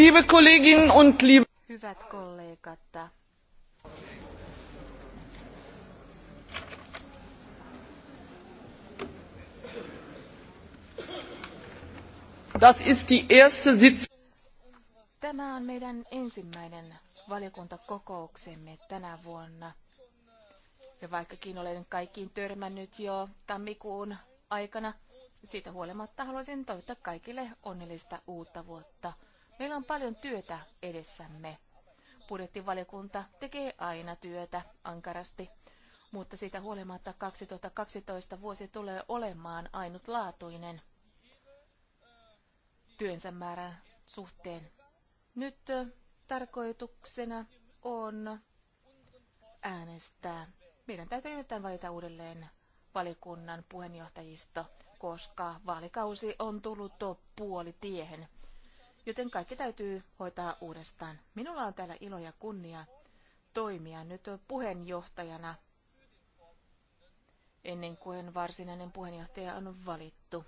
Liebe Kolleginnen und liebe... Hyvät kollegat, Das ist die erste Sitzung. Tämä on meidän ensimmäinen valiokuntakokouksemme tänä vuonna. Ja vaikkakin olen kaikkiin törmännyt jo tammikuun aikana, siitä huolimatta haluaisin toivottaa kaikille onnellista uutta vuotta – Meillä on paljon työtä edessämme. Budjettivaliokunta tekee aina työtä ankarasti, mutta siitä huolimatta 2012 vuosi tulee olemaan ainutlaatuinen työnsä määrän suhteen. Nyt tarkoituksena on äänestää. Meidän täytyy nimittäin valita uudelleen valikunnan puheenjohtajisto, koska vaalikausi on tullut puoli tiehen joten kaikki täytyy hoitaa uudestaan. Minulla on täällä ilo ja kunnia toimia nyt puheenjohtajana ennen kuin varsinainen puheenjohtaja on valittu.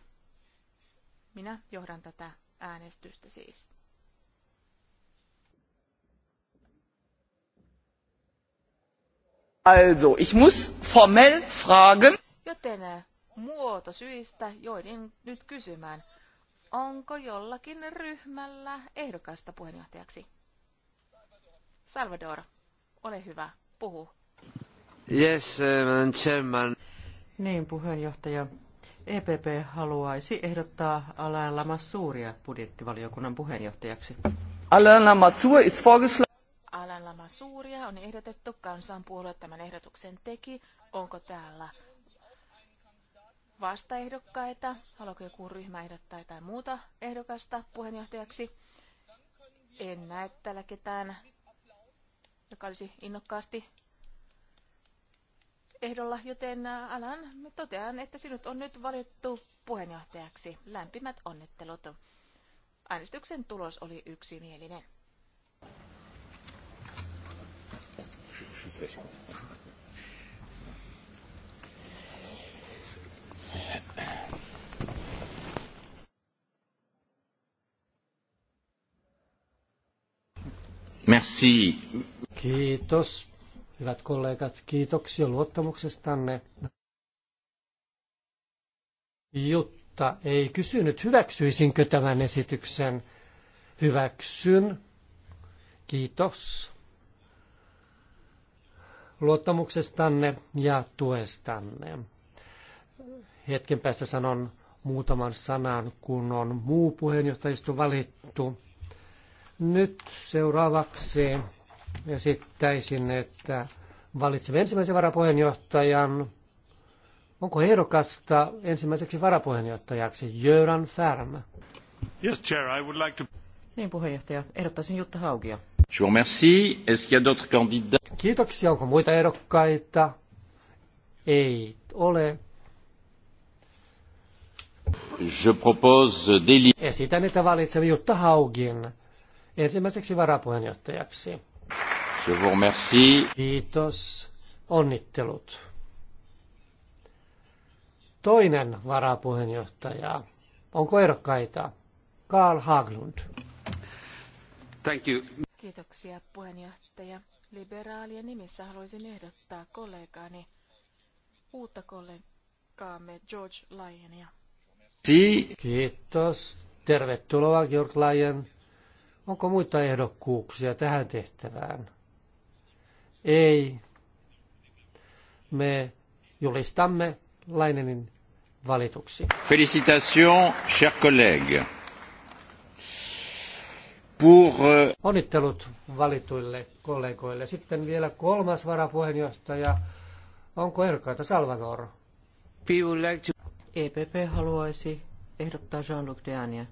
Minä johdan tätä äänestystä siis. Also, ich muss formell fragen. Joten äh, muotosyistä joidin nyt kysymään, Onko jollakin ryhmällä ehdokasta puheenjohtajaksi? Salvador, ole hyvä, puhu. Yes, uh, Madam Chairman. Niin, puheenjohtaja. EPP haluaisi ehdottaa Alain Lamassuuria budjettivaliokunnan puheenjohtajaksi. Alain Lamassoure is vorgeschlagen. Alain Lamassuuria on ehdotettu. Kansanpuolue tämän ehdotuksen teki. Onko täällä vastaehdokkaita? Haluaako joku ryhmä ehdottaa jotain muuta ehdokasta puheenjohtajaksi? En näe täällä ketään, joka olisi innokkaasti ehdolla, joten alan totean, että sinut on nyt valittu puheenjohtajaksi. Lämpimät onnittelut. Äänestyksen tulos oli yksimielinen. Kiitos. Merci. Kiitos, hyvät kollegat. Kiitoksia luottamuksestanne. Jutta ei kysynyt, hyväksyisinkö tämän esityksen. Hyväksyn. Kiitos luottamuksestanne ja tuestanne. Hetken päästä sanon muutaman sanan, kun on muu puheenjohtajisto valittu. Nyt seuraavaksi esittäisin, että valitsemme ensimmäisen varapuheenjohtajan. Onko ehdokasta ensimmäiseksi varapuheenjohtajaksi Jöran Färm? Yes, chair, I would like to... Niin, puheenjohtaja. Ehdottaisin Jutta Haugia. Je vous remercie. Est-ce qu'il y a d'autres candidats? Kiitoksia. Onko muita ehdokkaita? Ei ole. Je propose Esitän, että valitsemme Jutta Haugin ensimmäiseksi varapuheenjohtajaksi. Je vous remercie. Kiitos. Onnittelut. Toinen varapuheenjohtaja. Onko ehdokkaita? Karl Haglund. Thank you. Kiitoksia puheenjohtaja. Liberaalien nimissä haluaisin ehdottaa kollegaani, uutta kollegaamme George Lyonia. Kiitos. Tervetuloa George Lyon Onko muita ehdokkuuksia tähän tehtävään? Ei. Me julistamme Lainenin valituksi. Félicitations, cher collègue. Pour... Euh, Onnittelut valituille kollegoille. Sitten vielä kolmas varapuheenjohtaja. Onko ehdokkaita Salvador? EPP e haluaisi ehdottaa Jean-Luc Deania.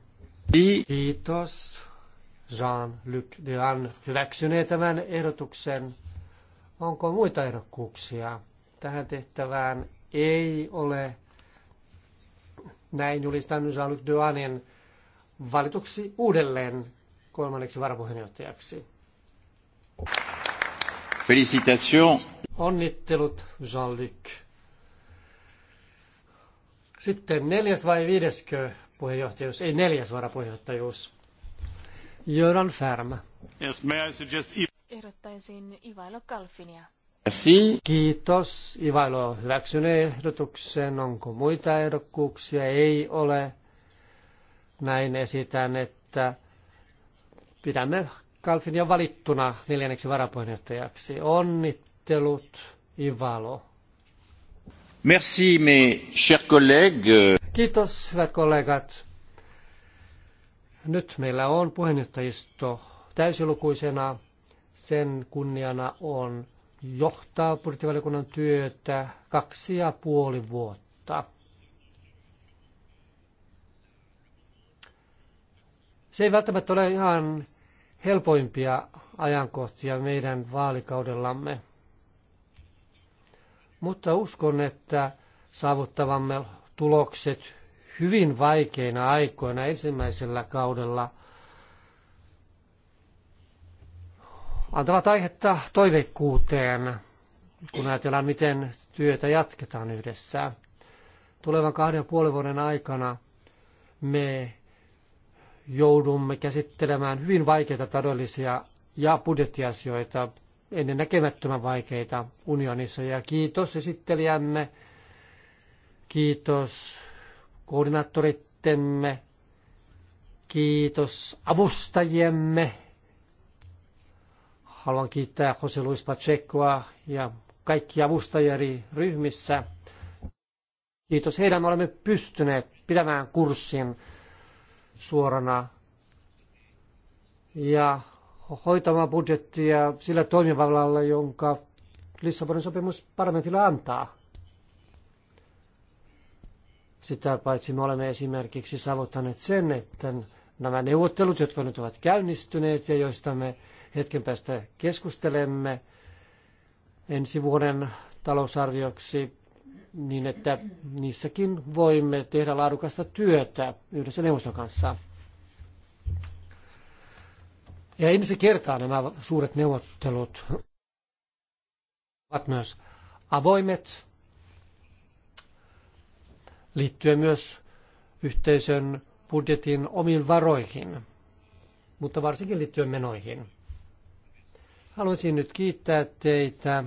Kiitos. Jean-Luc Dylan hyväksynee tämän ehdotuksen. Onko muita ehdokkuuksia? Tähän tehtävään ei ole. Näin julistan Jean-Luc Dylanin valituksi uudelleen kolmanneksi varapuheenjohtajaksi. Félicitations. Onnittelut, Jean-Luc. Sitten neljäs vai viideskö puheenjohtajuus, ei neljäs varapuheenjohtajuus. Jöran Färm. Yes, may I suggest... Ehdottaisin Ivailo Kalfinia. Merci. Kiitos. Ivailo hyväksyneen ehdotuksen. Onko muita ehdokkuuksia? Ei ole. Näin esitän, että pidämme Kalfinia valittuna neljänneksi varapuheenjohtajaksi. Onnittelut, Ivalo. Merci, mes chers collègues. Kiitos, hyvät kollegat. Nyt meillä on puheenjohtajisto täysilukuisena. Sen kunniana on johtaa budjettivaliokunnan työtä kaksi ja puoli vuotta. Se ei välttämättä ole ihan helpoimpia ajankohtia meidän vaalikaudellamme. Mutta uskon, että saavuttavamme tulokset hyvin vaikeina aikoina ensimmäisellä kaudella antavat aihetta toiveikkuuteen, kun ajatellaan, miten työtä jatketaan yhdessä. Tulevan kahden ja puolen vuoden aikana me joudumme käsittelemään hyvin vaikeita taloudellisia ja budjettiasioita, ennen näkemättömän vaikeita unionissa. Ja kiitos esittelijämme, kiitos koordinaattorittemme, kiitos avustajiemme. Haluan kiittää Jose Luis Pachecoa ja kaikki avustajia eri ryhmissä. Kiitos heidän, me olemme pystyneet pitämään kurssin suorana ja hoitamaan budjettia sillä toimivallalla, jonka Lissabonin sopimus parlamentilla antaa. Sitä paitsi me olemme esimerkiksi saavuttaneet sen, että nämä neuvottelut, jotka nyt ovat käynnistyneet ja joista me hetken päästä keskustelemme ensi vuoden talousarvioksi, niin että niissäkin voimme tehdä laadukasta työtä yhdessä neuvoston kanssa. Ja ensi kertaa nämä suuret neuvottelut ovat myös avoimet liittyen myös yhteisön budjetin omiin varoihin, mutta varsinkin liittyen menoihin. Haluaisin nyt kiittää teitä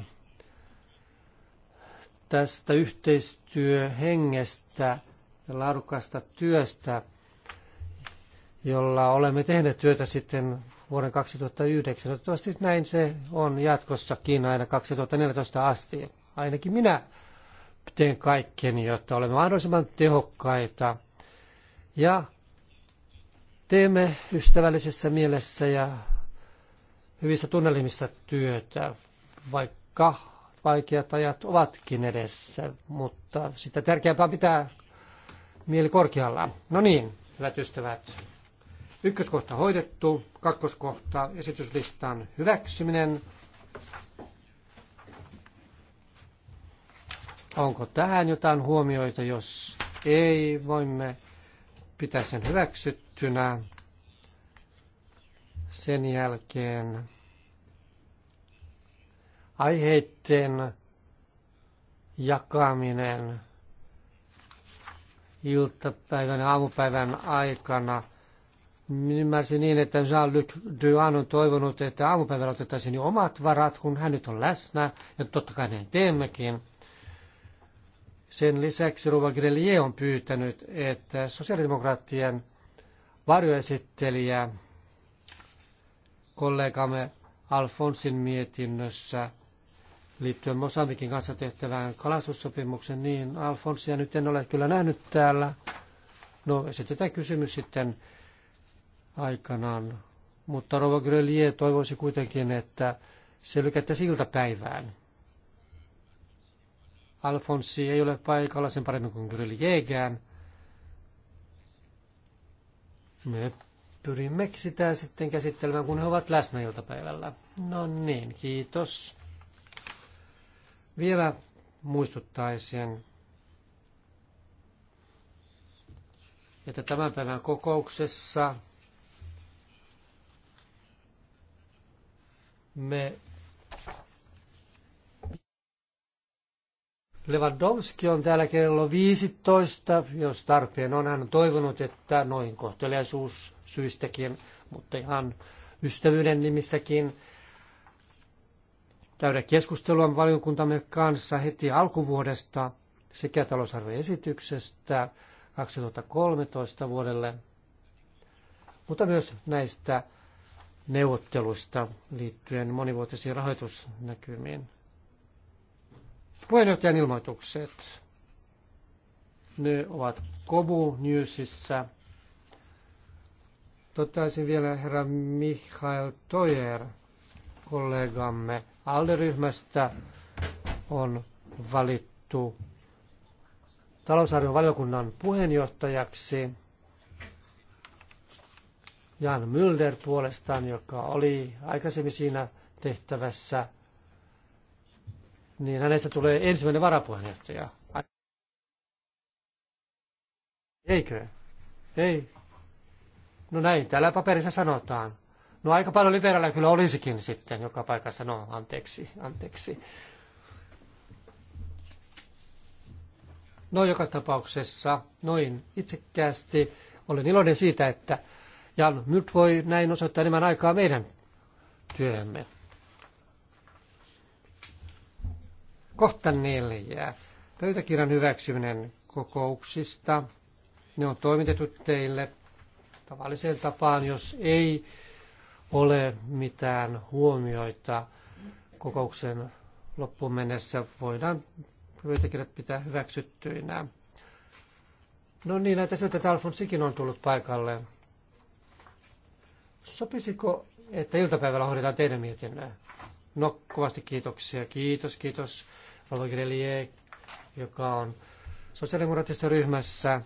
tästä yhteistyöhengestä ja laadukasta työstä, jolla olemme tehneet työtä sitten vuoden 2009. Toivottavasti näin se on jatkossakin aina 2014 asti. Ainakin minä teen kaikkeni, jotta olemme mahdollisimman tehokkaita ja teemme ystävällisessä mielessä ja hyvissä tunnelmissa työtä, vaikka vaikeat ajat ovatkin edessä, mutta sitä tärkeämpää pitää mieli korkealla. No niin, hyvät ystävät, ykköskohta hoidettu, kakkoskohta esityslistan hyväksyminen. Onko tähän jotain huomioita? Jos ei, voimme pitää sen hyväksyttynä. Sen jälkeen aiheiden jakaminen iltapäivän aamupäivän aikana. Ymmärsin niin, että Jean-Luc Duan on toivonut, että aamupäivällä otettaisiin omat varat, kun hän nyt on läsnä, ja totta kai näin teemmekin. Sen lisäksi Ruva Grelier on pyytänyt, että sosiaalidemokraattien varjoesittelijä kollegamme Alfonsin mietinnössä liittyen Mosambikin kanssa tehtävään kalastussopimuksen, niin Alfonsia nyt en ole kyllä nähnyt täällä. No, esitetään kysymys sitten aikanaan. Mutta Rova Grelier toivoisi kuitenkin, että se lykättäisiin iltapäivään. Alfonsi ei ole paikalla sen paremmin kuin Kyrilli Jägään. Me pyrimme sitä sitten käsittelemään, kun he ovat läsnä iltapäivällä. No niin, kiitos. Vielä muistuttaisin, että tämän päivän kokouksessa me Lewandowski on täällä kello 15, jos tarpeen on. Hän on toivonut, että noin kohteliaisuus syistäkin, mutta ihan ystävyyden nimissäkin käydä keskustelua valiokuntamme kanssa heti alkuvuodesta sekä talousarvoesityksestä 2013 vuodelle, mutta myös näistä neuvotteluista liittyen monivuotisiin rahoitusnäkymiin. Puheenjohtajan ilmoitukset. Ne ovat Kobu Newsissa. Tottaisin vielä herra Michael Toyer, kollegamme alderyhmästä, on valittu talousarvion valiokunnan puheenjohtajaksi. Jan Mylder puolestaan, joka oli aikaisemmin siinä tehtävässä, niin hänestä tulee ensimmäinen varapuheenjohtaja. Eikö? Ei. No näin, täällä paperissa sanotaan. No aika paljon liberaaleja kyllä olisikin sitten joka paikassa. No anteeksi, anteeksi. No joka tapauksessa noin itsekkäästi olen iloinen siitä, että Jan nyt voi näin osoittaa enemmän aikaa meidän työhömme. Kohta neljä. Pöytäkirjan hyväksyminen kokouksista. Ne on toimitettu teille tavalliseen tapaan, jos ei ole mitään huomioita kokouksen loppuun mennessä, voidaan pöytäkirjat pitää hyväksyttyinä. No niin, näitä sieltä, että Alfonsikin on tullut paikalle. Sopisiko, että iltapäivällä hoidetaan teidän mietinnää? No, kovasti kiitoksia. Kiitos, kiitos Rova Grelier, joka on sosiaalidemokraattisessa ryhmässä,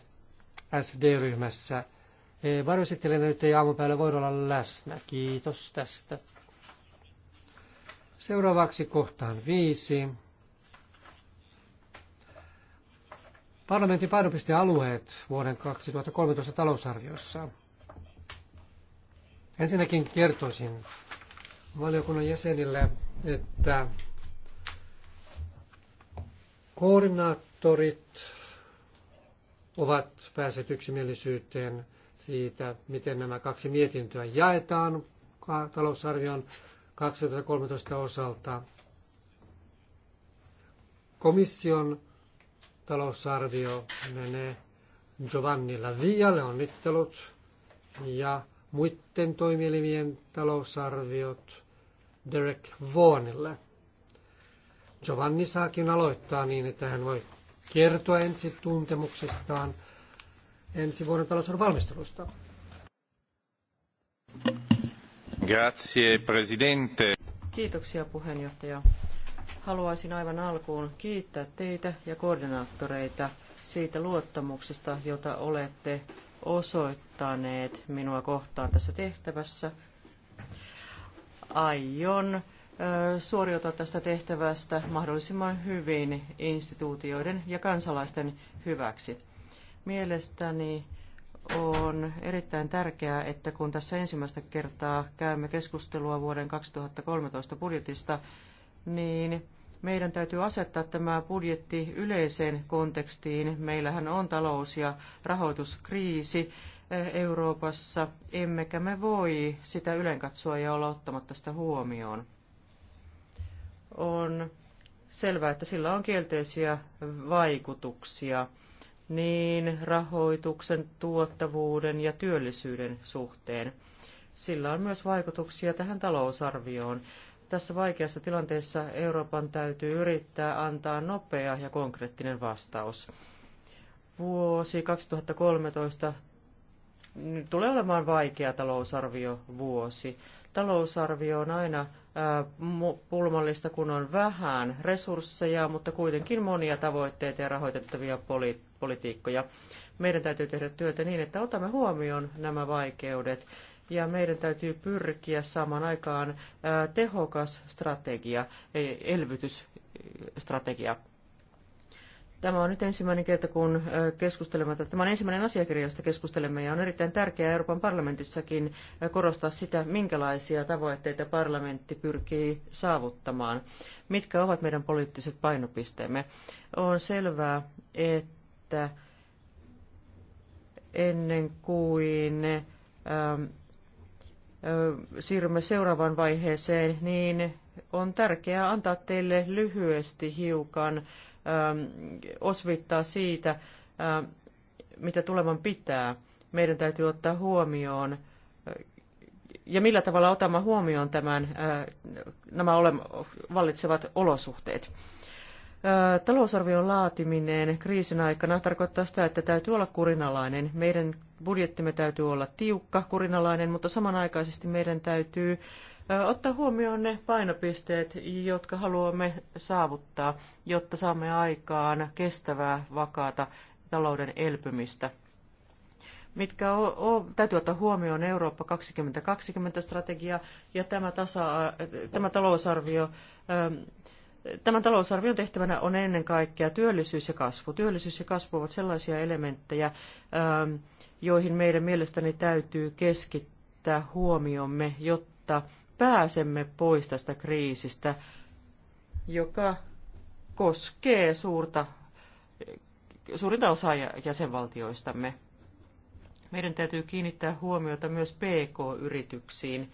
SD-ryhmässä. E, Varjoesittelijänä nyt ei aamupäivällä voi olla läsnä. Kiitos tästä. Seuraavaksi kohtaan viisi. Parlamentin painopistealueet vuoden 2013 talousarviossa. Ensinnäkin kertoisin valiokunnan jäsenille, että Koordinaattorit ovat päässeet yksimielisyyteen siitä, miten nämä kaksi mietintöä jaetaan talousarvion 2013 osalta. Komission talousarvio menee Giovanni Lavialle onnittelut ja muiden toimielimien talousarviot Derek Vaughanille. Giovanni saakin aloittaa niin, että hän voi kertoa ensi tuntemuksestaan ensi vuoden talousarvon valmistelusta. Grazie, presidente. Kiitoksia puheenjohtaja. Haluaisin aivan alkuun kiittää teitä ja koordinaattoreita siitä luottamuksesta, jota olette osoittaneet minua kohtaan tässä tehtävässä. Aion suoriutua tästä tehtävästä mahdollisimman hyvin instituutioiden ja kansalaisten hyväksi. Mielestäni on erittäin tärkeää, että kun tässä ensimmäistä kertaa käymme keskustelua vuoden 2013 budjetista, niin meidän täytyy asettaa tämä budjetti yleiseen kontekstiin. Meillähän on talous- ja rahoituskriisi Euroopassa, emmekä me voi sitä ylenkatsoa ja olla ottamatta sitä huomioon on selvää, että sillä on kielteisiä vaikutuksia niin rahoituksen, tuottavuuden ja työllisyyden suhteen. Sillä on myös vaikutuksia tähän talousarvioon. Tässä vaikeassa tilanteessa Euroopan täytyy yrittää antaa nopea ja konkreettinen vastaus. Vuosi 2013 tulee olemaan vaikea talousarviovuosi. Talousarvio on aina pulmallista, kun on vähän resursseja, mutta kuitenkin monia tavoitteita ja rahoitettavia poli- politiikkoja. Meidän täytyy tehdä työtä niin, että otamme huomioon nämä vaikeudet ja meidän täytyy pyrkiä saamaan aikaan tehokas strategia, elvytysstrategia. Tämä on nyt ensimmäinen kerta, kun keskustelemme, tämä on ensimmäinen asiakirja, josta keskustelemme, ja on erittäin tärkeää Euroopan parlamentissakin korostaa sitä, minkälaisia tavoitteita parlamentti pyrkii saavuttamaan. Mitkä ovat meidän poliittiset painopisteemme? On selvää, että ennen kuin ähm, siirrymme seuraavaan vaiheeseen, niin on tärkeää antaa teille lyhyesti hiukan Ähm, osviittaa siitä, ähm, mitä tulevan pitää. Meidän täytyy ottaa huomioon äh, ja millä tavalla otamme huomioon tämän, äh, nämä vallitsevat olosuhteet. Äh, talousarvion laatiminen kriisin aikana tarkoittaa sitä, että täytyy olla kurinalainen. Meidän budjettimme täytyy olla tiukka, kurinalainen, mutta samanaikaisesti meidän täytyy ottaa huomioon ne painopisteet, jotka haluamme saavuttaa, jotta saamme aikaan kestävää, vakaata talouden elpymistä. Mitkä on, on, täytyy ottaa huomioon Eurooppa 2020-strategia ja tämä, tasa, tämä talousarvio. Tämän talousarvion tehtävänä on ennen kaikkea työllisyys ja kasvu. Työllisyys ja kasvu ovat sellaisia elementtejä, joihin meidän mielestäni täytyy keskittää huomiomme, jotta jotta pääsemme pois tästä kriisistä, joka koskee suurta, suurinta osaa jäsenvaltioistamme. Meidän täytyy kiinnittää huomiota myös PK-yrityksiin.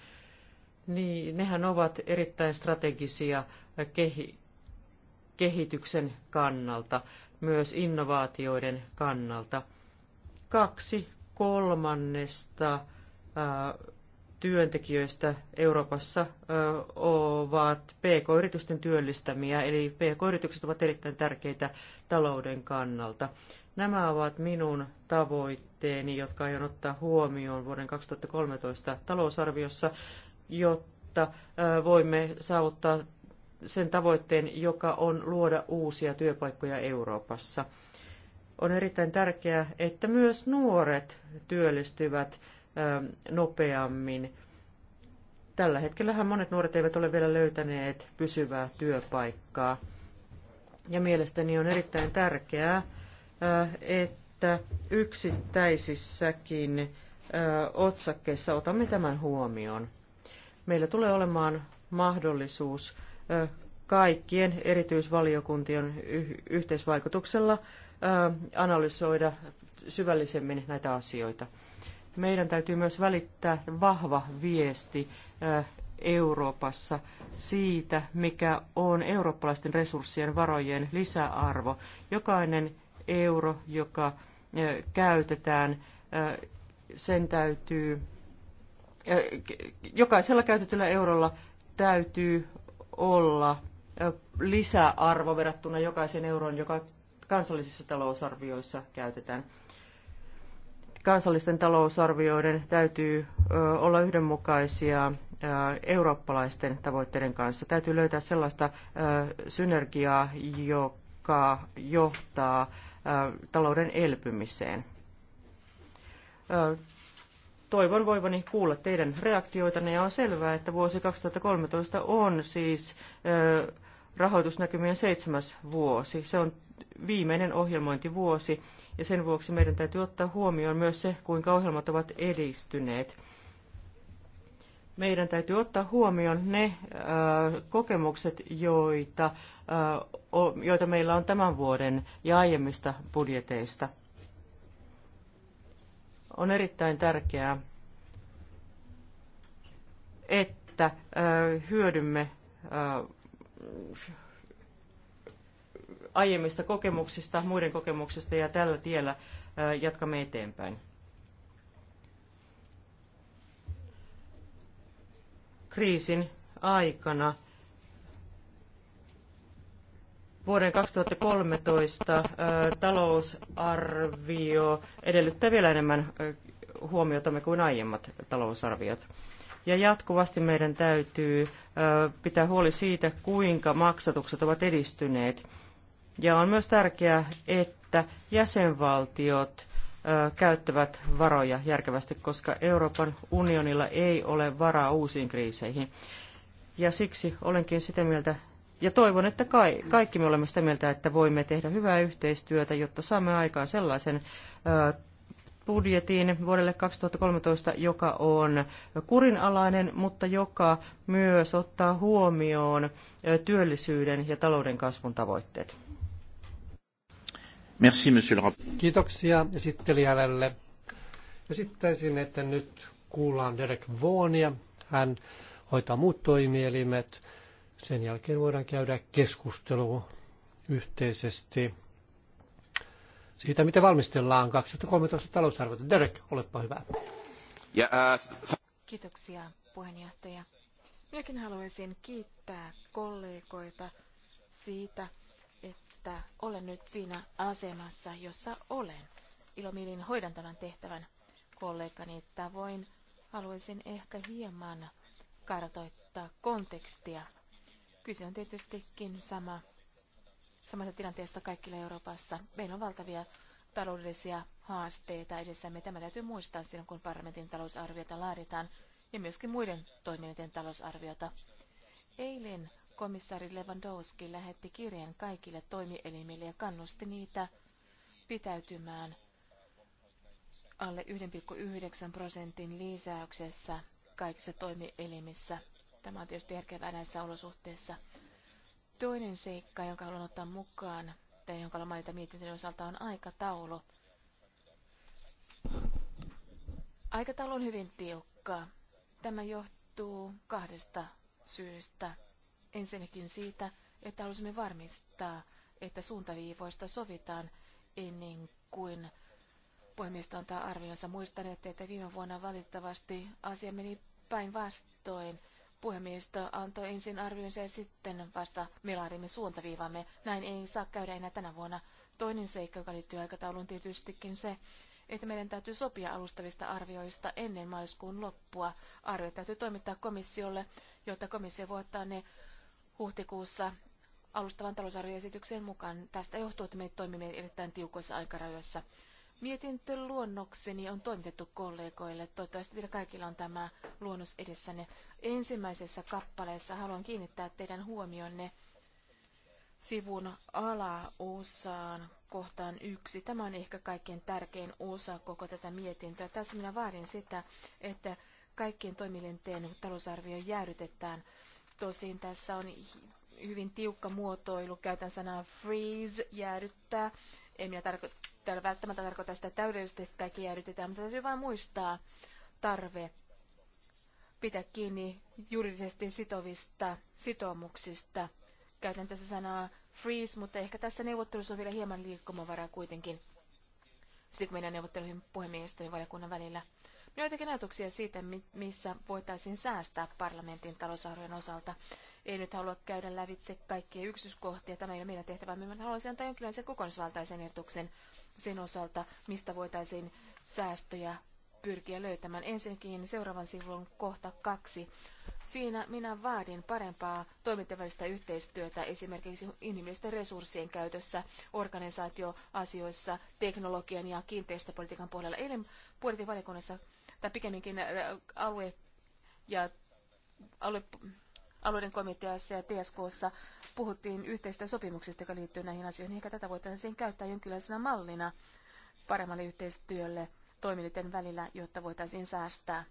Niin, nehän ovat erittäin strategisia kehi, kehityksen kannalta, myös innovaatioiden kannalta. Kaksi kolmannesta ää, työntekijöistä Euroopassa ovat PK-yritysten työllistämiä, eli PK-yritykset ovat erittäin tärkeitä talouden kannalta. Nämä ovat minun tavoitteeni, jotka aion ottaa huomioon vuoden 2013 talousarviossa, jotta voimme saavuttaa sen tavoitteen, joka on luoda uusia työpaikkoja Euroopassa. On erittäin tärkeää, että myös nuoret työllistyvät Ähm, nopeammin. Tällä hetkellähän monet nuoret eivät ole vielä löytäneet pysyvää työpaikkaa. Ja mielestäni on erittäin tärkeää, äh, että yksittäisissäkin äh, otsakkeissa otamme tämän huomioon. Meillä tulee olemaan mahdollisuus äh, kaikkien erityisvaliokuntien yhteisvaikutuksella analysoida syvällisemmin näitä asioita meidän täytyy myös välittää vahva viesti Euroopassa siitä, mikä on eurooppalaisten resurssien varojen lisäarvo. Jokainen euro, joka käytetään, sen täytyy, jokaisella käytetyllä eurolla täytyy olla lisäarvo verrattuna jokaisen euron, joka kansallisissa talousarvioissa käytetään kansallisten talousarvioiden täytyy olla yhdenmukaisia eurooppalaisten tavoitteiden kanssa. Täytyy löytää sellaista synergiaa, joka johtaa talouden elpymiseen. Toivon voivani kuulla teidän reaktioitanne ja on selvää, että vuosi 2013 on siis rahoitusnäkymien seitsemäs vuosi. Se on viimeinen ohjelmointivuosi, ja sen vuoksi meidän täytyy ottaa huomioon myös se, kuinka ohjelmat ovat edistyneet. Meidän täytyy ottaa huomioon ne äh, kokemukset, joita, äh, joita meillä on tämän vuoden ja aiemmista budjeteista. On erittäin tärkeää, että äh, hyödymme aiemmista kokemuksista, muiden kokemuksista ja tällä tiellä jatkamme eteenpäin. Kriisin aikana vuoden 2013 talousarvio edellyttää vielä enemmän huomiotamme kuin aiemmat talousarviot. Ja jatkuvasti meidän täytyy pitää huoli siitä, kuinka maksatukset ovat edistyneet ja on myös tärkeää, että jäsenvaltiot käyttävät varoja järkevästi, koska Euroopan unionilla ei ole varaa uusiin kriiseihin. Ja siksi olenkin sitä mieltä, ja toivon, että kaikki me olemme sitä mieltä, että voimme tehdä hyvää yhteistyötä, jotta saamme aikaan sellaisen budjetin vuodelle 2013, joka on kurinalainen, mutta joka myös ottaa huomioon työllisyyden ja talouden kasvun tavoitteet. Merci, monsieur le Kiitoksia esittelijälle. Esittäisin, että nyt kuullaan Derek Vaughania. Hän hoitaa muut toimielimet. Sen jälkeen voidaan käydä keskustelua yhteisesti siitä, miten valmistellaan 2013 talousarviota. Derek, olepa hyvä. Ja, uh, Kiitoksia, puheenjohtaja. Minäkin haluaisin kiittää kollegoita siitä, että olen nyt siinä asemassa, jossa olen. Ilomielin hoidan tämän tehtävän kollegani tavoin. Haluaisin ehkä hieman kartoittaa kontekstia. Kyse on tietystikin sama, samasta tilanteesta kaikilla Euroopassa. Meillä on valtavia taloudellisia haasteita edessämme. Tämä täytyy muistaa silloin, kun parlamentin talousarviota laaditaan ja myöskin muiden toimijoiden talousarviota. Eilen komissaari Lewandowski lähetti kirjeen kaikille toimielimille ja kannusti niitä pitäytymään alle 1,9 prosentin lisäyksessä kaikissa toimielimissä. Tämä on tietysti järkevää näissä olosuhteissa. Toinen seikka, jonka haluan ottaa mukaan, tai jonka haluan mainita mietintöjen osalta, on aikataulu. Aikataulu on hyvin tiukka. Tämä johtuu kahdesta syystä. Ensinnäkin siitä, että halusimme varmistaa, että suuntaviivoista sovitaan ennen kuin puhemiestä antaa arvionsa. Muistaneet, että viime vuonna valitettavasti asia meni päinvastoin. Puhemiesto antoi ensin arvionsa ja sitten vasta me laadimme suuntaviivamme. Näin ei saa käydä enää tänä vuonna. Toinen seikka, joka liittyy aikatauluun tietystikin se, että meidän täytyy sopia alustavista arvioista ennen maaliskuun loppua. Arvio täytyy toimittaa komissiolle, jotta komissio voi ottaa ne huhtikuussa alustavan talousarvioesityksen mukaan. Tästä johtuu, että me toimimme erittäin tiukoissa aikarajoissa. Mietintöluonnokseni on toimitettu kollegoille. Toivottavasti teillä kaikilla on tämä luonnos edessänne. Ensimmäisessä kappaleessa haluan kiinnittää teidän huomionne sivun alaosaan kohtaan yksi. Tämä on ehkä kaikkein tärkein osa koko tätä mietintöä. Tässä minä vaadin sitä, että kaikkien toimielinten talousarvio jäädytetään Tosin tässä on hyvin tiukka muotoilu. Käytän sanaa freeze, jäädyttää. En minä tarko- täällä välttämättä tarkoita sitä täydellisesti, että kaikki jäädytetään, mutta täytyy vain muistaa tarve pitää kiinni juridisesti sitovista sitoumuksista. Käytän tässä sanaa freeze, mutta ehkä tässä neuvottelussa on vielä hieman liikkumavaraa kuitenkin. Sitten kun mennään neuvotteluihin puhemiehistöjen valiokunnan välillä joitakin ajatuksia siitä, missä voitaisiin säästää parlamentin talousarvion osalta. Ei nyt halua käydä lävitse kaikkia yksityiskohtia, tämä ei ole meidän tehtävä, vaan haluaisin antaa jonkinlaisen kokonaisvaltaisen ehdotuksen sen osalta, mistä voitaisiin säästöjä pyrkiä löytämään. Ensinnäkin seuraavan sivun kohta kaksi. Siinä minä vaadin parempaa toimintavälistä yhteistyötä esimerkiksi inhimillisten resurssien käytössä, organisaatioasioissa, teknologian ja kiinteistöpolitiikan puolella. Eilen budjettivaliokunnassa tai pikemminkin äh, alue- ja alue, alueiden komiteassa ja TSKssa puhuttiin yhteistä sopimuksista, joka liittyy näihin asioihin. Ehkä tätä voitaisiin käyttää jonkinlaisena mallina paremmalle yhteistyölle toimijoiden välillä, jotta voitaisiin säästää.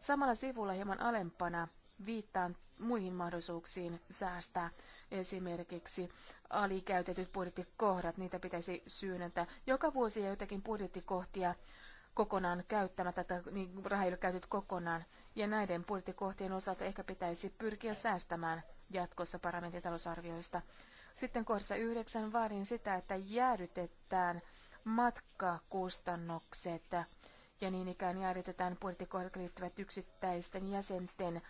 Samalla sivulla hieman alempana viittaan muihin mahdollisuuksiin säästää. Esimerkiksi alikäytetyt budjettikohdat, niitä pitäisi syynentää. Joka vuosi jotakin budjettikohtia kokonaan käyttämättä tai niin, raha ei ole käytetty kokonaan. Ja näiden budjettikohtien osalta ehkä pitäisi pyrkiä säästämään jatkossa parlamentin talousarvioista. Sitten kohdassa yhdeksän vaadin sitä, että jäädytetään matkakustannukset ja niin ikään jäädytetään budjettikohdat liittyvät yksittäisten jäsenten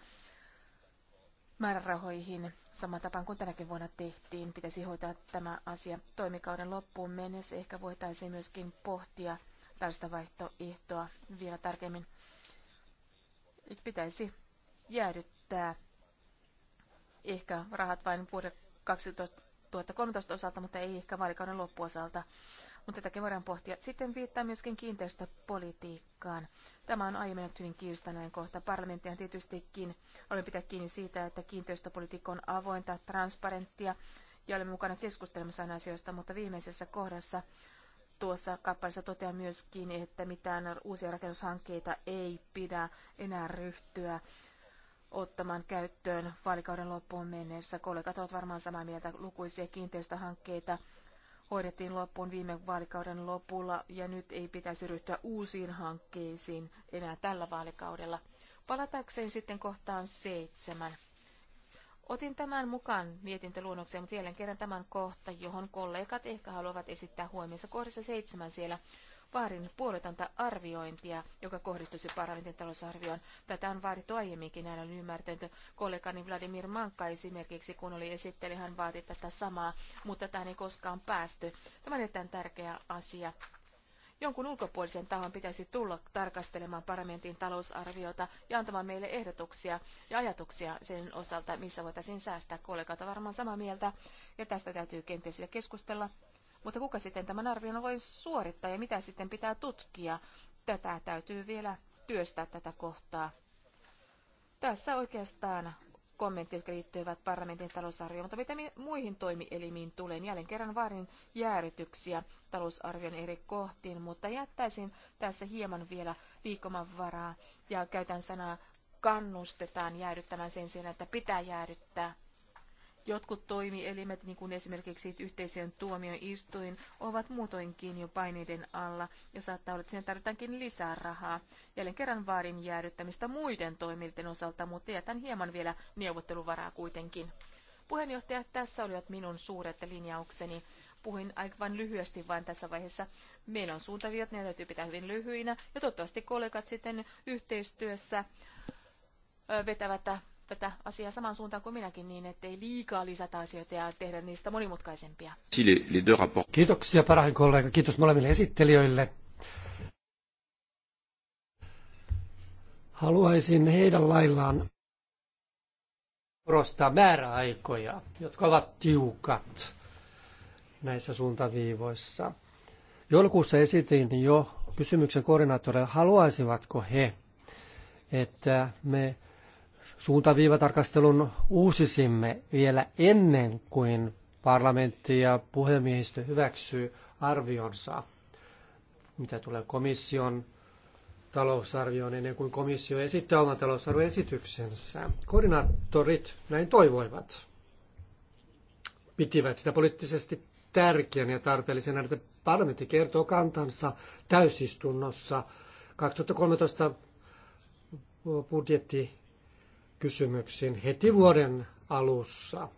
määrärahoihin. Sama tapaan kuin tänäkin vuonna tehtiin, pitäisi hoitaa tämä asia toimikauden loppuun mennessä. Ehkä voitaisiin myöskin pohtia tällaista vaihtoehtoa vielä tarkemmin. Nyt pitäisi jäädyttää ehkä rahat vain vuoden 2013 osalta, mutta ei ehkä vaalikauden loppuosalta. Mutta tätäkin voidaan pohtia. Sitten viittaa myöskin kiinteistöpolitiikkaan. Tämä on aiemmin hyvin kiistanainen kohta. Parlamentti on tietystikin, olen pitää kiinni siitä, että kiinteistöpolitiikka on avointa, transparenttia ja olemme mukana keskustelemassa asioista, mutta viimeisessä kohdassa tuossa kappaleessa toteaa myöskin, että mitään uusia rakennushankkeita ei pidä enää ryhtyä ottamaan käyttöön vaalikauden loppuun mennessä. Kollegat ovat varmaan samaa mieltä. Lukuisia kiinteistöhankkeita hoidettiin loppuun viime vaalikauden lopulla ja nyt ei pitäisi ryhtyä uusiin hankkeisiin enää tällä vaalikaudella. Palatakseen sitten kohtaan seitsemän. Otin tämän mukaan mietintöluonnokseen, mutta vielä kerran tämän kohta, johon kollegat ehkä haluavat esittää huomioissa kohdassa seitsemän siellä vaarin puoletonta arviointia, joka kohdistuisi parlamentin talousarvioon. Tätä on vaadittu aiemminkin, näin on ymmärtänyt kollegani Vladimir Mankka esimerkiksi, kun oli esitteli, hän vaati tätä samaa, mutta tähän ei koskaan päästy. Tämä on erittäin tärkeä asia, Jonkun ulkopuolisen tahon pitäisi tulla tarkastelemaan parlamentin talousarviota ja antamaan meille ehdotuksia ja ajatuksia sen osalta, missä voitaisiin säästää. Kollegat ovat varmaan samaa mieltä ja tästä täytyy kenties vielä keskustella. Mutta kuka sitten tämän arvion voi suorittaa ja mitä sitten pitää tutkia? Tätä täytyy vielä työstää tätä kohtaa. Tässä oikeastaan kommentti, jotka liittyvät parlamentin talousarvioon, mutta mitä muihin toimielimiin tulee, niin jälleen kerran vaarin jäädytyksiä talousarvion eri kohtiin, mutta jättäisin tässä hieman vielä varaa ja käytän sanaa kannustetaan jäädyttämään sen sijaan, että pitää jäädyttää. Jotkut toimielimet, niin kuin esimerkiksi yhteisön tuomioistuin, ovat muutoinkin jo paineiden alla ja saattaa olla, että siihen tarvitaankin lisää rahaa. Jälleen kerran vaadin jäädyttämistä muiden toimilten osalta, mutta jätän hieman vielä neuvotteluvaraa kuitenkin. Puheenjohtaja, tässä olivat minun suuret linjaukseni. Puhuin aivan lyhyesti vain tässä vaiheessa. Meillä on suuntaviot, ne täytyy pitää hyvin lyhyinä, ja toivottavasti kollegat sitten yhteistyössä vetävät tätä asiaa saman suuntaan kuin minäkin niin, ettei liikaa lisätä asioita ja tehdä niistä monimutkaisempia. Kiitoksia parahin kollega, kiitos molemmille esittelijöille. Haluaisin heidän laillaan korostaa määräaikoja, jotka ovat tiukat näissä suuntaviivoissa. Joulukuussa esitin jo kysymyksen koordinaattoreille, haluaisivatko he, että me suuntaviivatarkastelun uusisimme vielä ennen kuin parlamentti ja puhemiehistö hyväksyy arvionsa, mitä tulee komission talousarvioon ennen kuin komissio esittää oman talousarvioesityksensä. Koordinaattorit näin toivoivat. Pitivät sitä poliittisesti tärkeänä ja tarpeellisena, että parlamentti kertoo kantansa täysistunnossa 2013 budjetti kysymyksiin heti vuoden alussa.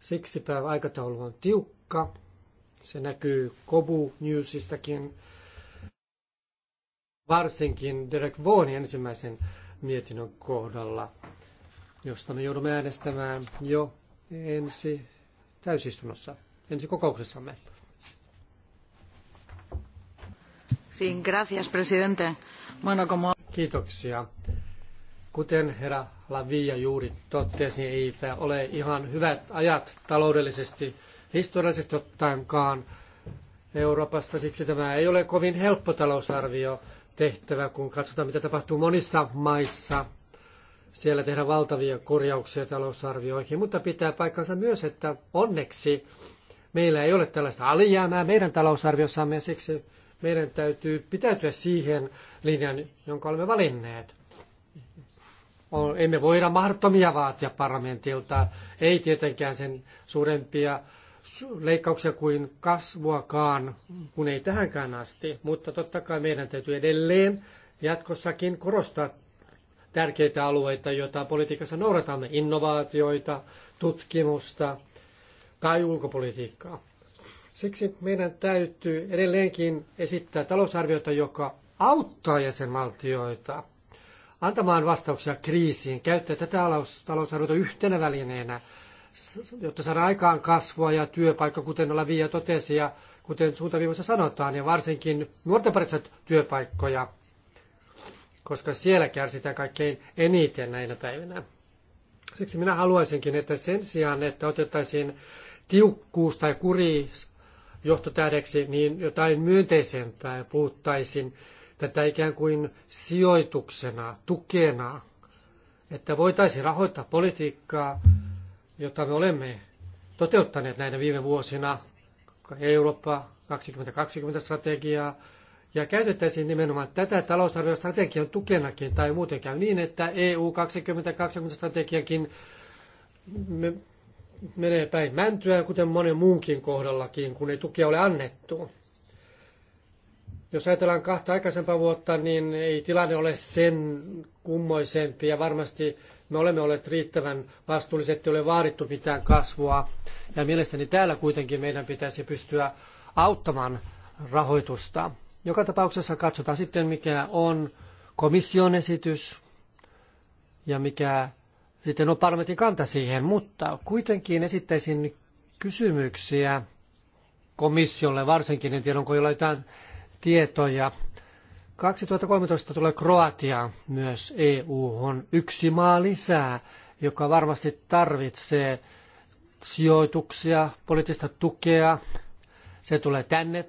Siksipä aikataulu on tiukka. Se näkyy Kobu Newsistakin, varsinkin Derek Vaughan ensimmäisen mietinnön kohdalla, josta me joudumme äänestämään jo ensi täysistunnossa, ensi kokouksessamme. Sin, gracias, presidente. Bueno, como... Kiitoksia. Kuten herra Lavia juuri totesi, eipä ole ihan hyvät ajat taloudellisesti, historiallisesti ottaenkaan Euroopassa. Siksi tämä ei ole kovin helppo talousarvio tehtävä, kun katsotaan, mitä tapahtuu monissa maissa. Siellä tehdään valtavia korjauksia talousarvioihin, mutta pitää paikkansa myös, että onneksi meillä ei ole tällaista alijäämää meidän talousarviossamme ja siksi meidän täytyy pitäytyä siihen linjan, jonka olemme valinneet emme voi mahdottomia vaatia parlamentilta, ei tietenkään sen suurempia leikkauksia kuin kasvuakaan, kun ei tähänkään asti. Mutta totta kai meidän täytyy edelleen jatkossakin korostaa tärkeitä alueita, joita politiikassa noudatamme, innovaatioita, tutkimusta tai ulkopolitiikkaa. Siksi meidän täytyy edelleenkin esittää talousarviota, joka auttaa jäsenvaltioita antamaan vastauksia kriisiin, käyttää tätä talousarviota yhtenä välineenä, jotta saadaan aikaan kasvua ja työpaikka, kuten Lavia totesi ja kuten suuntaviivassa sanotaan, ja varsinkin nuorten parissa työpaikkoja, koska siellä kärsitään kaikkein eniten näinä päivinä. Siksi minä haluaisinkin, että sen sijaan, että otettaisiin tiukkuus tai kuri johtotähdeksi, niin jotain myönteisempää puhuttaisiin tätä ikään kuin sijoituksena, tukena, että voitaisiin rahoittaa politiikkaa, jota me olemme toteuttaneet näinä viime vuosina, Eurooppa 2020-strategiaa, ja käytettäisiin nimenomaan tätä talousarviostrategian tukenakin, tai muuten käy niin, että EU 2020-strategiakin menee päin mäntyä, kuten monen muunkin kohdallakin, kun ei tukia ole annettu. Jos ajatellaan kahta aikaisempaa vuotta, niin ei tilanne ole sen kummoisempi ja varmasti me olemme olleet riittävän vastuulliset, ettei ole vaadittu mitään kasvua. Ja mielestäni täällä kuitenkin meidän pitäisi pystyä auttamaan rahoitusta. Joka tapauksessa katsotaan sitten, mikä on komission esitys ja mikä sitten on parlamentin kanta siihen, mutta kuitenkin esittäisin kysymyksiä komissiolle varsinkin, en tiedä onko jotain tietoja. 2013 tulee Kroatia myös EU on yksi maa lisää, joka varmasti tarvitsee sijoituksia, poliittista tukea. Se tulee tänne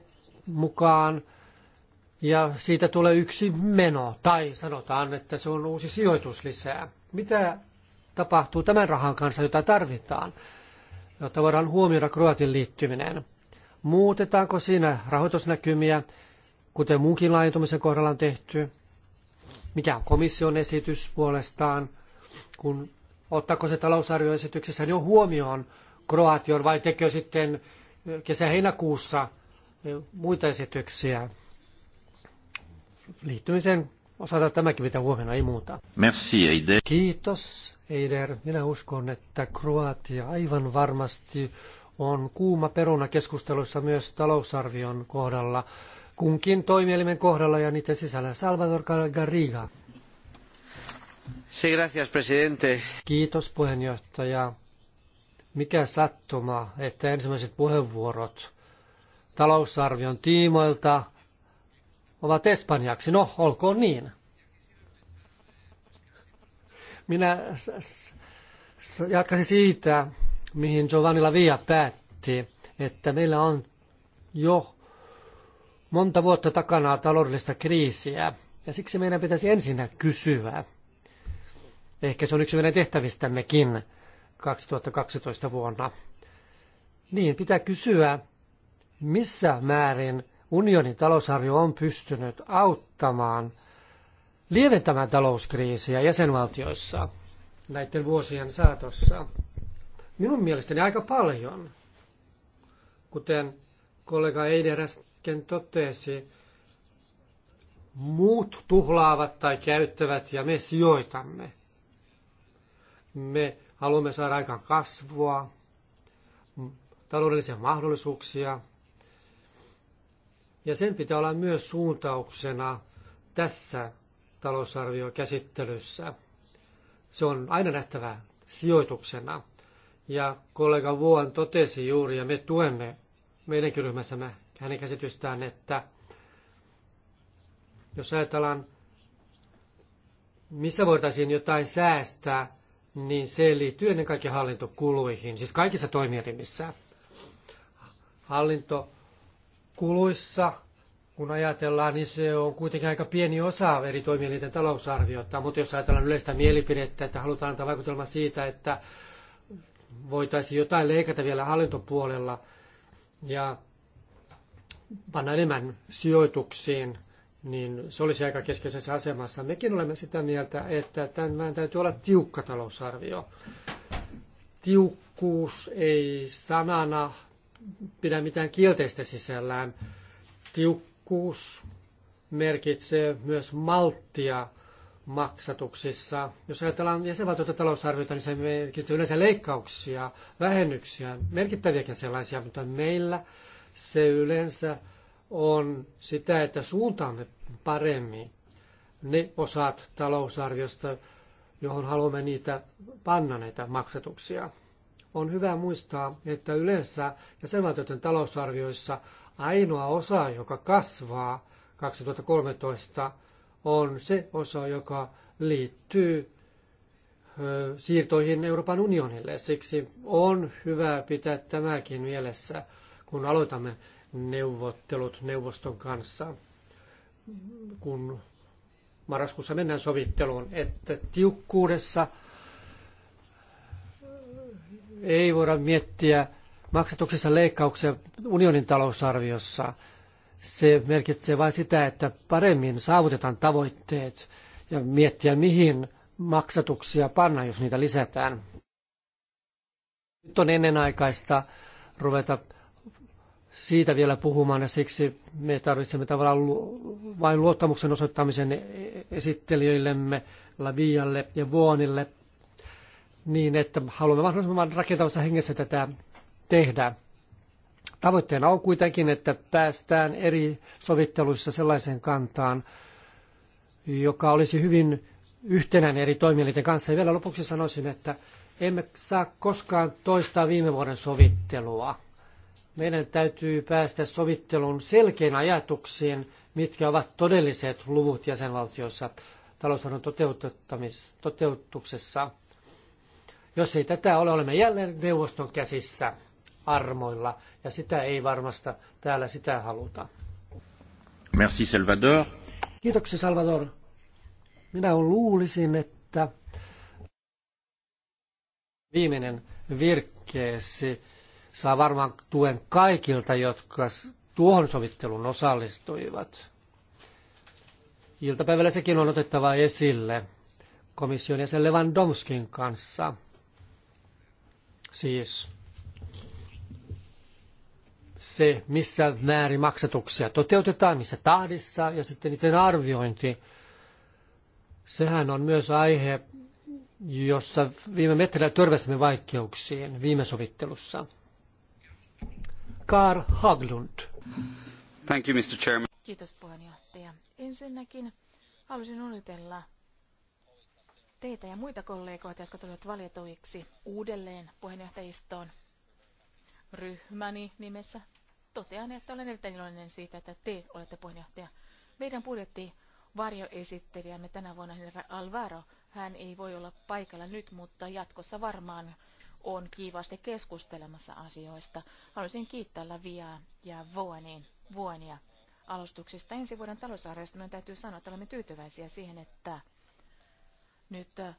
mukaan ja siitä tulee yksi meno, tai sanotaan, että se on uusi sijoitus lisää. Mitä tapahtuu tämän rahan kanssa, jota tarvitaan, jotta voidaan huomioida Kroatin liittyminen? Muutetaanko siinä rahoitusnäkymiä kuten muunkin laajentumisen kohdalla on tehty. Mikä on komission esitys puolestaan, kun ottaako se talousarvioesityksessä jo niin huomioon Kroatian vai tekee sitten kesä-heinäkuussa eh, muita esityksiä. Liittymisen osalta tämäkin mitä huomenna, ei muuta. Merci, Eider. Kiitos, Eider. Minä uskon, että Kroatia aivan varmasti on kuuma peruna keskusteluissa myös talousarvion kohdalla kunkin toimielimen kohdalla ja niiden sisällä. Salvador Garriga. Sí, gracias, presidente. Kiitos puheenjohtaja. Mikä sattuma, että ensimmäiset puheenvuorot talousarvion tiimoilta ovat espanjaksi. No, olkoon niin. Minä jatkaisin siitä, mihin Giovanni Lavia päätti, että meillä on jo monta vuotta takana taloudellista kriisiä. Ja siksi meidän pitäisi ensin kysyä, ehkä se on yksi meidän tehtävistämmekin 2012 vuonna, niin pitää kysyä, missä määrin unionin talousarvio on pystynyt auttamaan lieventämään talouskriisiä jäsenvaltioissa näiden vuosien saatossa. Minun mielestäni aika paljon, kuten kollega Eiderästä äsken totesi, muut tuhlaavat tai käyttävät ja me sijoitamme. Me haluamme saada aikaan kasvua, taloudellisia mahdollisuuksia. Ja sen pitää olla myös suuntauksena tässä talousarviokäsittelyssä. Se on aina nähtävä sijoituksena. Ja kollega Vuon totesi juuri, ja me tuemme meidänkin ryhmässämme hänen käsitystään, että jos ajatellaan, missä voitaisiin jotain säästää, niin se liittyy ennen kaikkea hallintokuluihin, siis kaikissa toimielimissä. Hallintokuluissa, kun ajatellaan, niin se on kuitenkin aika pieni osa eri toimielinten talousarviota, mutta jos ajatellaan yleistä mielipidettä, että halutaan antaa vaikutelma siitä, että voitaisiin jotain leikata vielä hallintopuolella ja panna enemmän sijoituksiin, niin se olisi aika keskeisessä asemassa. Mekin olemme sitä mieltä, että tämän täytyy olla tiukka talousarvio. Tiukkuus ei sanana pidä mitään kielteistä sisällään. Tiukkuus merkitsee myös malttia maksatuksissa. Jos ajatellaan jäsenvaltioita talousarvioita, niin se merkitsee yleensä leikkauksia, vähennyksiä, merkittäviäkin sellaisia, mutta meillä – se yleensä on sitä, että suuntaamme paremmin ne osat talousarviosta, johon haluamme niitä panna näitä maksatuksia. On hyvä muistaa, että yleensä jäsenvaltioiden talousarvioissa ainoa osa, joka kasvaa 2013, on se osa, joka liittyy siirtoihin Euroopan unionille. Siksi on hyvä pitää tämäkin mielessä, kun aloitamme neuvottelut neuvoston kanssa, kun marraskuussa mennään sovitteluun, että tiukkuudessa ei voida miettiä maksatuksissa leikkauksia unionin talousarviossa. Se merkitsee vain sitä, että paremmin saavutetaan tavoitteet ja miettiä, mihin maksatuksia panna, jos niitä lisätään. Nyt on ennenaikaista ruveta siitä vielä puhumaan ja siksi me tarvitsemme tavallaan vain luottamuksen osoittamisen e-, esittelijöillemme, Lavialle ja Vuonille, niin että haluamme mahdollisimman rakentavassa hengessä tätä tehdä. Tavoitteena on kuitenkin, että päästään eri sovitteluissa sellaiseen kantaan, joka olisi hyvin yhtenäinen eri toimielinten kanssa. Ja vielä lopuksi sanoisin, että emme saa koskaan toistaa viime vuoden sovittelua meidän täytyy päästä sovittelun selkein ajatuksiin, mitkä ovat todelliset luvut jäsenvaltiossa talousarvion toteutuksessa. Jos ei tätä ole, olemme jälleen neuvoston käsissä armoilla, ja sitä ei varmasta täällä sitä haluta. Merci Salvador. Kiitoksia Salvador. Minä luulisin, että viimeinen virkkeesi saa varmaan tuen kaikilta, jotka tuohon sovitteluun osallistuivat. Iltapäivällä sekin on otettava esille komission jäsen Lewandowskin kanssa. Siis se, missä määrin maksatuksia toteutetaan, missä tahdissa ja sitten niiden arviointi. Sehän on myös aihe, jossa viime metrillä törmäsimme vaikeuksiin viime sovittelussa. Karl Haglund. Thank you, Mr. Chairman. Kiitos puheenjohtaja. Ensinnäkin haluaisin onnitella teitä ja muita kollegoita, jotka tulevat valituiksi uudelleen puheenjohtajistoon ryhmäni nimessä. Totean, että olen erittäin iloinen siitä, että te olette puheenjohtaja. Meidän budjetti varjoesittelijämme tänä vuonna, herra Alvaro, hän ei voi olla paikalla nyt, mutta jatkossa varmaan on kiivaasti keskustelemassa asioista. Haluaisin kiittää Laviaa ja Vuonia, Vuonia alustuksista. Ensi vuoden talousarjasta Meidän täytyy sanoa, että olemme tyytyväisiä siihen, että nyt äh,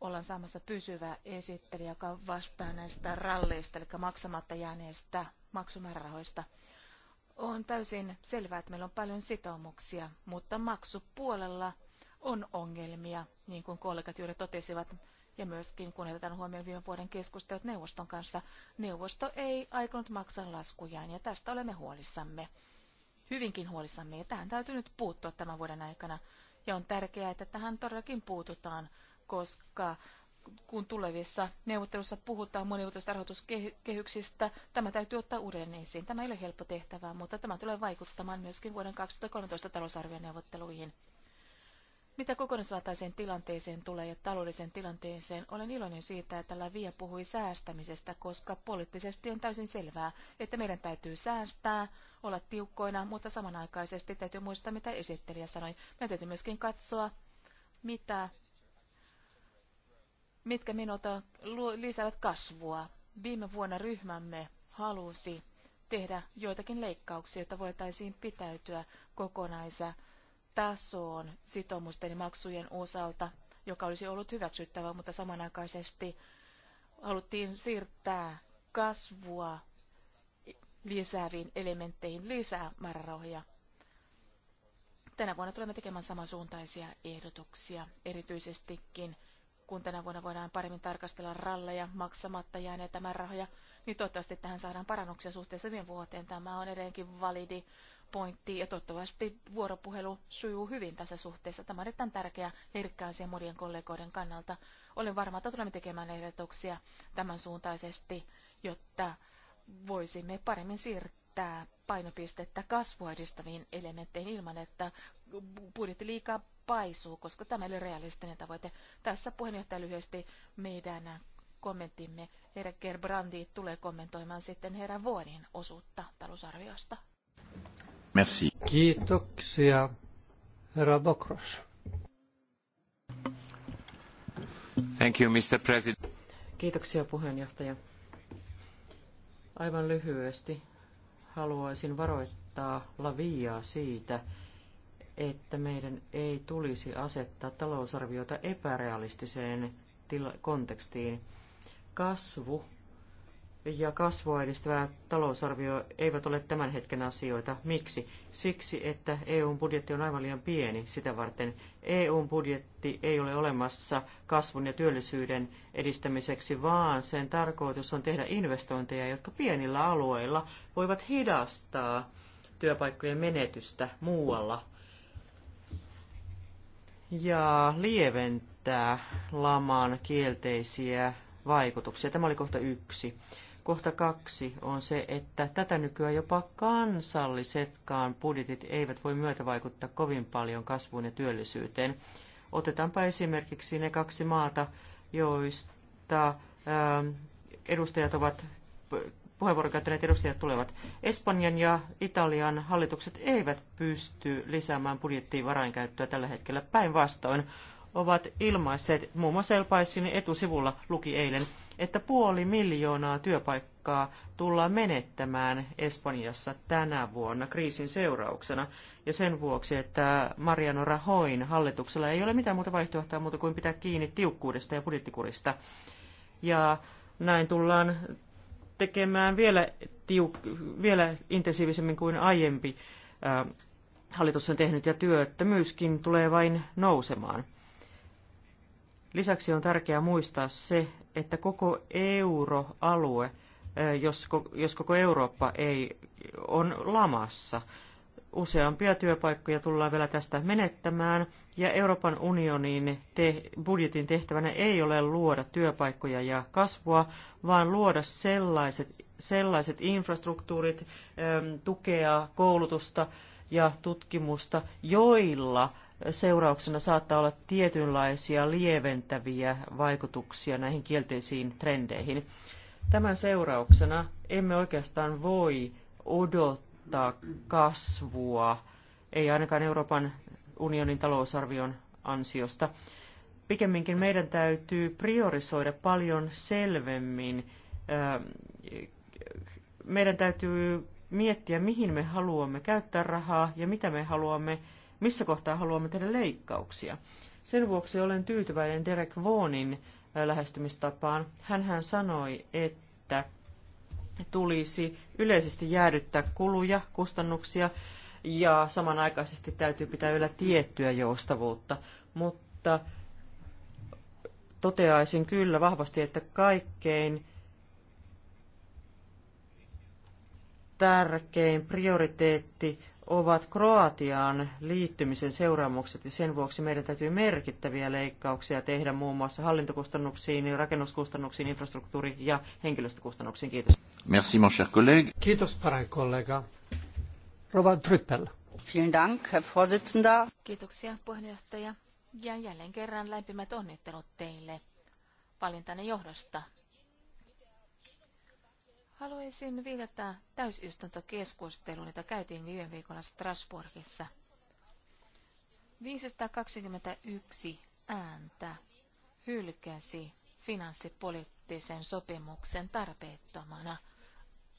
ollaan saamassa pysyvä esittelijä, joka vastaa näistä ralleista, eli maksamatta jääneistä maksumäärärahoista. On täysin selvää, että meillä on paljon sitoumuksia, mutta maksupuolella on ongelmia, niin kuin kollegat juuri totesivat ja myöskin kun otetaan huomioon viime vuoden keskustelut neuvoston kanssa, neuvosto ei aikonut maksaa laskujaan ja tästä olemme huolissamme. Hyvinkin huolissamme ja tähän täytyy nyt puuttua tämän vuoden aikana. Ja on tärkeää, että tähän todellakin puututaan, koska kun tulevissa neuvottelussa puhutaan monivuotisista rahoituskehyksistä, tämä täytyy ottaa uudelleen esiin. Tämä ei ole helppo tehtävä, mutta tämä tulee vaikuttamaan myöskin vuoden 2013 talousarvion neuvotteluihin. Mitä kokonaisvaltaiseen tilanteeseen tulee ja taloudelliseen tilanteeseen, olen iloinen siitä, että Lavia puhui säästämisestä, koska poliittisesti on täysin selvää, että meidän täytyy säästää, olla tiukkoina, mutta samanaikaisesti täytyy muistaa, mitä esittelijä sanoi. Meidän täytyy myöskin katsoa, mitä, mitkä minut lisäävät kasvua. Viime vuonna ryhmämme halusi tehdä joitakin leikkauksia, jotta voitaisiin pitäytyä kokonaisessa tasoon sitoumusten ja maksujen osalta, joka olisi ollut hyväksyttävä, mutta samanaikaisesti haluttiin siirtää kasvua lisääviin elementteihin lisää määrärahoja. Tänä vuonna tulemme tekemään samansuuntaisia ehdotuksia, erityisestikin kun tänä vuonna voidaan paremmin tarkastella ralleja maksamatta jääneitä määrärahoja, niin toivottavasti tähän saadaan parannuksia suhteessa viime vuoteen. Tämä on edelleenkin validi pointti ja toivottavasti vuoropuhelu sujuu hyvin tässä suhteessa. Tämä on erittäin tärkeä herkkä asia monien kollegoiden kannalta. Olen varma, että tulemme tekemään ehdotuksia tämän suuntaisesti, jotta voisimme paremmin siirtää painopistettä kasvua edistäviin elementteihin ilman, että budjetti liikaa paisuu, koska tämä ei ole realistinen tavoite. Tässä puheenjohtaja lyhyesti meidän kommenttimme. Herra Gerbrandi tulee kommentoimaan sitten herra Vuonin osuutta talousarviosta. Merci. Kiitoksia, herra Bokros. Thank you, Mr. President. Kiitoksia, puheenjohtaja. Aivan lyhyesti haluaisin varoittaa Laviaa siitä, että meidän ei tulisi asettaa talousarviota epärealistiseen kontekstiin. Kasvu ja kasvua edistävä talousarvio eivät ole tämän hetken asioita. Miksi? Siksi, että EUn budjetti on aivan liian pieni sitä varten. EUn budjetti ei ole olemassa kasvun ja työllisyyden edistämiseksi, vaan sen tarkoitus on tehdä investointeja, jotka pienillä alueilla voivat hidastaa työpaikkojen menetystä muualla ja lieventää laman kielteisiä vaikutuksia. Tämä oli kohta yksi. Kohta kaksi on se, että tätä nykyään jopa kansallisetkaan budjetit eivät voi myötävaikuttaa kovin paljon kasvuun ja työllisyyteen. Otetaanpa esimerkiksi ne kaksi maata, joista ähm, edustajat ovat, puheenvuoron käyttäneet edustajat tulevat. Espanjan ja Italian hallitukset eivät pysty lisäämään budjettiin varainkäyttöä tällä hetkellä. Päinvastoin ovat ilmaisseet, muun muassa Elpaisin etusivulla luki eilen, että puoli miljoonaa työpaikkaa tullaan menettämään Espanjassa tänä vuonna kriisin seurauksena. Ja sen vuoksi, että Mariano Rahoin hallituksella ei ole mitään muuta vaihtoehtoa muuta kuin pitää kiinni tiukkuudesta ja budjettikurista. Ja näin tullaan tekemään vielä, tiuk- vielä intensiivisemmin kuin aiempi äh, hallitus on tehnyt ja työttömyyskin tulee vain nousemaan. Lisäksi on tärkeää muistaa se, että koko euroalue, jos, jos koko Eurooppa ei, on lamassa. Useampia työpaikkoja tullaan vielä tästä menettämään, ja Euroopan unionin te, budjetin tehtävänä ei ole luoda työpaikkoja ja kasvua, vaan luoda sellaiset, sellaiset infrastruktuurit, tukea, koulutusta ja tutkimusta, joilla – seurauksena saattaa olla tietynlaisia lieventäviä vaikutuksia näihin kielteisiin trendeihin. Tämän seurauksena emme oikeastaan voi odottaa kasvua, ei ainakaan Euroopan unionin talousarvion ansiosta. Pikemminkin meidän täytyy priorisoida paljon selvemmin. Meidän täytyy miettiä, mihin me haluamme käyttää rahaa ja mitä me haluamme missä kohtaa haluamme tehdä leikkauksia. Sen vuoksi olen tyytyväinen Derek Vaughanin lähestymistapaan. hän sanoi, että tulisi yleisesti jäädyttää kuluja, kustannuksia ja samanaikaisesti täytyy pitää yllä tiettyä joustavuutta. Mutta toteaisin kyllä vahvasti, että kaikkein tärkein prioriteetti ovat Kroatiaan liittymisen seuraamukset ja sen vuoksi meidän täytyy merkittäviä leikkauksia tehdä muun muassa hallintokustannuksiin, rakennuskustannuksiin, infrastruktuuri- ja henkilöstökustannuksiin. Kiitos. Merci, mon cher collègue. Kiitos, parai kollega. Rova Tryppel. Vielen Dank, Herr Vorsitzender. Kiitoksia, puheenjohtaja. Ja jälleen kerran lämpimät onnittelut teille valintanne johdosta. Haluaisin viitata täysistuntokeskusteluun, jota käytiin viime viikolla Strasbourgissa. 521 ääntä hylkäsi finanssipoliittisen sopimuksen tarpeettomana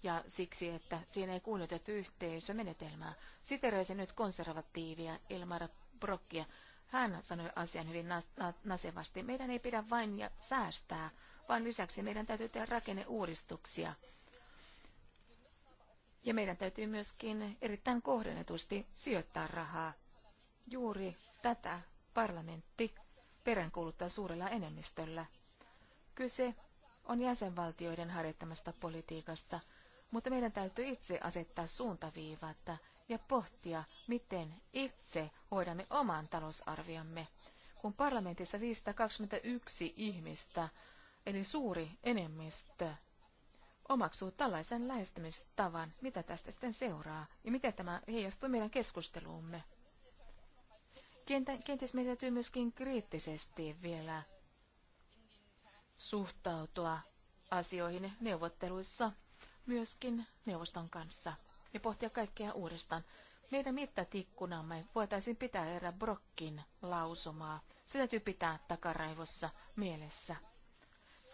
ja siksi, että siinä ei kunnioitettu yhteisömenetelmää. Sitereisi nyt konservatiivia Ilmar Brockia. Hän sanoi asian hyvin nasevasti. Meidän ei pidä vain säästää, vaan lisäksi meidän täytyy tehdä rakenneuudistuksia. Ja meidän täytyy myöskin erittäin kohdennetusti sijoittaa rahaa. Juuri tätä parlamentti peräänkuuluttaa suurella enemmistöllä. Kyse on jäsenvaltioiden harjoittamasta politiikasta, mutta meidän täytyy itse asettaa suuntaviivat ja pohtia, miten itse hoidamme oman talousarviamme. Kun parlamentissa 521 ihmistä, eli suuri enemmistö, omaksuu tällaisen lähestymistavan, mitä tästä sitten seuraa ja miten tämä heijastuu meidän keskusteluumme. Kenties meidän täytyy myöskin kriittisesti vielä suhtautua asioihin neuvotteluissa myöskin neuvoston kanssa ja pohtia kaikkea uudestaan. Meidän mittatikkunamme voitaisiin pitää erä Brokkin lausumaa. Se täytyy pitää takaraivossa mielessä.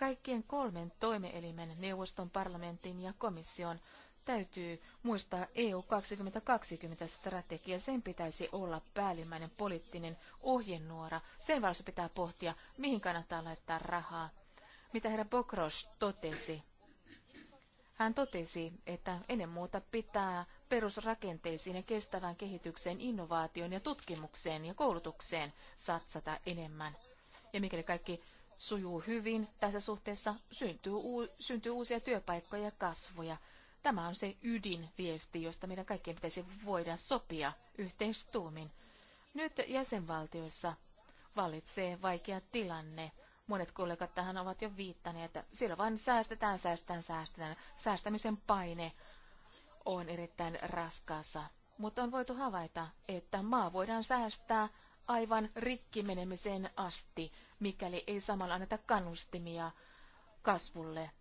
Kaikkien kolmen toimielimen, neuvoston, parlamentin ja komission, täytyy muistaa EU 2020 strategia. Sen pitäisi olla päällimmäinen poliittinen ohjenuora. Sen varassa pitää pohtia, mihin kannattaa laittaa rahaa. Mitä herra Bokros totesi? Hän totesi, että ennen muuta pitää perusrakenteisiin ja kestävään kehitykseen, innovaatioon ja tutkimukseen ja koulutukseen satsata enemmän. Ja mikäli kaikki sujuu hyvin tässä suhteessa, syntyy, uu, syntyy uusia työpaikkoja ja kasvoja. Tämä on se ydinviesti, josta meidän kaikkien pitäisi voida sopia yhteistuumin. Nyt jäsenvaltioissa vallitsee vaikea tilanne. Monet kollegat tähän ovat jo viittaneet, että siellä vain säästetään, säästetään, säästetään. Säästämisen paine on erittäin raskaassa. Mutta on voitu havaita, että maa voidaan säästää aivan rikki menemiseen asti, mikäli ei samalla anneta kannustimia kasvulle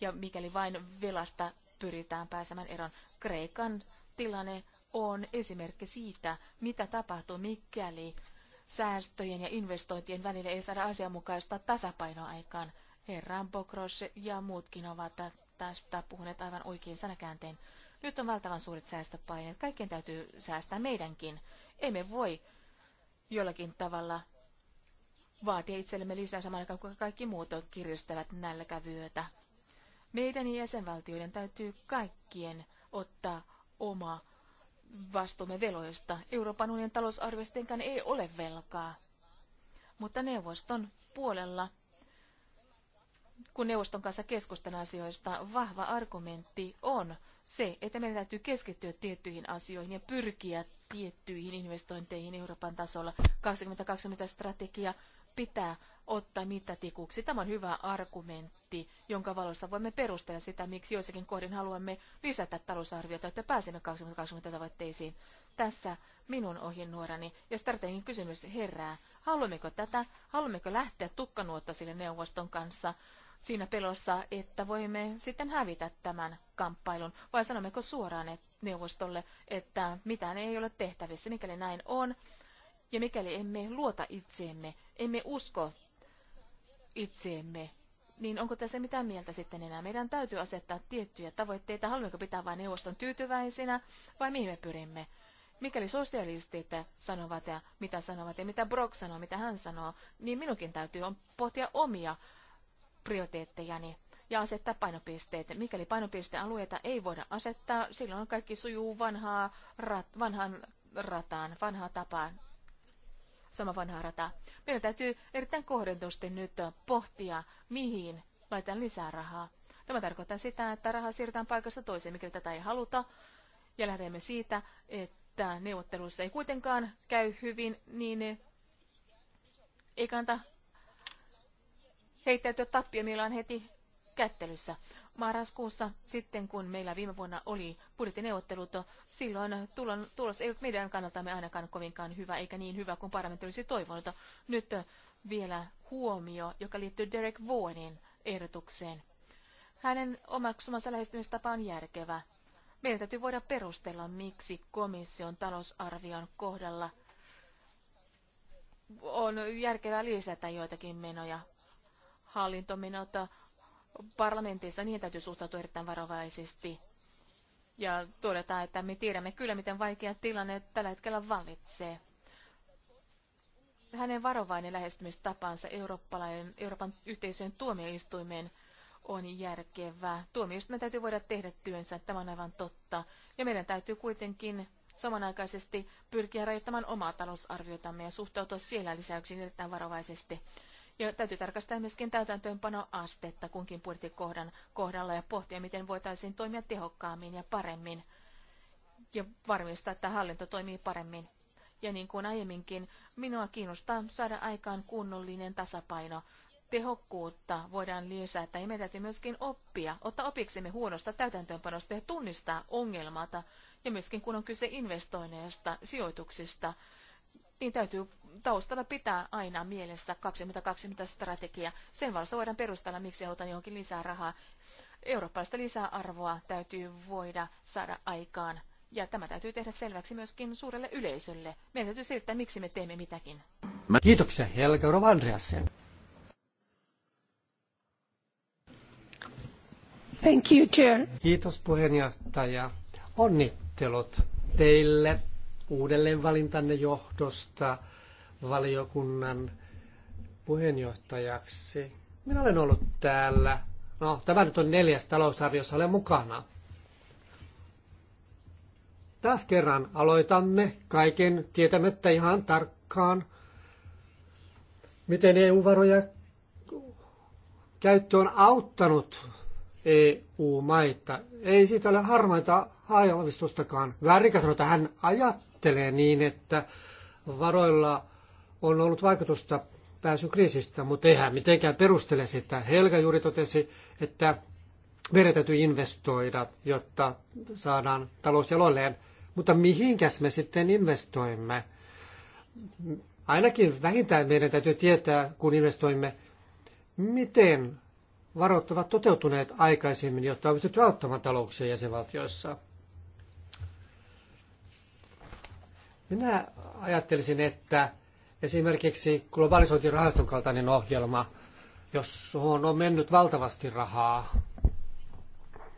ja mikäli vain velasta pyritään pääsemään eroon. Kreikan tilanne on esimerkki siitä, mitä tapahtuu, mikäli säästöjen ja investointien välillä ei saada asianmukaista tasapainoa aikaan. Herra Bokros ja muutkin ovat tästä puhuneet aivan oikein sanakäänteen. Nyt on valtavan suuret säästöpaineet. Kaikkien täytyy säästää meidänkin. Emme voi jollakin tavalla vaatia itsellemme lisää samaan aikaan, kuin kaikki muut kiristävät nälkävyötä. Meidän jäsenvaltioiden täytyy kaikkien ottaa oma vastuumme veloista. Euroopan unionin talousarviostenkään ei ole velkaa. Mutta neuvoston puolella, kun neuvoston kanssa keskustan asioista, vahva argumentti on se, että meidän täytyy keskittyä tiettyihin asioihin ja pyrkiä tiettyihin investointeihin Euroopan tasolla. 2020 strategia pitää ottaa mittatikuksi. Tämä on hyvä argumentti, jonka valossa voimme perustella sitä, miksi joissakin kohdin haluamme lisätä talousarviota, että pääsemme 2020 tavoitteisiin. Tässä minun ohjenuorani ja strateginen kysymys herää. Haluammeko tätä? Haluammeko lähteä tukkanuotta sille neuvoston kanssa? siinä pelossa, että voimme sitten hävitä tämän kamppailun, vai sanommeko suoraan, että neuvostolle, että mitään ei ole tehtävissä, mikäli näin on. Ja mikäli emme luota itseemme, emme usko itseemme, niin onko tässä mitään mieltä sitten enää? Meidän täytyy asettaa tiettyjä tavoitteita. Haluammeko pitää vain neuvoston tyytyväisinä vai mihin me pyrimme? Mikäli sosialistit sanovat ja mitä sanovat ja mitä Brock sanoo, mitä hän sanoo, niin minunkin täytyy on pohtia omia prioriteettejani ja asettaa painopisteet. Mikäli painopistealueita ei voida asettaa, silloin kaikki sujuu vanhaa rat, vanhan rataan, vanhaa tapaan, sama vanha rata. Meidän täytyy erittäin kohdentusti nyt pohtia, mihin laitetaan lisää rahaa. Tämä tarkoittaa sitä, että rahaa siirretään paikasta toiseen, mikäli tätä ei haluta, ja lähdemme siitä, että neuvottelussa ei kuitenkaan käy hyvin, niin ei kannata heittäytyä tappia, millä on heti kättelyssä. Marraskuussa sitten, kun meillä viime vuonna oli budjettineuvottelut, silloin tulos ei ollut meidän kannaltamme ainakaan kovinkaan hyvä, eikä niin hyvä kuin parlamentti olisi toivonut. Nyt vielä huomio, joka liittyy Derek Vaughanin ehdotukseen. Hänen omaksumansa lähestymistapa on järkevä. Meidän täytyy voida perustella, miksi komission talousarvion kohdalla on järkevää lisätä joitakin menoja. Hallintomenot parlamentissa, niihin täytyy suhtautua erittäin varovaisesti ja todetaan, että me tiedämme kyllä, miten vaikea tilanne tällä hetkellä vallitsee. Hänen varovainen lähestymistapansa Euroopan yhteisön tuomioistuimeen on järkevää. Tuomioistuimen täytyy voida tehdä työnsä, tämä on aivan totta. Ja meidän täytyy kuitenkin samanaikaisesti pyrkiä rajoittamaan omaa talousarviotamme ja suhtautua siellä lisäyksiin erittäin varovaisesti. Ja täytyy tarkastaa myöskin täytäntöönpanoastetta kunkin budjettikohdan kohdalla ja pohtia, miten voitaisiin toimia tehokkaammin ja paremmin ja varmistaa, että hallinto toimii paremmin. Ja niin kuin aiemminkin, minua kiinnostaa saada aikaan kunnollinen tasapaino. Tehokkuutta voidaan lisätä ja meidän täytyy myöskin oppia, ottaa opiksemme huonosta täytäntöönpanosta ja tunnistaa ongelmata. Ja myöskin kun on kyse investoinneista, sijoituksista, niin täytyy taustalla pitää aina mielessä 2020 strategia. Sen valossa voidaan perustella, miksi halutaan johonkin lisää rahaa. Eurooppalaista lisäarvoa täytyy voida saada aikaan. Ja tämä täytyy tehdä selväksi myöskin suurelle yleisölle. Meidän täytyy selittää, miksi me teemme mitäkin. Kiitoksia, Helga Andreasen. Thank you, Chair. Kiitos puheenjohtaja. Onnittelut teille uudelleenvalintanne johdosta valiokunnan puheenjohtajaksi. Minä olen ollut täällä. No, tämä nyt on neljäs talousarvio, jossa olen mukana. Taas kerran aloitamme kaiken tietämättä ihan tarkkaan, miten EU-varoja käyttö on auttanut EU-maita. Ei siitä ole harmaita haajavistustakaan. Väärinkä sanotaan, hän ajattelee niin, että varoilla on ollut vaikutusta pääsykriisistä, mutta eihän mitenkään perustele sitä. Helga juuri totesi, että meidän täytyy investoida, jotta saadaan talous jaloilleen. Mutta mihinkäs me sitten investoimme? Ainakin vähintään meidän täytyy tietää, kun investoimme, miten varot ovat toteutuneet aikaisemmin, jotta on pystytty auttamaan talouksia jäsenvaltioissa. Minä ajattelisin, että Esimerkiksi globalisointirahaston kaltainen ohjelma, jos on mennyt valtavasti rahaa,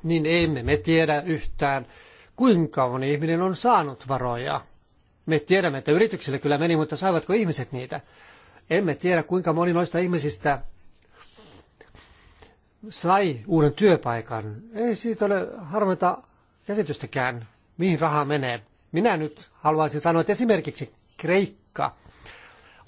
niin emme me tiedä yhtään, kuinka moni ihminen on saanut varoja. Me tiedämme, että yrityksille kyllä meni, mutta saivatko ihmiset niitä? Emme tiedä, kuinka moni noista ihmisistä sai uuden työpaikan. Ei siitä ole harvointa käsitystäkään, mihin raha menee. Minä nyt haluaisin sanoa, että esimerkiksi Kreikka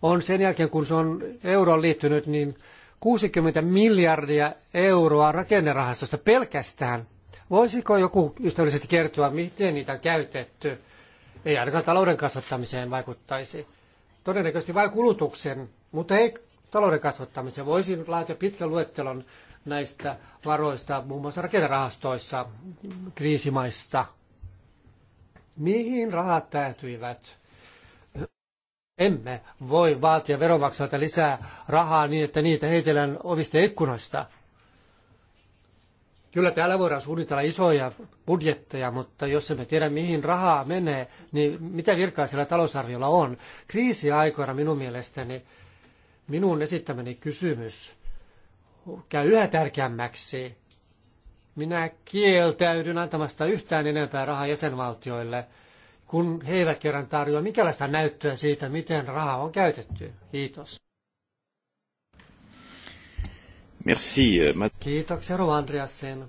on sen jälkeen, kun se on euroon liittynyt, niin 60 miljardia euroa rakennerahastosta pelkästään. Voisiko joku ystävällisesti kertoa, miten niitä on käytetty? Ei ainakaan talouden kasvattamiseen vaikuttaisi. Todennäköisesti vain kulutuksen, mutta ei talouden kasvattamiseen. Voisin laatia pitkän luettelon näistä varoista, muun muassa rakennerahastoissa kriisimaista. Mihin rahat päätyivät? Emme voi vaatia veronmaksajilta lisää rahaa niin, että niitä heitellään ovista ja ikkunoista. Kyllä täällä voidaan suunnitella isoja budjetteja, mutta jos emme tiedä mihin rahaa menee, niin mitä virkaa siellä talousarviolla on? Kriisiaikoina minun mielestäni minun esittämäni kysymys käy yhä tärkeämmäksi. Minä kieltäydyn antamasta yhtään enempää rahaa jäsenvaltioille – kun he eivät kerran tarjoa minkälaista näyttöä siitä, miten raha on käytetty. Kiitos. Merci. Euh, Kiitoksia, Rova Andreasen.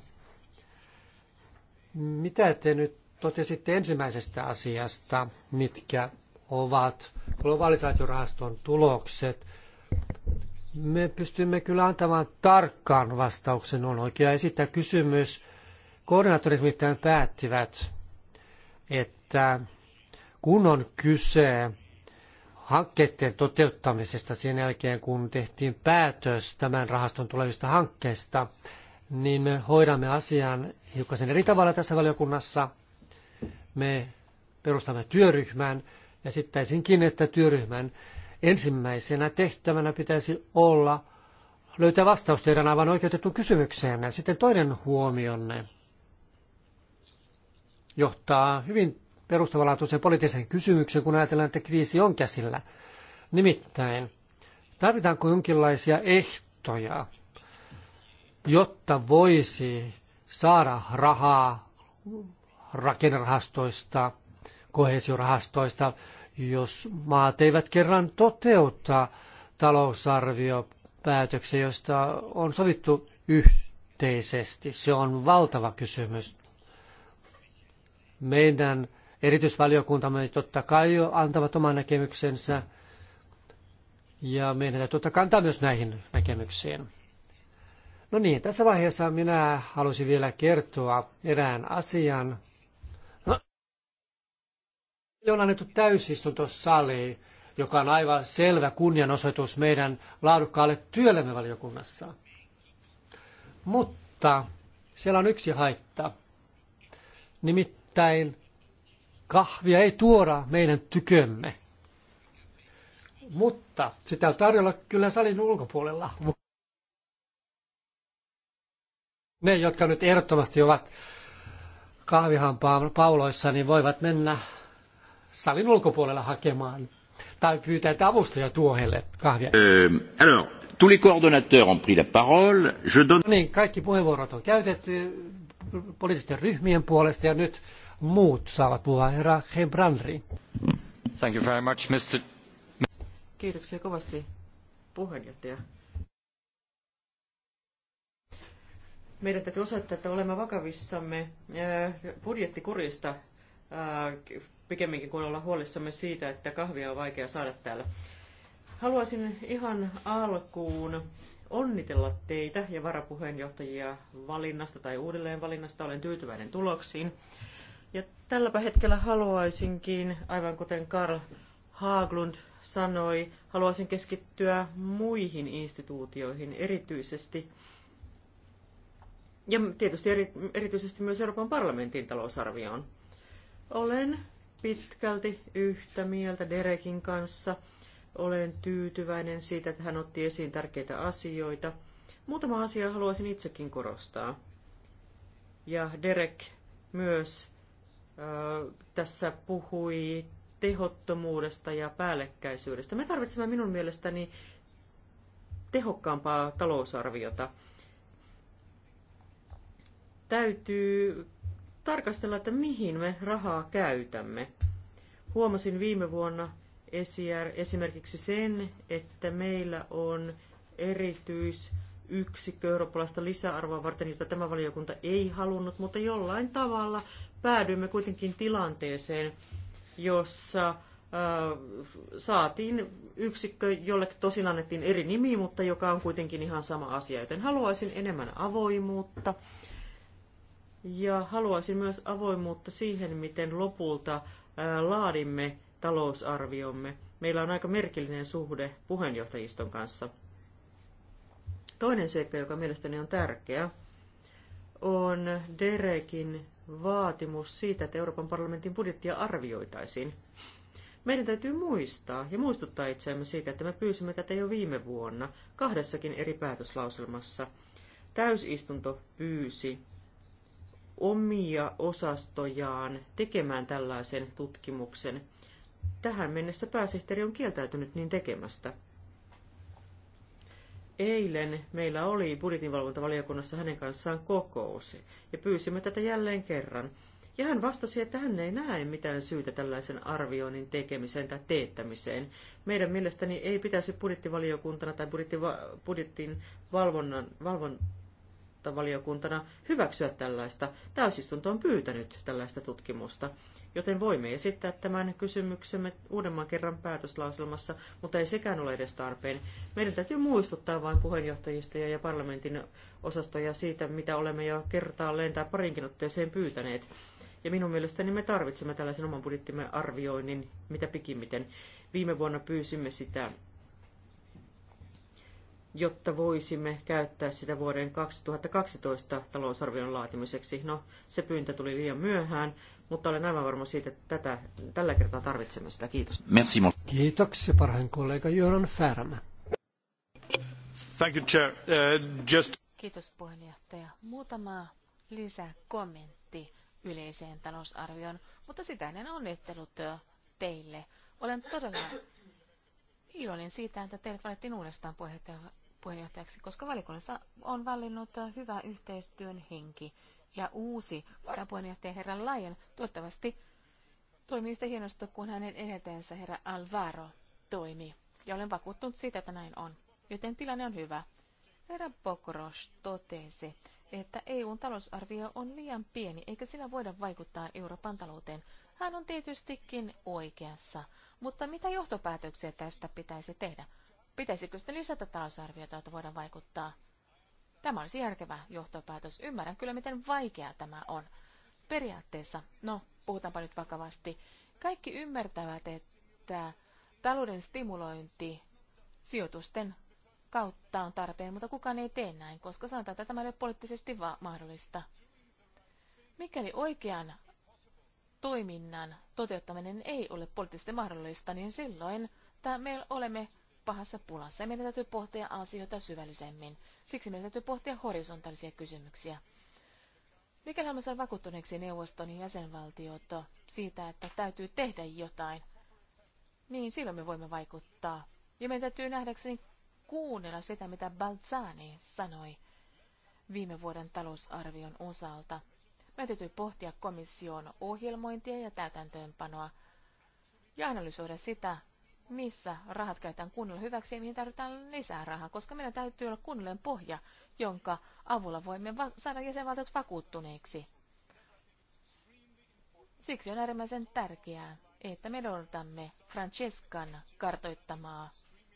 Mitä te nyt totesitte ensimmäisestä asiasta, mitkä ovat globalisaatiorahaston tulokset? Me pystymme kyllä antamaan tarkkaan vastauksen. On oikea esittää kysymys. Koordinaattorit päättivät että kun on kyse hankkeiden toteuttamisesta sen jälkeen, kun tehtiin päätös tämän rahaston tulevista hankkeista, niin me hoidamme asian hiukan eri tavalla tässä valiokunnassa. Me perustamme työryhmän ja sittenkin, että työryhmän ensimmäisenä tehtävänä pitäisi olla löytää vastaus teidän aivan oikeutettuun kysymykseen. Sitten toinen huomionne johtaa hyvin perustavanlaatuiseen poliittiseen kysymykseen, kun ajatellaan, että kriisi on käsillä. Nimittäin, tarvitaanko jonkinlaisia ehtoja, jotta voisi saada rahaa rakennerahastoista, kohesiorahastoista, jos maat eivät kerran toteuta talousarviopäätöksiä, joista on sovittu yhteisesti. Se on valtava kysymys. Meidän erityisvaliokuntamme totta kai jo antavat oman näkemyksensä ja meidän täytyy ottaa kantaa myös näihin näkemyksiin. No niin, tässä vaiheessa minä halusin vielä kertoa erään asian. No, on annettu täysistuntosali, joka on aivan selvä kunnianosoitus meidän laadukkaalle työllemme valiokunnassa. Mutta siellä on yksi haitta. Nimittäin Nimittäin kahvia ei tuoda meidän tykömme, mutta sitä on tarjolla kyllä salin ulkopuolella. Ne, jotka nyt ehdottomasti ovat kahvihan pauloissa, niin voivat mennä salin ulkopuolella hakemaan tai pyytää, että avustaja tuo heille kahvia. Euh, alors, tous les coordonnateurs ont pris la parole. Je don... No niin, kaikki puheenvuorot on käytetty poliittisten ryhmien puolesta ja nyt muut saavat puhua. Herra Hebrandri. Thank you very much, Mr. Kiitoksia kovasti puheenjohtaja. Meidän täytyy osoittaa, että olemme vakavissamme äh, budjettikurista äh, pikemminkin kuin olla huolissamme siitä, että kahvia on vaikea saada täällä. Haluaisin ihan alkuun onnitella teitä ja varapuheenjohtajia valinnasta tai uudelleenvalinnasta. Olen tyytyväinen tuloksiin. Ja tälläpä hetkellä haluaisinkin, aivan kuten Karl Haaglund sanoi, haluaisin keskittyä muihin instituutioihin erityisesti. Ja tietysti eri, erityisesti myös Euroopan parlamentin talousarvioon. Olen pitkälti yhtä mieltä Derekin kanssa – olen tyytyväinen siitä, että hän otti esiin tärkeitä asioita. Muutama asia haluaisin itsekin korostaa. Ja Derek myös äh, tässä puhui tehottomuudesta ja päällekkäisyydestä. Me tarvitsemme minun mielestäni tehokkaampaa talousarviota. Täytyy tarkastella, että mihin me rahaa käytämme. Huomasin viime vuonna esimerkiksi sen, että meillä on erityisyksikkö eurooppalaista lisäarvoa varten, jota tämä valiokunta ei halunnut, mutta jollain tavalla päädyimme kuitenkin tilanteeseen, jossa äh, saatiin yksikkö, jolle tosin annettiin eri nimi, mutta joka on kuitenkin ihan sama asia, joten haluaisin enemmän avoimuutta. Ja haluaisin myös avoimuutta siihen, miten lopulta äh, laadimme talousarviomme. Meillä on aika merkillinen suhde puheenjohtajiston kanssa. Toinen seikka, joka mielestäni on tärkeä, on Derekin vaatimus siitä, että Euroopan parlamentin budjettia arvioitaisiin. Meidän täytyy muistaa ja muistuttaa itseämme siitä, että me pyysimme tätä jo viime vuonna kahdessakin eri päätöslauselmassa. Täysistunto pyysi omia osastojaan tekemään tällaisen tutkimuksen. Tähän mennessä pääsihteeri on kieltäytynyt niin tekemästä. Eilen meillä oli budjetinvalvontavaliokunnassa hänen kanssaan kokous ja pyysimme tätä jälleen kerran. Ja hän vastasi, että hän ei näe mitään syytä tällaisen arvioinnin tekemiseen tai teettämiseen. Meidän mielestäni ei pitäisi budjettivaliokuntana tai budjettin valvonnan, valvontavaliokuntana hyväksyä tällaista. Täysistunto on pyytänyt tällaista tutkimusta joten voimme esittää tämän kysymyksemme uudemman kerran päätöslauselmassa, mutta ei sekään ole edes tarpeen. Meidän täytyy muistuttaa vain puheenjohtajista ja parlamentin osastoja siitä, mitä olemme jo kertaalleen tai parinkin otteeseen pyytäneet. Ja minun mielestäni me tarvitsemme tällaisen oman budjettimme arvioinnin, mitä pikimmiten. Viime vuonna pyysimme sitä jotta voisimme käyttää sitä vuoden 2012 talousarvion laatimiseksi. No, se pyyntö tuli liian myöhään, mutta olen aivan varma siitä, että tätä, tällä kertaa tarvitsemme sitä. Kiitos. Merci. Kiitoksia parhaan kollega Jöran Färmä. Thank you, Chair. Uh, just... Kiitos puheenjohtaja. Muutama lisäkommentti yleiseen talousarvioon, mutta sitä ennen onnittelut teille. Olen todella iloinen siitä, että teidät valittiin uudestaan puheenjohtajaksi, koska valikunnassa on vallinnut hyvä yhteistyön henki ja uusi varapuheenjohtaja herra Lyon tuottavasti toimii yhtä hienosti kuin hänen edeltäjänsä herra Alvaro toimi. Ja olen vakuuttunut siitä, että näin on. Joten tilanne on hyvä. Herra Bokros totesi, että EUn talousarvio on liian pieni, eikä sillä voida vaikuttaa Euroopan talouteen. Hän on tietystikin oikeassa, mutta mitä johtopäätöksiä tästä pitäisi tehdä? Pitäisikö sitä lisätä talousarviota, että voidaan vaikuttaa Tämä olisi järkevä johtopäätös. Ymmärrän kyllä, miten vaikea tämä on. Periaatteessa, no, puhutaanpa nyt vakavasti. Kaikki ymmärtävät, että talouden stimulointi sijoitusten kautta on tarpeen, mutta kukaan ei tee näin, koska sanotaan, että tämä ei ole poliittisesti mahdollista. Mikäli oikean toiminnan toteuttaminen ei ole poliittisesti mahdollista, niin silloin me olemme pahassa pulassa. Meidän täytyy pohtia asioita syvällisemmin. Siksi meidän täytyy pohtia horisontaalisia kysymyksiä. Mikä haluamme saada vakuuttuneeksi neuvoston jäsenvaltiot siitä, että täytyy tehdä jotain, niin silloin me voimme vaikuttaa. Ja meidän täytyy nähdäkseni kuunnella sitä, mitä Balzani sanoi viime vuoden talousarvion osalta. Meidän täytyy pohtia komission ohjelmointia ja täytäntöönpanoa ja analysoida sitä, missä rahat käytetään kunnolla hyväksi ja mihin tarvitaan lisää rahaa, koska meidän täytyy olla kunnollinen pohja, jonka avulla voimme saada jäsenvaltiot vakuuttuneiksi. Siksi on äärimmäisen tärkeää, että me odotamme Francescan kartoittamaa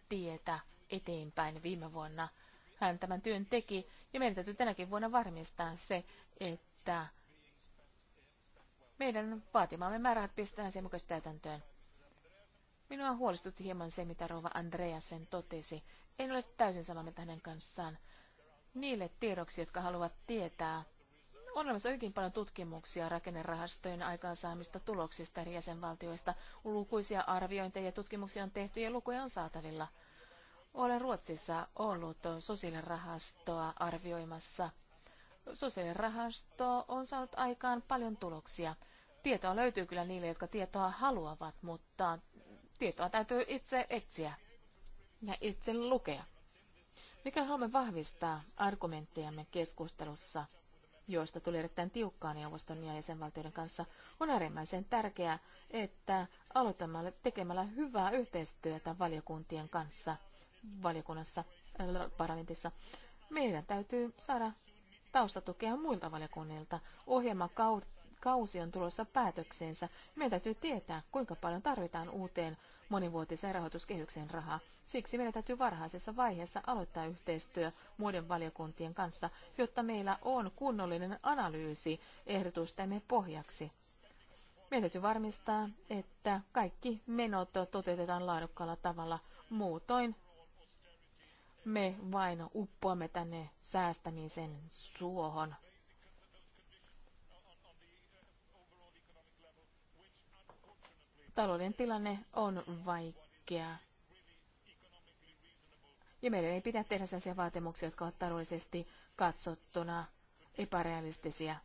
tietä eteenpäin viime vuonna. Hän tämän työn teki ja meidän täytyy tänäkin vuonna varmistaa se, että meidän vaatimamme määrät pistetään sen mukaisesti täytäntöön. Minua huolestutti hieman se, mitä Rova Andreasen totesi. En ole täysin samaa mieltä hänen kanssaan. Niille tiedoksi, jotka haluavat tietää, on olemassa hyvinkin paljon tutkimuksia rakennerahastojen aikaansaamista tuloksista eri jäsenvaltioista. Lukuisia arviointeja ja tutkimuksia on tehty ja lukuja on saatavilla. Olen Ruotsissa ollut sosiaalirahastoa arvioimassa. Sosiaalirahasto on saanut aikaan paljon tuloksia. Tietoa löytyy kyllä niille, jotka tietoa haluavat, mutta Tietoa täytyy itse etsiä ja itse lukea. Mikä haluamme vahvistaa argumenttejamme keskustelussa, joista tuli erittäin tiukkaa neuvoston ja jäsenvaltioiden kanssa, on äärimmäisen tärkeää, että aloitamme tekemällä hyvää yhteistyötä valiokuntien kanssa valiokunnassa, äh, parlamentissa. Meidän täytyy saada taustatukea muilta valiokunnilta. Ohjelmakautta kausi on tulossa päätökseensä, Meidän täytyy tietää, kuinka paljon tarvitaan uuteen monivuotiseen rahoituskehyksen rahaa. Siksi meidän täytyy varhaisessa vaiheessa aloittaa yhteistyö muiden valiokuntien kanssa, jotta meillä on kunnollinen analyysi ehdotustemme pohjaksi. Meidän täytyy varmistaa, että kaikki menot toteutetaan laadukkaalla tavalla. Muutoin me vain uppoamme tänne säästämisen suohon. Talouden tilanne on vaikea. Ja meidän ei pidä tehdä sellaisia vaatimuksia, jotka ovat taloudellisesti katsottuna epärealistisia,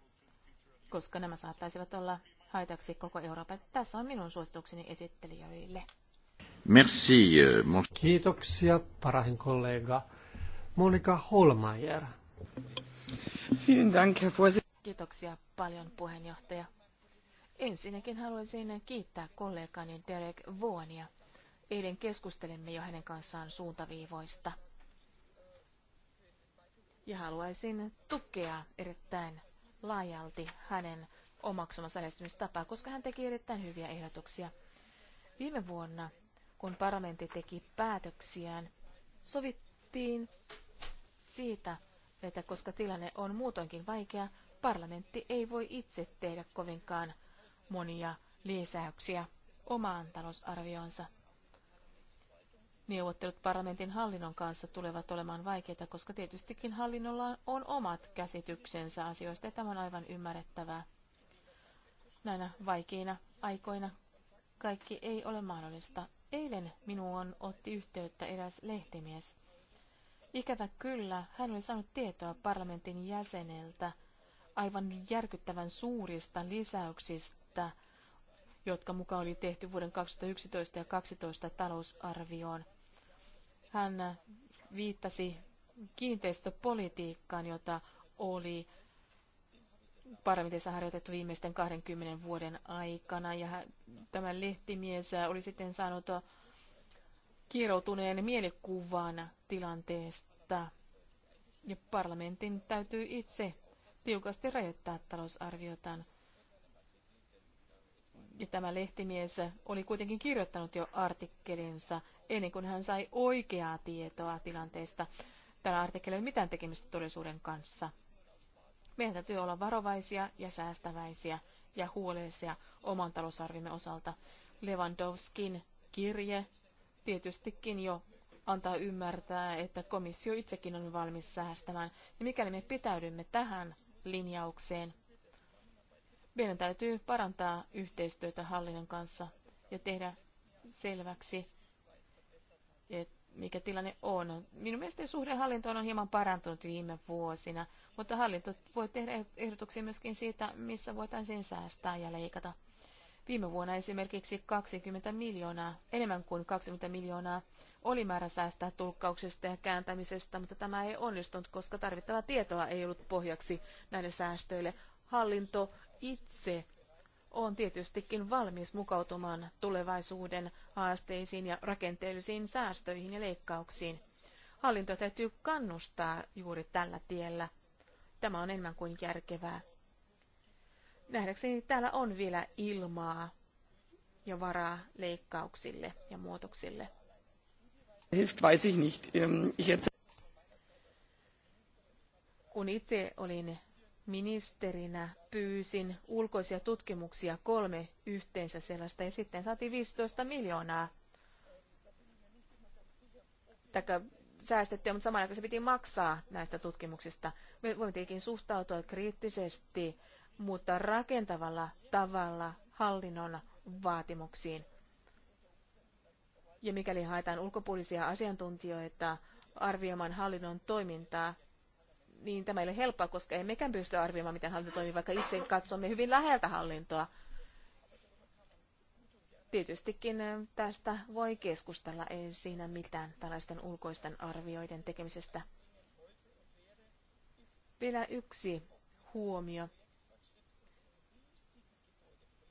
koska nämä saattaisivat olla haitaksi koko Euroopan. Tässä on minun suositukseni esittelijöille. Merci, euh, mon... Kiitoksia, parahin kollega Monika Holmeier. Dank, Kiitoksia paljon, puheenjohtaja. Ensinnäkin haluaisin kiittää kollegani Derek Vuonia. Eilen keskustelimme jo hänen kanssaan suuntaviivoista. Ja haluaisin tukea erittäin laajalti hänen omaksumansa lähestymistapaa, koska hän teki erittäin hyviä ehdotuksia. Viime vuonna, kun parlamentti teki päätöksiään, sovittiin siitä, että koska tilanne on muutoinkin vaikea, parlamentti ei voi itse tehdä kovinkaan monia lisäyksiä omaan talousarvioonsa. Neuvottelut parlamentin hallinnon kanssa tulevat olemaan vaikeita, koska tietystikin hallinnolla on omat käsityksensä asioista, ja tämä on aivan ymmärrettävää. Näinä vaikeina aikoina kaikki ei ole mahdollista. Eilen minuun otti yhteyttä eräs lehtimies. Ikävä kyllä, hän oli saanut tietoa parlamentin jäseneltä aivan järkyttävän suurista lisäyksistä lisäystä, jotka mukaan oli tehty vuoden 2011 ja 2012 talousarvioon. Hän viittasi kiinteistöpolitiikkaan, jota oli parlamentissa harjoitettu viimeisten 20 vuoden aikana. Ja tämä lehtimies oli sitten saanut kiiroutuneen mielikuvan tilanteesta. Ja parlamentin täytyy itse tiukasti rajoittaa talousarviotaan ja tämä lehtimies oli kuitenkin kirjoittanut jo artikkelinsa ennen kuin hän sai oikeaa tietoa tilanteesta. Tällä artikkelilla ei mitään tekemistä todellisuuden kanssa. Meidän täytyy olla varovaisia ja säästäväisiä ja huolellisia oman talousarvimme osalta. Lewandowskin kirje tietystikin jo antaa ymmärtää, että komissio itsekin on valmis säästämään. Ja mikäli me pitäydymme tähän linjaukseen, meidän täytyy parantaa yhteistyötä hallinnon kanssa ja tehdä selväksi, että mikä tilanne on. Minun mielestäni hallintoon on hieman parantunut viime vuosina, mutta hallinto voi tehdä ehdotuksia myöskin siitä, missä voitaisiin säästää ja leikata. Viime vuonna esimerkiksi 20 miljoonaa, enemmän kuin 20 miljoonaa, oli määrä säästää tulkkauksesta ja kääntämisestä, mutta tämä ei onnistunut, koska tarvittavaa tietoa ei ollut pohjaksi näille säästöille. Hallinto itse on tietystikin valmis mukautumaan tulevaisuuden haasteisiin ja rakenteellisiin säästöihin ja leikkauksiin. Hallinto täytyy kannustaa juuri tällä tiellä. Tämä on enemmän kuin järkevää. Nähdäkseni täällä on vielä ilmaa ja varaa leikkauksille ja muutoksille. weiß ich nicht. Ähm, kun itse olin ministerinä pyysin ulkoisia tutkimuksia kolme yhteensä sellaista ja sitten saatiin 15 miljoonaa Taka säästettyä, mutta samalla se piti maksaa näistä tutkimuksista. Me tietenkin suhtautua kriittisesti, mutta rakentavalla tavalla hallinnon vaatimuksiin. Ja mikäli haetaan ulkopuolisia asiantuntijoita arvioimaan hallinnon toimintaa, niin tämä ei ole helppoa, koska ei mekään pysty arvioimaan, miten hallinto toimii, vaikka itse katsomme hyvin läheltä hallintoa. Tietystikin tästä voi keskustella, ei siinä mitään tällaisten ulkoisten arvioiden tekemisestä. Vielä yksi huomio.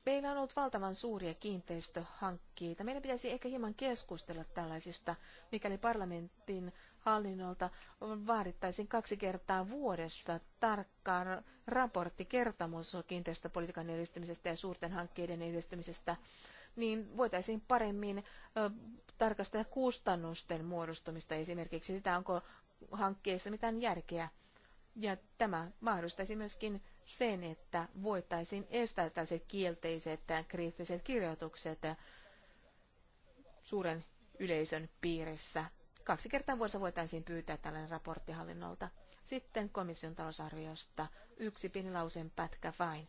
Meillä on ollut valtavan suuria kiinteistöhankkeita. Meidän pitäisi ehkä hieman keskustella tällaisista, mikäli parlamentin hallinnolta vaadittaisiin kaksi kertaa vuodessa tarkkaan raportti kertomus kiinteistöpolitiikan edistämisestä ja suurten hankkeiden edistämisestä, niin voitaisiin paremmin ö, tarkastella kustannusten muodostumista esimerkiksi sitä, onko hankkeessa mitään järkeä. Ja tämä mahdollistaisi myöskin sen, että voitaisiin estää tällaiset kielteiset ja kriittiset kirjoitukset suuren yleisön piirissä Kaksi kertaa vuodessa voitaisiin pyytää tällainen raporttihallinnolta. Sitten komission talousarviosta yksi pieni lausen pätkä vain.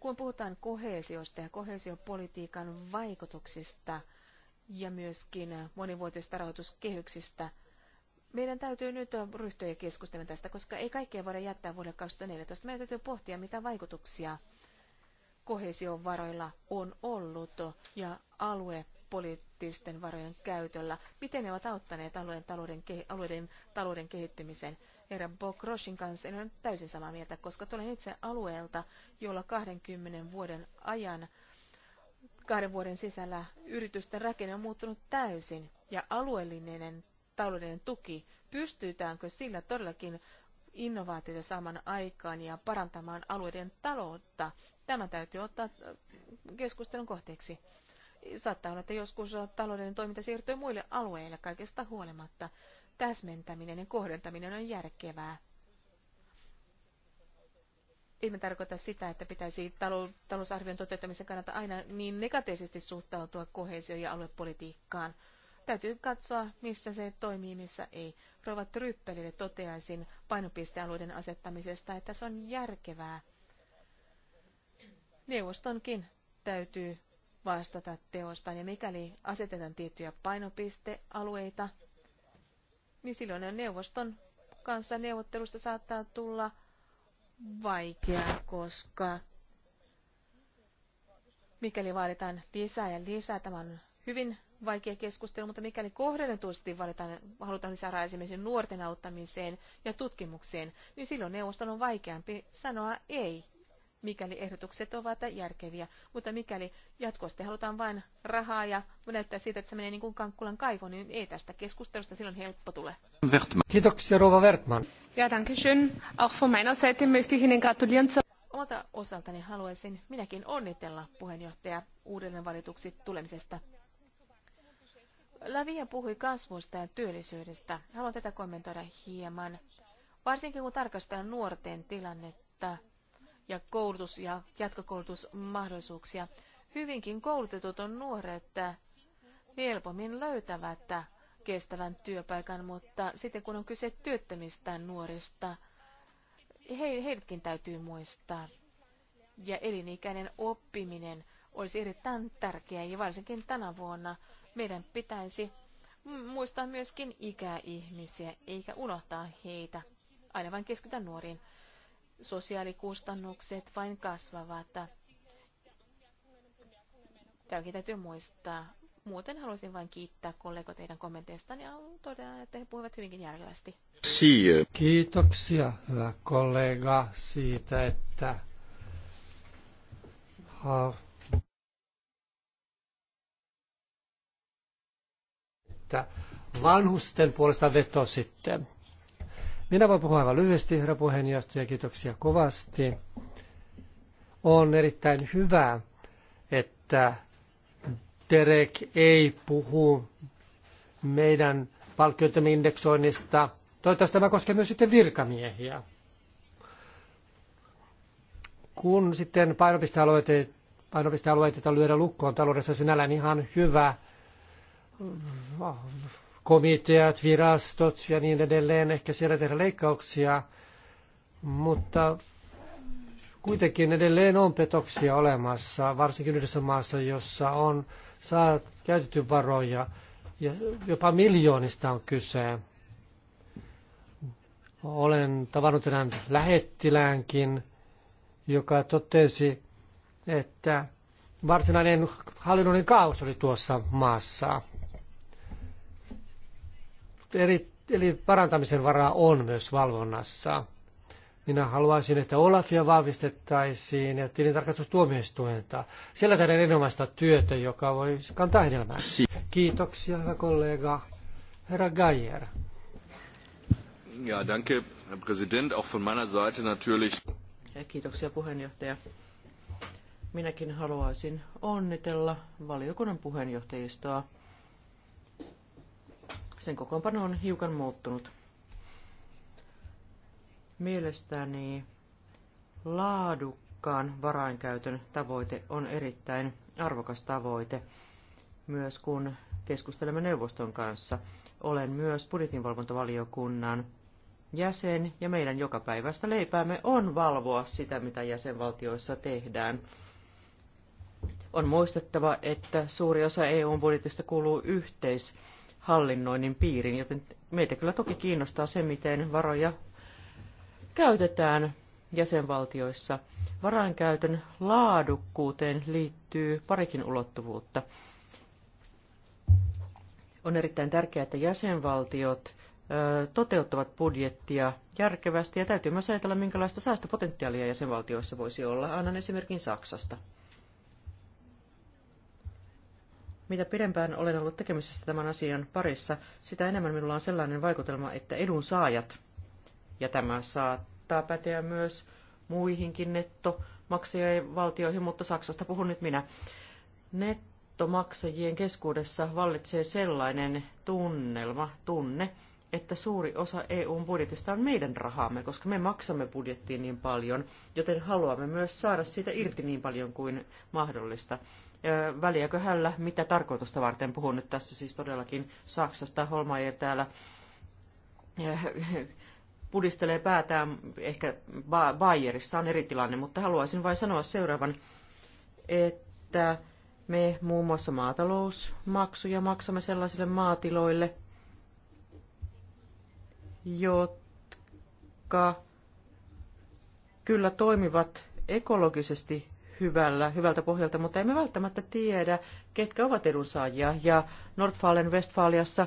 Kun puhutaan kohesiosta ja kohesiopolitiikan vaikutuksista ja myöskin monivuotisista rahoituskehyksistä, meidän täytyy nyt ryhtyä keskustelemaan tästä, koska ei kaikkea voida jättää vuodelle 2014. Meidän täytyy pohtia, mitä vaikutuksia kohesion varoilla on ollut ja alue poliittisten varojen käytöllä. Miten ne ovat auttaneet alueen talouden, alueiden talouden kehittymisen? Herra Roshin kanssa en ole täysin samaa mieltä, koska tulen itse alueelta, jolla 20 vuoden ajan kahden vuoden sisällä yritysten rakenne on muuttunut täysin ja alueellinen taloudellinen tuki, pystytäänkö sillä todellakin innovaatioita saamaan aikaan ja parantamaan alueiden taloutta? Tämä täytyy ottaa äh, keskustelun kohteeksi saattaa olla, että joskus taloudellinen toiminta siirtyy muille alueille kaikesta huolimatta. Täsmentäminen ja kohdentaminen on järkevää. Ei me tarkoita sitä, että pitäisi talousarvion toteuttamisen kannalta aina niin negatiivisesti suhtautua kohesio- ja aluepolitiikkaan. Täytyy katsoa, missä se toimii, missä ei. Rova Tryppelille toteaisin painopistealueiden asettamisesta, että se on järkevää. Neuvostonkin täytyy vastata teostaan. Ja mikäli asetetaan tiettyjä painopistealueita, niin silloin neuvoston kanssa neuvottelusta saattaa tulla vaikeaa, koska mikäli vaaditaan lisää ja lisää, tämä on hyvin vaikea keskustelu, mutta mikäli kohdennetusti valitaan, halutaan lisää esimerkiksi nuorten auttamiseen ja tutkimukseen, niin silloin neuvoston on vaikeampi sanoa ei mikäli ehdotukset ovat järkeviä. Mutta mikäli jatkosta halutaan vain rahaa ja näyttää siitä, että se menee niin kuin kankkulan kaivo, niin ei tästä keskustelusta silloin helppo tule. Kiitoksia Rova Wertmann. Ja danke schön. Auch von meiner Seite möchte ich Ihnen gratulieren Omalta osaltani haluaisin minäkin onnitella puheenjohtaja uudelleen valituksi tulemisesta. Lavia puhui kasvusta ja työllisyydestä. Haluan tätä kommentoida hieman. Varsinkin kun tarkastellaan nuorten tilannetta, ja koulutus- ja jatkokoulutusmahdollisuuksia. Hyvinkin koulutetut on nuoret helpommin löytävät kestävän työpaikan, mutta sitten kun on kyse työttömistä nuorista, he, heidätkin täytyy muistaa. Ja elinikäinen oppiminen olisi erittäin tärkeää, ja varsinkin tänä vuonna meidän pitäisi muistaa myöskin ikäihmisiä, eikä unohtaa heitä. Aina vain keskitytään nuoriin sosiaalikustannukset vain kasvavat. Tämäkin täytyy muistaa. Muuten haluaisin vain kiittää kollego teidän kommenteista, ja todella, että he puhuivat hyvinkin järkevästi. Kiitoksia, hyvä kollega, siitä, että ha, että vanhusten puolesta veto sitten. Minä voin puhua aivan lyhyesti, herra puheenjohtaja, kiitoksia kovasti. On erittäin hyvä, että Derek ei puhu meidän palkkiotemme indeksoinnista. Toivottavasti tämä koskee myös sitten virkamiehiä. Kun sitten painopistealueita, painopistealueita lyödä lukkoon taloudessa sinällään ihan hyvä, komiteat, virastot ja niin edelleen. Ehkä siellä tehdä leikkauksia, mutta kuitenkin edelleen on petoksia olemassa, varsinkin yhdessä maassa, jossa on saa käytetty varoja ja jopa miljoonista on kyse. Olen tavannut enää lähettiläänkin, joka totesi, että varsinainen hallinnollinen kaos oli tuossa maassa eri, eli parantamisen varaa on myös valvonnassa. Minä haluaisin, että Olafia vahvistettaisiin ja tilintarkastustuomioistuinta. Siellä tehdään erinomaista työtä, joka voi kantaa hedelmää. Kiitoksia, hyvä kollega. Herra Geier. Ja, danke, Herr Präsident, auch von meiner Seite natürlich. Kiitoksia puheenjohtaja. Minäkin haluaisin onnitella valiokunnan puheenjohtajistoa sen kokoonpano on hiukan muuttunut. Mielestäni laadukkaan varainkäytön tavoite on erittäin arvokas tavoite, myös kun keskustelemme neuvoston kanssa. Olen myös budjetinvalvontavaliokunnan jäsen ja meidän joka päivästä leipäämme on valvoa sitä, mitä jäsenvaltioissa tehdään. On muistettava, että suuri osa EUn budjetista kuuluu yhteis- hallinnoinnin piiriin, joten meitä kyllä toki kiinnostaa se, miten varoja käytetään jäsenvaltioissa. Varainkäytön laadukkuuteen liittyy parikin ulottuvuutta. On erittäin tärkeää, että jäsenvaltiot toteuttavat budjettia järkevästi ja täytyy myös ajatella, minkälaista säästöpotentiaalia jäsenvaltioissa voisi olla. Annan esimerkin Saksasta. Mitä pidempään olen ollut tekemisessä tämän asian parissa, sitä enemmän minulla on sellainen vaikutelma, että edunsaajat, ja tämä saattaa päteä myös muihinkin valtioihin, mutta Saksasta puhun nyt minä, nettomaksajien keskuudessa vallitsee sellainen tunnelma, tunne, että suuri osa EUn budjetista on meidän rahaamme, koska me maksamme budjettiin niin paljon, joten haluamme myös saada siitä irti niin paljon kuin mahdollista väliäkö hällä, mitä tarkoitusta varten puhun nyt tässä siis todellakin Saksasta. Holmaier täällä pudistelee päätään, ehkä Bayerissa on eri tilanne, mutta haluaisin vain sanoa seuraavan, että me muun muassa maatalousmaksuja maksamme sellaisille maatiloille, jotka kyllä toimivat ekologisesti hyvällä, hyvältä pohjalta, mutta emme välttämättä tiedä, ketkä ovat edunsaajia. Ja Nordfalen Westfaliassa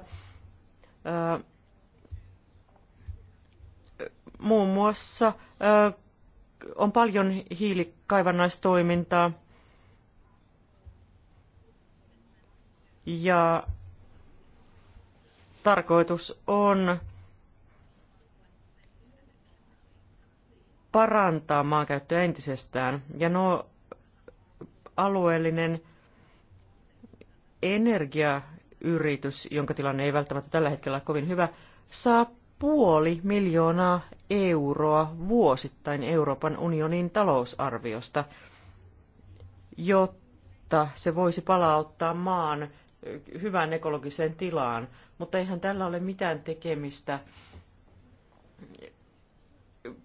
ää, muun muassa ää, on paljon hiilikaivannaistoimintaa. Ja tarkoitus on parantaa maankäyttöä entisestään. Ja no, alueellinen energiayritys, jonka tilanne ei välttämättä tällä hetkellä ole kovin hyvä, saa puoli miljoonaa euroa vuosittain Euroopan unionin talousarviosta, jotta se voisi palauttaa maan hyvään ekologiseen tilaan. Mutta eihän tällä ole mitään tekemistä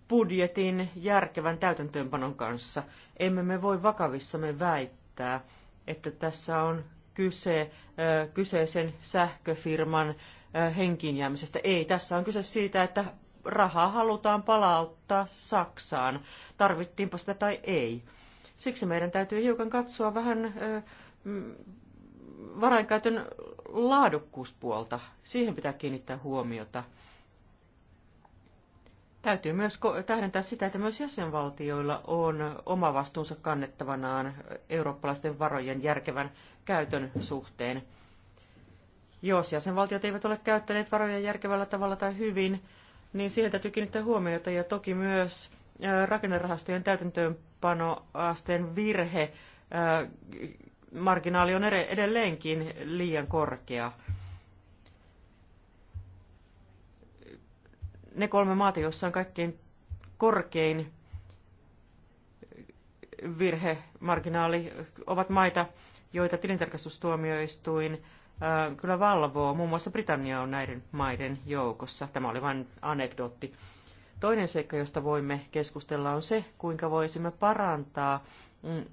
budjetin järkevän täytäntöönpanon kanssa – emme me voi vakavissamme väittää, että tässä on kyse kyseisen sähköfirman jäämisestä. Ei, tässä on kyse siitä, että rahaa halutaan palauttaa Saksaan, tarvittiinpa sitä tai ei. Siksi meidän täytyy hiukan katsoa vähän mm, varainkäytön laadukkuuspuolta. Siihen pitää kiinnittää huomiota. Täytyy myös tähdentää sitä, että myös jäsenvaltioilla on oma vastuunsa kannettavanaan eurooppalaisten varojen järkevän käytön suhteen. Jos jäsenvaltiot eivät ole käyttäneet varoja järkevällä tavalla tai hyvin, niin siihen täytyy kiinnittää huomiota ja toki myös rakennerahastojen täytäntöönpanoasteen virhe marginaali on edelleenkin liian korkea. ne kolme maata, joissa on kaikkein korkein virhemarginaali, ovat maita, joita tilintarkastustuomioistuin kyllä valvoo. Muun muassa Britannia on näiden maiden joukossa. Tämä oli vain anekdootti. Toinen seikka, josta voimme keskustella, on se, kuinka voisimme parantaa mm,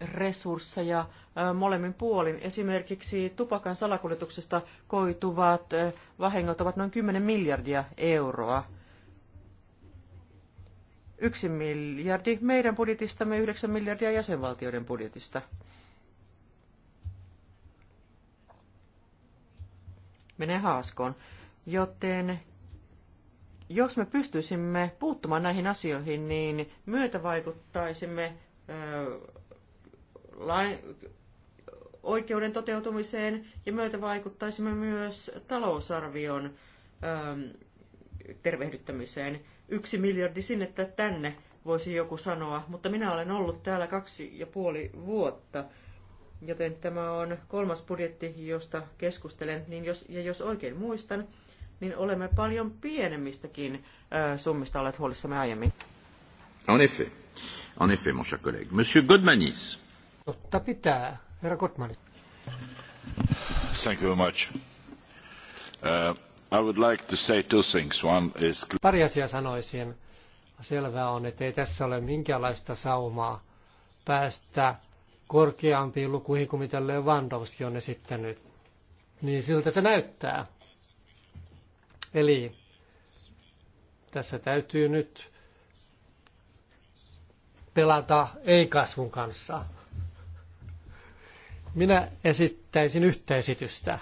resursseja molemmin puolin. Esimerkiksi tupakan salakuljetuksesta koituvat vahingot ovat noin 10 miljardia euroa. Yksi miljardi meidän budjetistamme, yhdeksän miljardia jäsenvaltioiden budjetista. Menee haaskoon. Joten jos me pystyisimme puuttumaan näihin asioihin, niin myötävaikuttaisimme lain, oikeuden toteutumiseen ja myötä vaikuttaisimme myös talousarvion äm, tervehdyttämiseen. Yksi miljardi sinne tai tänne, voisi joku sanoa, mutta minä olen ollut täällä kaksi ja puoli vuotta, joten tämä on kolmas budjetti, josta keskustelen, niin jos, ja jos oikein muistan, niin olemme paljon pienemmistäkin ö, äh, summista olleet huolissamme aiemmin. En effet, en effet, mon cher collègue. Monsieur Godmanis. Totta pitää. Herra Kotman. Thank you very much. Uh, I would like to say two things. One is... Pari asiaa sanoisin. Selvää on, että ei tässä ole minkäänlaista saumaa päästä korkeampiin lukuihin kuin mitä Lewandowski on esittänyt. Niin siltä se näyttää. Eli tässä täytyy nyt pelata ei-kasvun kanssa. Minä esittäisin yhtä esitystä.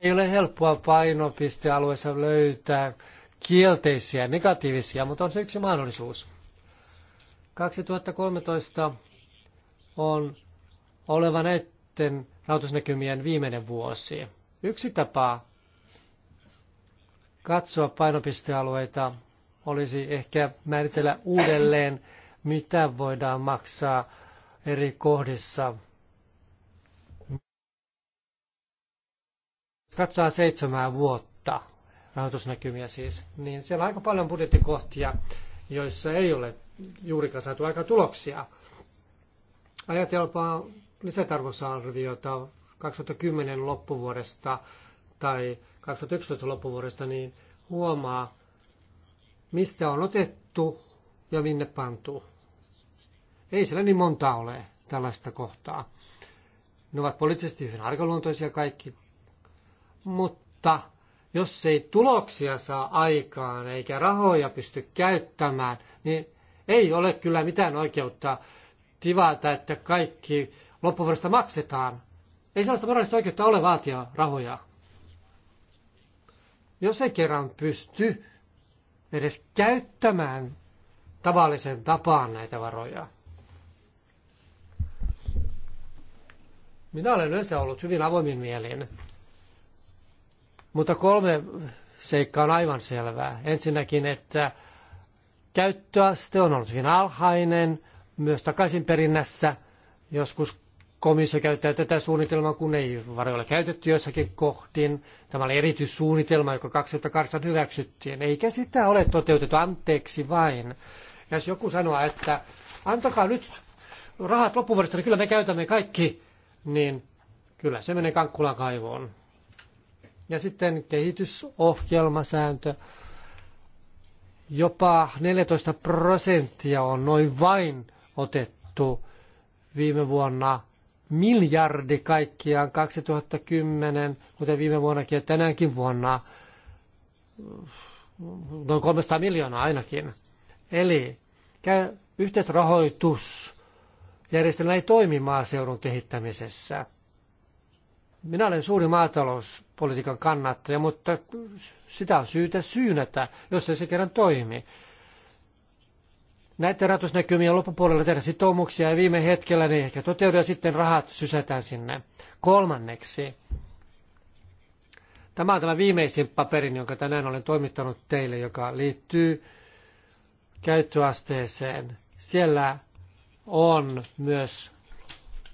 Ei ole helppoa painopistealueessa löytää kielteisiä, negatiivisia, mutta on se yksi mahdollisuus. 2013 on oleva näiden rahoitusnäkymien viimeinen vuosi. Yksi tapa katsoa painopistealueita olisi ehkä määritellä uudelleen, mitä voidaan maksaa eri kohdissa. Katsotaan seitsemää vuotta, rahoitusnäkymiä siis, niin siellä on aika paljon budjettikohtia, joissa ei ole juurikaan saatu aika tuloksia. Ajatelpaa lisätarvosarviota 2010 loppuvuodesta tai 2011 loppuvuodesta, niin huomaa, mistä on otettu ja minne pantuu. Ei siellä niin montaa ole tällaista kohtaa. Ne ovat poliittisesti hyvin arkaluontoisia kaikki, mutta jos ei tuloksia saa aikaan eikä rahoja pysty käyttämään, niin ei ole kyllä mitään oikeutta tivata, että kaikki loppuvuodesta maksetaan. Ei sellaista moraalista oikeutta ole vaatia rahoja. Jos ei kerran pysty edes käyttämään tavallisen tapaan näitä varoja, Minä olen yleensä ollut hyvin avoimin mielin. Mutta kolme seikkaa on aivan selvää. Ensinnäkin, että käyttöaste on ollut hyvin alhainen, myös takaisinperinnässä. Joskus komissio käyttää tätä suunnitelmaa, kun ei varoja ole käytetty jossakin kohtiin Tämä oli erityissuunnitelma, joka 2008 hyväksyttiin. Eikä sitä ole toteutettu anteeksi vain. Ja jos joku sanoo, että antakaa nyt rahat loppuvuodesta, niin kyllä me käytämme kaikki niin kyllä se menee kankkulakaivoon. kaivoon. Ja sitten kehitysohjelmasääntö. Jopa 14 prosenttia on noin vain otettu viime vuonna miljardi kaikkiaan 2010, kuten viime vuonnakin ja tänäänkin vuonna noin 300 miljoonaa ainakin. Eli yhteisrahoitus järjestelmä ei toimi maaseudun kehittämisessä. Minä olen suuri maatalouspolitiikan kannattaja, mutta sitä on syytä syynätä, jos ei se kerran toimi. Näiden ratusnäkymien loppupuolella tehdään sitoumuksia ja viime hetkellä ne ehkä toteudu ja sitten rahat sysätään sinne. Kolmanneksi. Tämä on tämä viimeisin paperin, jonka tänään olen toimittanut teille, joka liittyy käyttöasteeseen. Siellä on myös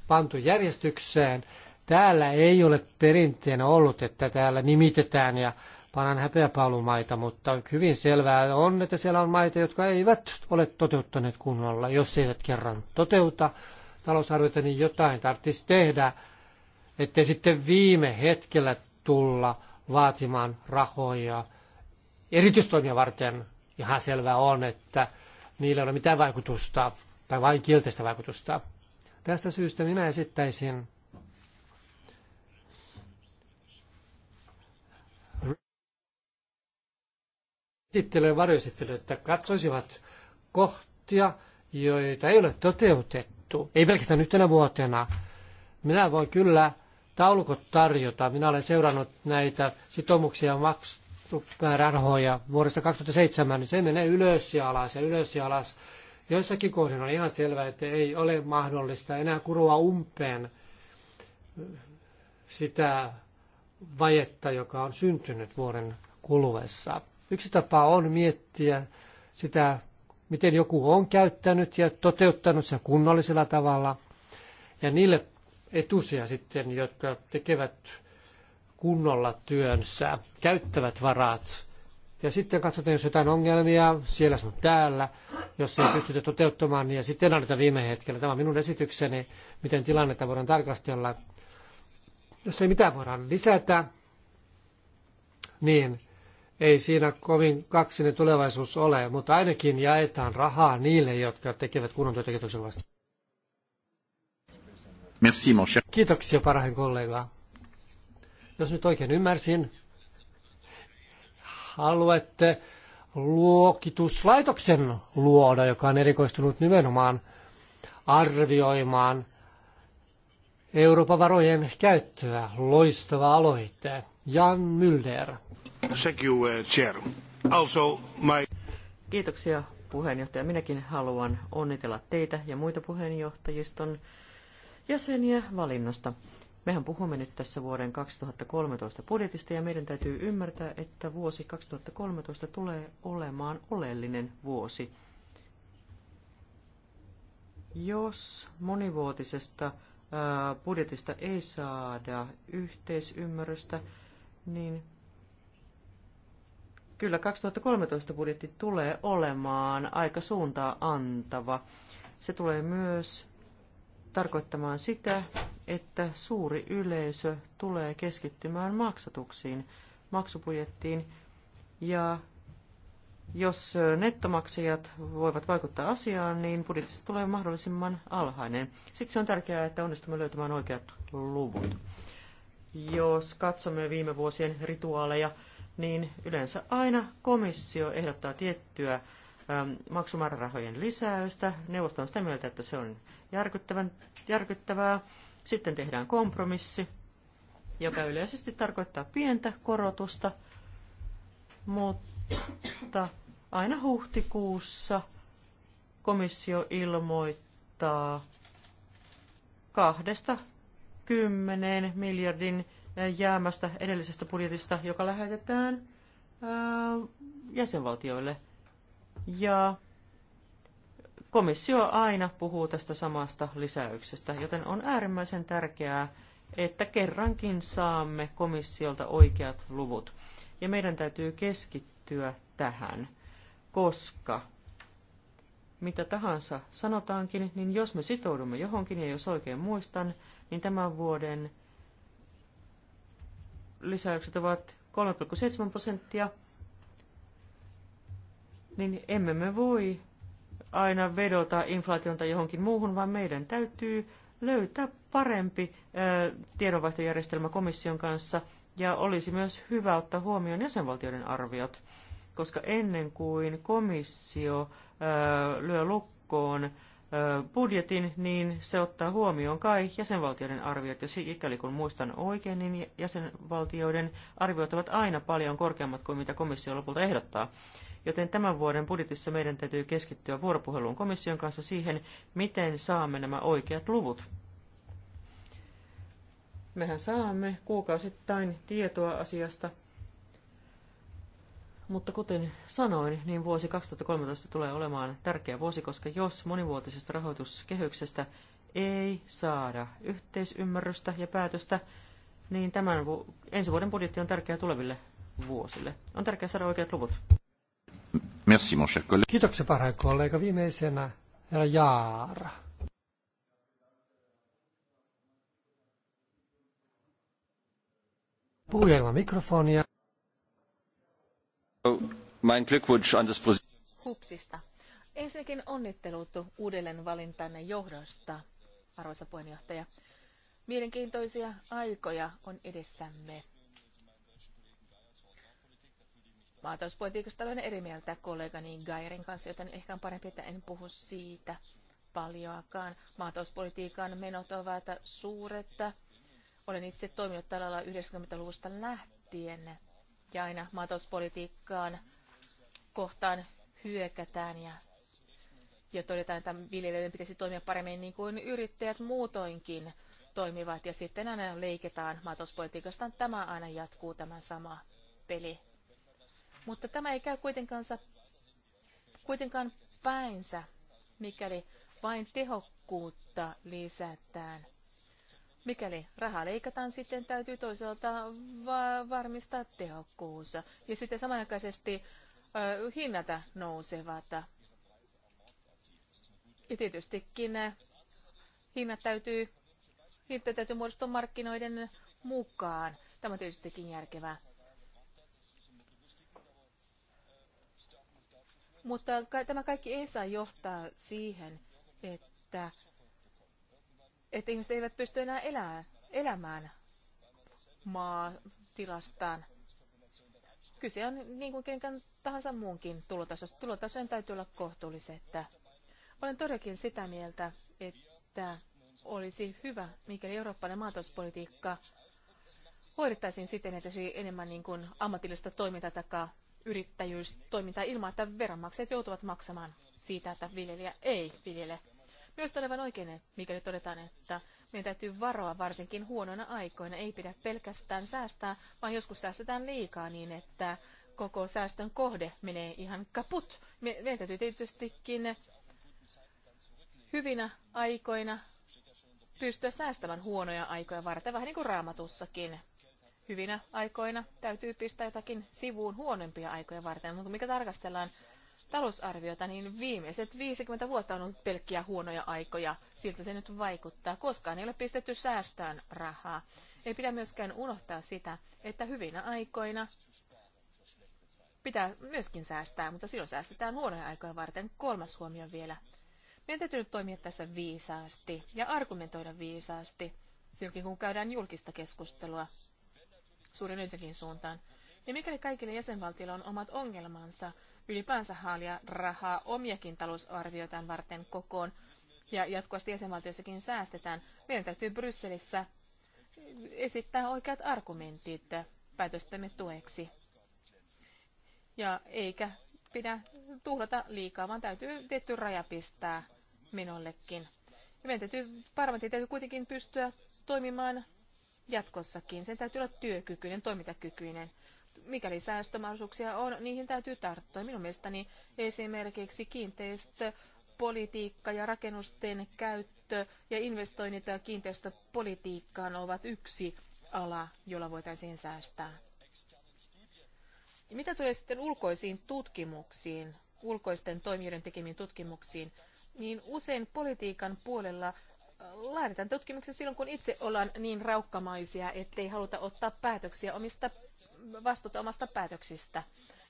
pantu järjestykseen. Täällä ei ole perinteenä ollut, että täällä nimitetään ja panan häpeäpaalumaita, mutta hyvin selvää on, että siellä on maita, jotka eivät ole toteuttaneet kunnolla. Jos eivät kerran toteuta talousarviota, niin jotain tarvitsisi tehdä, ettei sitten viime hetkellä tulla vaatimaan rahoja erityistoimia varten. Ihan selvää on, että niillä ei ole mitään vaikutusta tai vain kielteistä vaikutusta. Tästä syystä minä esittäisin esittelyä varjoesittelyä, että katsoisivat kohtia, joita ei ole toteutettu, ei pelkästään yhtenä vuotena. Minä voin kyllä taulukot tarjota. Minä olen seurannut näitä sitoumuksia maksumäärärahoja vuodesta 2007, niin se menee ylös ja alas ja ylös ja alas Joissakin kohdin on ihan selvää, että ei ole mahdollista enää kuroa umpeen sitä vajetta, joka on syntynyt vuoden kuluessa. Yksi tapa on miettiä sitä, miten joku on käyttänyt ja toteuttanut se kunnollisella tavalla. Ja niille etusia sitten, jotka tekevät kunnolla työnsä, käyttävät varat ja sitten katsotaan, jos jotain ongelmia siellä sun täällä, jos ei pystytä toteuttamaan, niin ja sitten annetaan viime hetkellä. Tämä on minun esitykseni, miten tilannetta voidaan tarkastella. Jos ei mitään voidaan lisätä, niin ei siinä kovin kaksinen tulevaisuus ole, mutta ainakin jaetaan rahaa niille, jotka tekevät kunnon työtä. Kiitoksia vasta. Merci, mon cher. Kiitoksia parhain kollega. Jos nyt oikein ymmärsin, haluatte luokituslaitoksen luoda, joka on erikoistunut nimenomaan arvioimaan Euroopan varojen käyttöä. Loistava aloite. Jan Müller. Thank you, uh, chair. Also my... Kiitoksia puheenjohtaja. Minäkin haluan onnitella teitä ja muita puheenjohtajiston jäseniä valinnasta. Mehän puhumme nyt tässä vuoden 2013 budjetista ja meidän täytyy ymmärtää, että vuosi 2013 tulee olemaan oleellinen vuosi. Jos monivuotisesta budjetista ei saada yhteisymmärrystä, niin kyllä 2013 budjetti tulee olemaan aika suuntaa antava. Se tulee myös tarkoittamaan sitä, että suuri yleisö tulee keskittymään maksatuksiin, maksubudjettiin, ja jos nettomaksajat voivat vaikuttaa asiaan, niin budjetista tulee mahdollisimman alhainen. Siksi on tärkeää, että onnistumme löytämään oikeat luvut. Jos katsomme viime vuosien rituaaleja, niin yleensä aina komissio ehdottaa tiettyä maksumäärärahojen lisäystä. Neuvosto on sitä mieltä, että se on järkyttävän, järkyttävää. Sitten tehdään kompromissi, joka yleisesti tarkoittaa pientä korotusta, mutta aina huhtikuussa komissio ilmoittaa kahdesta kymmeneen miljardin jäämästä edellisestä budjetista, joka lähetetään jäsenvaltioille. Ja komissio aina puhuu tästä samasta lisäyksestä, joten on äärimmäisen tärkeää, että kerrankin saamme komissiolta oikeat luvut. Ja meidän täytyy keskittyä tähän, koska mitä tahansa sanotaankin, niin jos me sitoudumme johonkin, ja jos oikein muistan, niin tämän vuoden lisäykset ovat 3,7 prosenttia, niin emme me voi aina vedota inflaation tai johonkin muuhun, vaan meidän täytyy löytää parempi tiedonvaihtojärjestelmä komission kanssa ja olisi myös hyvä ottaa huomioon jäsenvaltioiden arviot, koska ennen kuin komissio lyö lukkoon budjetin, niin se ottaa huomioon kai jäsenvaltioiden arviot. Ja sikäli kun muistan oikein, niin jäsenvaltioiden arviot ovat aina paljon korkeammat kuin mitä komissio lopulta ehdottaa. Joten tämän vuoden budjetissa meidän täytyy keskittyä vuoropuheluun komission kanssa siihen, miten saamme nämä oikeat luvut. Mehän saamme kuukausittain tietoa asiasta mutta kuten sanoin, niin vuosi 2013 tulee olemaan tärkeä vuosi, koska jos monivuotisesta rahoituskehyksestä ei saada yhteisymmärrystä ja päätöstä, niin tämän vu- ensi vuoden budjetti on tärkeä tuleville vuosille. On tärkeää saada oikeat luvut. Merci, mon cher collègue. Kiitoksia parhaan kollega. Viimeisenä herra Jaara. Puhujelma mikrofonia. Mein Glückwunsch an das Ensinnäkin onnittelut uudelleenvalintanne valintanne johdosta, arvoisa puheenjohtaja. Mielenkiintoisia aikoja on edessämme. Maatalouspolitiikasta olen eri mieltä kollegani Gairin kanssa, joten ehkä on parempi, että en puhu siitä paljoakaan. Maatalouspolitiikan menot ovat suuret. Olen itse toiminut tällä alalla 90-luvusta lähtien ja aina maatalouspolitiikkaan kohtaan hyökätään ja, ja todetaan, että viljelijöiden pitäisi toimia paremmin niin kuin yrittäjät muutoinkin toimivat ja sitten aina leiketään maatalouspolitiikasta. Tämä aina jatkuu tämä sama peli. Mutta tämä ei käy kuitenkaan, kuitenkaan päinsä, mikäli vain tehokkuutta lisätään – Mikäli rahaa leikataan, sitten täytyy toisaalta va- varmistaa tehokkuus. Ja sitten samanaikaisesti ö, hinnata nousevat. Ja tietystikin hinnat täytyy, hinta täytyy muodostua markkinoiden mukaan. Tämä on tietystikin järkevää. Mutta tämä kaikki ei saa johtaa siihen, että että ihmiset eivät pysty enää elää, elämään maatilastaan. Kyse on niin kuin kenkään tahansa muunkin tulotasosta. Tulotasojen täytyy olla kohtuulliset. Olen todellakin sitä mieltä, että olisi hyvä, mikäli eurooppalainen maatalouspolitiikka hoidettaisiin siten, että se enemmän niin kuin ammatillista toimintaa takaa yrittäjyystoimintaa ilman, että veronmaksajat joutuvat maksamaan siitä, että viljelijä ei viljele. Minusta olevan oikein, mikäli todetaan, että meidän täytyy varoa varsinkin huonoina aikoina. Ei pidä pelkästään säästää, vaan joskus säästetään liikaa niin, että koko säästön kohde menee ihan kaput. Meidän täytyy tietystikin hyvinä aikoina pystyä säästämään huonoja aikoja varten, vähän niin kuin raamatussakin. Hyvinä aikoina täytyy pistää jotakin sivuun huonompia aikoja varten, mutta mikä tarkastellaan talousarviota, niin viimeiset 50 vuotta on ollut pelkkiä huonoja aikoja. Siltä se nyt vaikuttaa. Koskaan ei ole pistetty säästöön rahaa. Ei pidä myöskään unohtaa sitä, että hyvinä aikoina pitää myöskin säästää, mutta silloin säästetään huonoja aikoja varten. Kolmas huomio vielä. Meidän täytyy nyt toimia tässä viisaasti ja argumentoida viisaasti, silloin kun käydään julkista keskustelua suurin yleisökin suuntaan. Ja mikäli kaikille jäsenvaltioilla on omat ongelmansa, ylipäänsä haalia rahaa omiakin talousarvioitaan varten kokoon ja jatkuvasti jäsenvaltioissakin säästetään. Meidän täytyy Brysselissä esittää oikeat argumentit päätöstämme tueksi. Ja eikä pidä tuhlata liikaa, vaan täytyy tietty raja pistää minullekin. Ja meidän täytyy, parlamentin täytyy kuitenkin pystyä toimimaan jatkossakin. Sen täytyy olla työkykyinen, toimintakykyinen mikäli säästömahdollisuuksia on, niihin täytyy tarttua. Minun mielestäni esimerkiksi kiinteistöpolitiikka ja rakennusten käyttö ja investoinnit ja kiinteistöpolitiikkaan ovat yksi ala, jolla voitaisiin säästää. Mitä tulee sitten ulkoisiin tutkimuksiin, ulkoisten toimijoiden tekemiin tutkimuksiin, niin usein politiikan puolella äh, laaditaan tutkimuksia silloin, kun itse ollaan niin raukkamaisia, ettei haluta ottaa päätöksiä omista vastuuta omasta päätöksistä,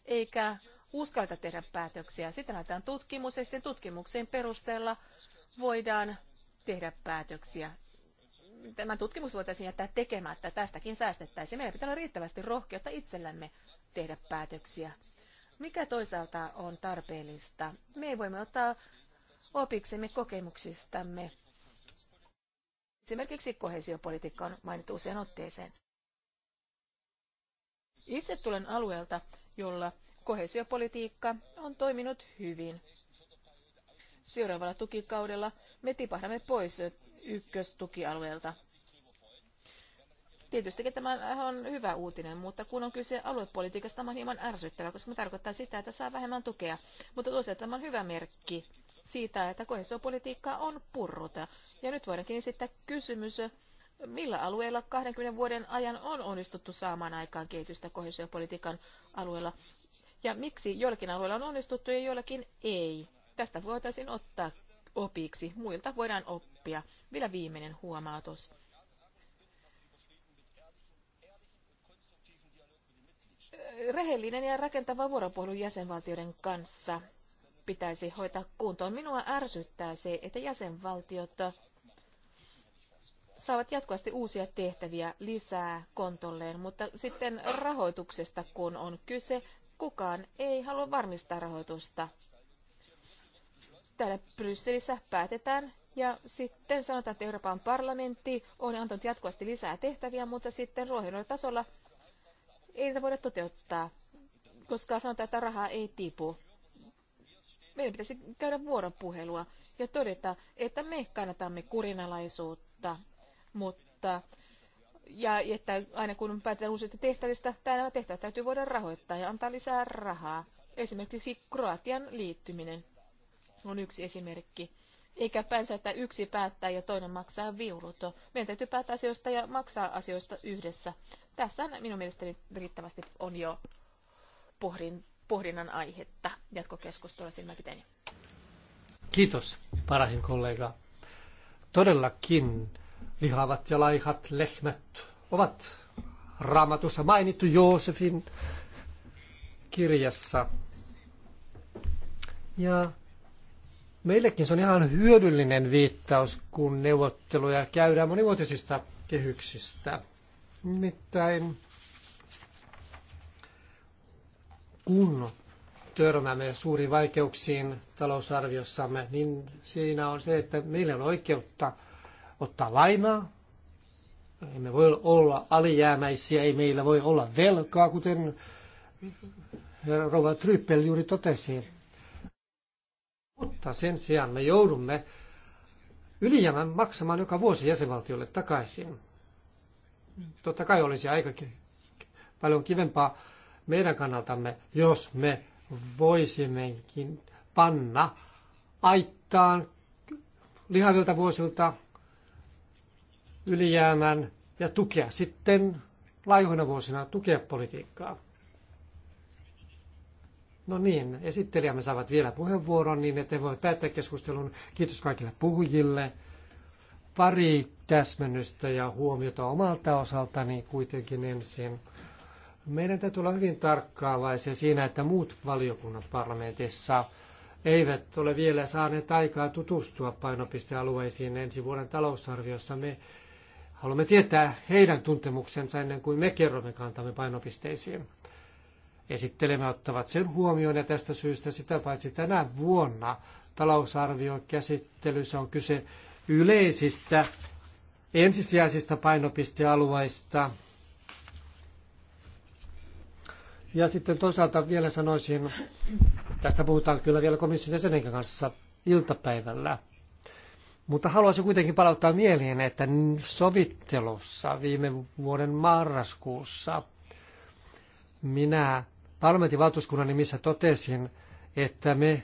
eikä uskalta tehdä päätöksiä. Sitten annetaan tutkimus ja sitten tutkimuksen perusteella voidaan tehdä päätöksiä. Tämä tutkimus voitaisiin jättää tekemättä, tästäkin säästettäisiin. Meidän pitää olla riittävästi rohkeutta itsellämme tehdä päätöksiä. Mikä toisaalta on tarpeellista? Me voimme ottaa opiksemme kokemuksistamme. Esimerkiksi kohesiopolitiikka on mainittu usein otteeseen. Itse tulen alueelta, jolla kohesiopolitiikka on toiminut hyvin. Seuraavalla tukikaudella me tipahdamme pois ykköstukialueelta. Tietysti tämä on hyvä uutinen, mutta kun on kyse aluepolitiikasta, tämä on hieman ärsyttävä, koska se tarkoittaa sitä, että saa vähemmän tukea. Mutta tosiaan tämä on hyvä merkki siitä, että kohesiopolitiikka on purruta. Ja nyt voidaankin esittää kysymys, millä alueella 20 vuoden ajan on onnistuttu saamaan aikaan kehitystä kohesiopolitiikan alueella ja miksi joillakin alueilla on onnistuttu ja joillakin ei. Tästä voitaisiin ottaa opiksi, muilta voidaan oppia. Vielä viimeinen huomautus. Rehellinen ja rakentava vuoropuhelu jäsenvaltioiden kanssa pitäisi hoitaa kuntoon. Minua ärsyttää se, että jäsenvaltiot saavat jatkuvasti uusia tehtäviä lisää kontolleen, mutta sitten rahoituksesta kun on kyse, kukaan ei halua varmistaa rahoitusta. Täällä Brysselissä päätetään ja sitten sanotaan, että Euroopan parlamentti on antanut jatkuvasti lisää tehtäviä, mutta sitten tasolla ei niitä voida toteuttaa, koska sanotaan, että rahaa ei tipu. Meidän pitäisi käydä vuoropuhelua ja todeta, että me kannatamme kurinalaisuutta mutta ja että aina kun päätetään uusista tehtävistä, nämä tehtävät täytyy voida rahoittaa ja antaa lisää rahaa. Esimerkiksi Kroatian liittyminen on yksi esimerkki. Eikä päänsä, että yksi päättää ja toinen maksaa viuluto. Meidän täytyy päättää asioista ja maksaa asioista yhdessä. Tässä minun mielestäni riittävästi on jo pohdin, pohdinnan aihetta jatkokeskustelua silmäpitäni. Kiitos, parasin kollega. Todellakin lihavat ja laihat lehmät ovat raamatussa mainittu Joosefin kirjassa. Ja meillekin se on ihan hyödyllinen viittaus, kun neuvotteluja käydään monivuotisista kehyksistä. Nimittäin kun törmäämme suuriin vaikeuksiin talousarviossamme, niin siinä on se, että meillä on oikeutta – ottaa lainaa. Emme voi olla alijäämäisiä, ei meillä voi olla velkaa, kuten Rova Tryppel juuri totesi. Mutta sen sijaan me joudumme ylijäämän maksamaan joka vuosi jäsenvaltiolle takaisin. Totta kai olisi aika paljon kivempaa meidän kannaltamme, jos me voisimmekin panna aittaan lihavilta vuosilta ylijäämän ja tukea sitten laihoina vuosina tukea politiikkaa. No niin, esittelijämme saavat vielä puheenvuoron niin, että voi päättää keskustelun. Kiitos kaikille puhujille. Pari täsmennystä ja huomiota omalta osaltani kuitenkin ensin. Meidän täytyy olla hyvin tarkkaavaisia siinä, että muut valiokunnat parlamentissa eivät ole vielä saaneet aikaa tutustua painopistealueisiin ensi vuoden talousarviossa. Me Haluamme tietää heidän tuntemuksensa ennen kuin me kerromme kantamme painopisteisiin. Esittelemme ottavat sen huomioon ja tästä syystä sitä paitsi tänä vuonna talousarviokäsittelyssä on kyse yleisistä ensisijaisista painopistealueista. Ja sitten toisaalta vielä sanoisin, tästä puhutaan kyllä vielä komission jäsenen kanssa iltapäivällä – mutta haluaisin kuitenkin palauttaa mieliin, että sovittelussa viime vuoden marraskuussa minä parlamentin valtuuskunnan nimissä totesin, että me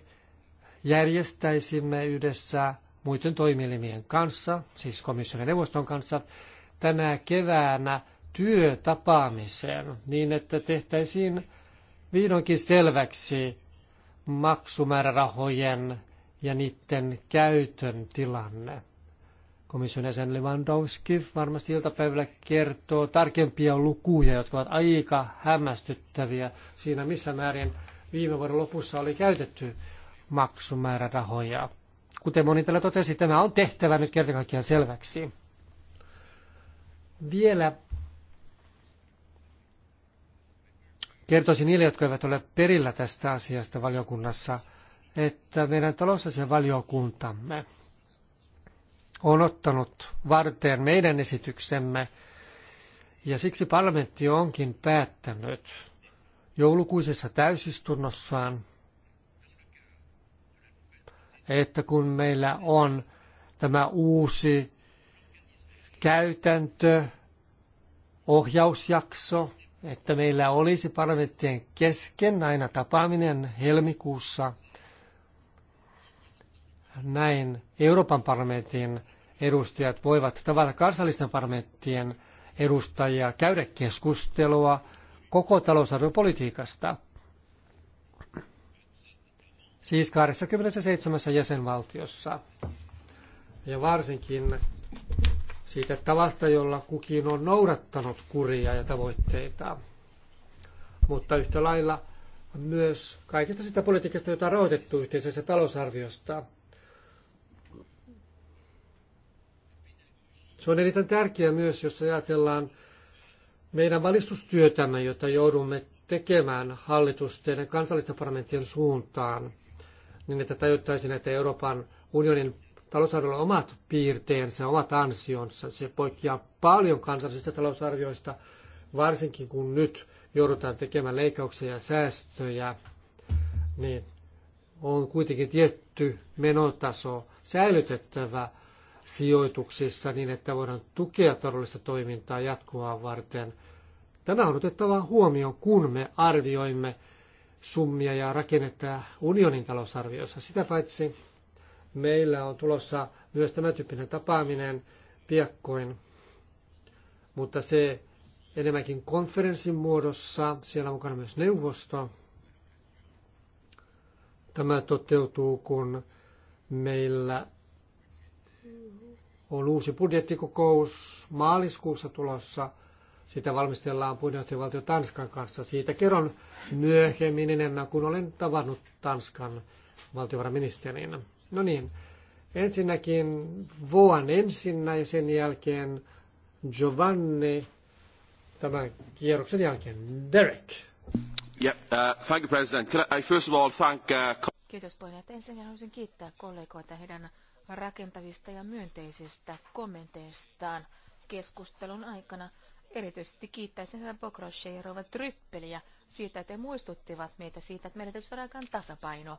järjestäisimme yhdessä muiden toimielimien kanssa, siis komission ja neuvoston kanssa, tänä keväänä työtapaamiseen niin, että tehtäisiin vihdoinkin selväksi maksumäärärahojen ja niiden käytön tilanne. Komission jäsen Lewandowski varmasti iltapäivällä kertoo tarkempia lukuja, jotka ovat aika hämmästyttäviä siinä, missä määrin viime vuoden lopussa oli käytetty maksumäärärahoja. Kuten moni täällä totesi, tämä on tehtävä nyt kaikkiaan selväksi. Vielä kertoisin niille, jotka eivät ole perillä tästä asiasta valiokunnassa – että meidän valiokuntamme on ottanut varteen meidän esityksemme ja siksi parlamentti onkin päättänyt joulukuisessa täysistunnossaan, että kun meillä on tämä uusi käytäntö, ohjausjakso, että meillä olisi parlamenttien kesken aina tapaaminen helmikuussa – näin Euroopan parlamentin edustajat voivat tavata kansallisten parlamenttien edustajia, käydä keskustelua koko talousarvopolitiikasta. Siis 27 jäsenvaltiossa. Ja varsinkin siitä tavasta, jolla kukin on noudattanut kuria ja tavoitteita. Mutta yhtä lailla myös kaikista sitä politiikasta, jota on rahoitettu yhteisessä talousarviosta – Se on erittäin tärkeää myös, jos ajatellaan meidän valistustyötämme, jota joudumme tekemään hallitusten ja kansallisten parlamenttien suuntaan, niin että tajuttaisiin, että Euroopan unionin talousarviolla omat piirteensä, omat ansionsa. Se poikkeaa paljon kansallisista talousarvioista, varsinkin kun nyt joudutaan tekemään leikkauksia ja säästöjä, niin on kuitenkin tietty menotaso säilytettävä – sijoituksissa niin, että voidaan tukea taloudellista toimintaa jatkuvaa varten. Tämä on otettava huomioon, kun me arvioimme summia ja rakennetta unionin talousarviossa. Sitä paitsi meillä on tulossa myös tämä tyyppinen tapaaminen piakkoin, mutta se enemmänkin konferenssin muodossa. Siellä on mukana myös neuvosto. Tämä toteutuu, kun meillä on uusi budjettikokous maaliskuussa tulossa. Sitä valmistellaan puheenjohtajavaltio Tanskan kanssa. Siitä kerron myöhemmin enemmän, kun olen tavannut Tanskan valtiovarainministerin. No niin, ensinnäkin Voan ensinnä ja sen jälkeen Giovanni tämän kierroksen jälkeen. Derek. Uh, thank you, President. I, first of all thank, uh, Kiitos puheenjohtaja. Ensin haluaisin kiittää kollegoita heidän rakentavista ja myönteisistä kommenteistaan keskustelun aikana. Erityisesti kiittäisin herra Bokroshe ja Rova Tryppeliä siitä, että he muistuttivat meitä siitä, että meidän täytyy saada aikaan tasapaino.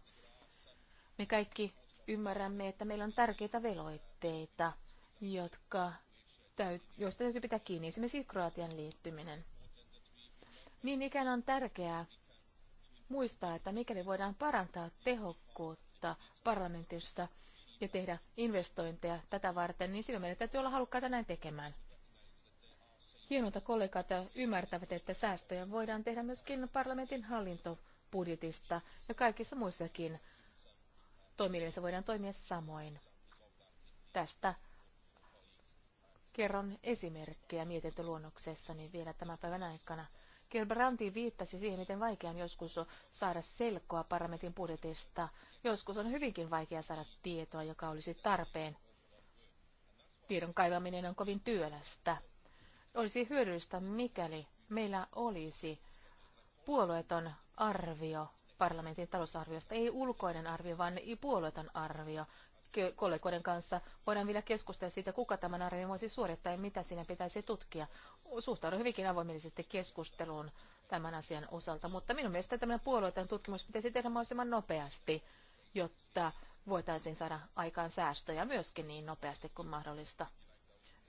Me kaikki ymmärrämme, että meillä on tärkeitä veloitteita, jotka täyt, joista täytyy pitää kiinni, esimerkiksi Kroatian liittyminen. Niin ikään on tärkeää muistaa, että mikäli voidaan parantaa tehokkuutta parlamentista, ja tehdä investointeja tätä varten, niin silloin meidän täytyy olla halukkaita näin tekemään. Hienolta kollegat ymmärtävät, että säästöjä voidaan tehdä myöskin parlamentin hallintobudjetista ja kaikissa muissakin toimijoissa voidaan toimia samoin. Tästä kerron esimerkkejä mietintöluonnoksessani vielä tämän päivän aikana. Gerbrandi viittasi siihen, miten vaikea on joskus saada selkoa parlamentin budjetista. Joskus on hyvinkin vaikea saada tietoa, joka olisi tarpeen. Tiedon kaivaminen on kovin työlästä. Olisi hyödyllistä, mikäli meillä olisi puolueeton arvio parlamentin talousarviosta, ei ulkoinen arvio, vaan puolueeton arvio, kollegoiden kanssa voidaan vielä keskustella siitä, kuka tämän arvion voisi suorittaa ja mitä siinä pitäisi tutkia. Suhtaudun hyvinkin avoimellisesti keskusteluun tämän asian osalta, mutta minun mielestä tämmöinen puolueiden tutkimus pitäisi tehdä mahdollisimman nopeasti, jotta voitaisiin saada aikaan säästöjä myöskin niin nopeasti kuin mahdollista.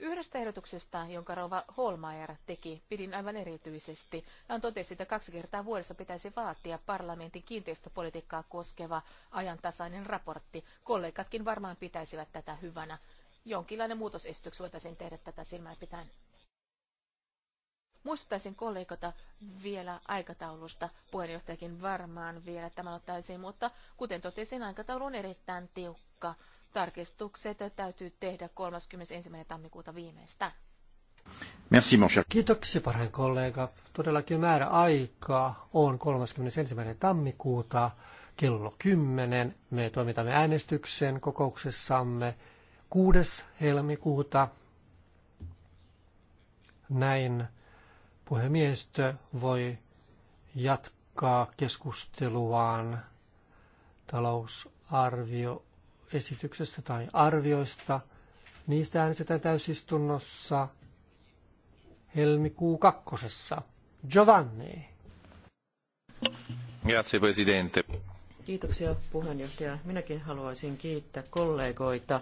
Yhdestä ehdotuksesta, jonka Rova Holmaier teki, pidin aivan erityisesti. Hän totesi, että kaksi kertaa vuodessa pitäisi vaatia parlamentin kiinteistöpolitiikkaa koskeva ajantasainen raportti. Kollegatkin varmaan pitäisivät tätä hyvänä. Jonkinlainen muutosesitys voitaisiin tehdä tätä silmää pitäen. Muistuttaisin kollegota vielä aikataulusta. Puheenjohtajakin varmaan vielä tämän ottaisiin, mutta kuten totesin, aikataulu on erittäin tiukka. Tarkistukset täytyy tehdä 31. tammikuuta viimeistään. Merci, mon cher. Kiitoksia, parhaan kollega. Todellakin määrä aikaa on 31. tammikuuta kello 10. Me toimitamme äänestyksen kokouksessamme 6. helmikuuta. Näin puhemiestö voi jatkaa keskusteluaan talousarvio esityksestä tai arvioista. Niistä äänestetään täysistunnossa helmikuu kakkosessa. Giovanni. Grazie, Presidente. Kiitoksia puheenjohtaja. Minäkin haluaisin kiittää kollegoita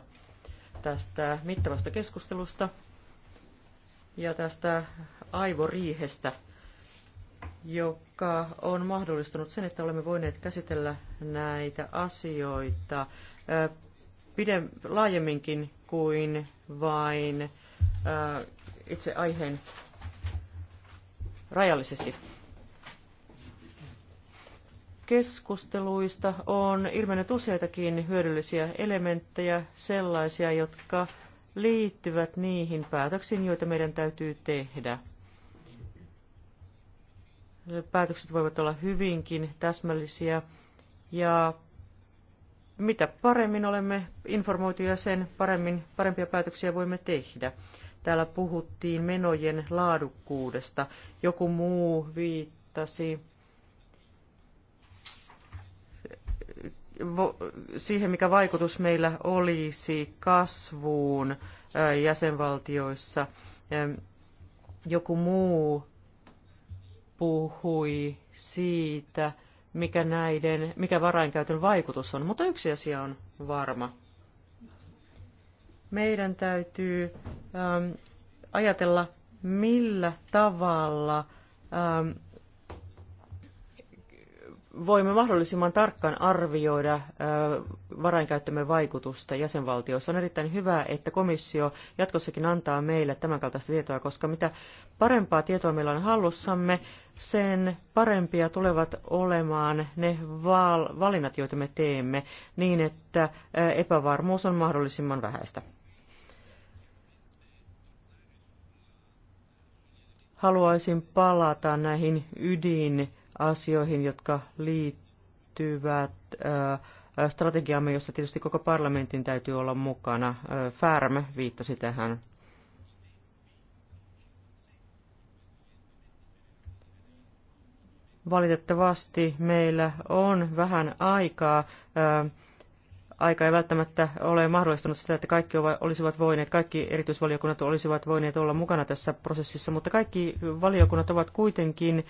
tästä mittavasta keskustelusta ja tästä aivoriihestä, joka on mahdollistanut sen, että olemme voineet käsitellä näitä asioita pidem, laajemminkin kuin vain itse aiheen rajallisesti. Keskusteluista on ilmennyt useitakin hyödyllisiä elementtejä, sellaisia, jotka liittyvät niihin päätöksiin, joita meidän täytyy tehdä. Päätökset voivat olla hyvinkin täsmällisiä ja mitä paremmin olemme informoituja, sen paremmin, parempia päätöksiä voimme tehdä. Täällä puhuttiin menojen laadukkuudesta. Joku muu viittasi siihen, mikä vaikutus meillä olisi kasvuun jäsenvaltioissa. Joku muu puhui siitä, mikä, näiden, mikä varainkäytön vaikutus on, mutta yksi asia on varma. Meidän täytyy ähm, ajatella, millä tavalla ähm, voimme mahdollisimman tarkkaan arvioida varainkäyttömme vaikutusta jäsenvaltioissa. On erittäin hyvä, että komissio jatkossakin antaa meille tämänkaltaista tietoa, koska mitä parempaa tietoa meillä on hallussamme, sen parempia tulevat olemaan ne val- valinnat, joita me teemme, niin että epävarmuus on mahdollisimman vähäistä. Haluaisin palata näihin ydin asioihin, jotka liittyvät äh, strategiamme, jossa tietysti koko parlamentin täytyy olla mukana. Äh, Färm viittasi tähän. Valitettavasti meillä on vähän aikaa. Äh, aika ei välttämättä ole mahdollistanut sitä, että kaikki olisivat voineet, kaikki erityisvaliokunnat olisivat voineet olla mukana tässä prosessissa, mutta kaikki valiokunnat ovat kuitenkin äh,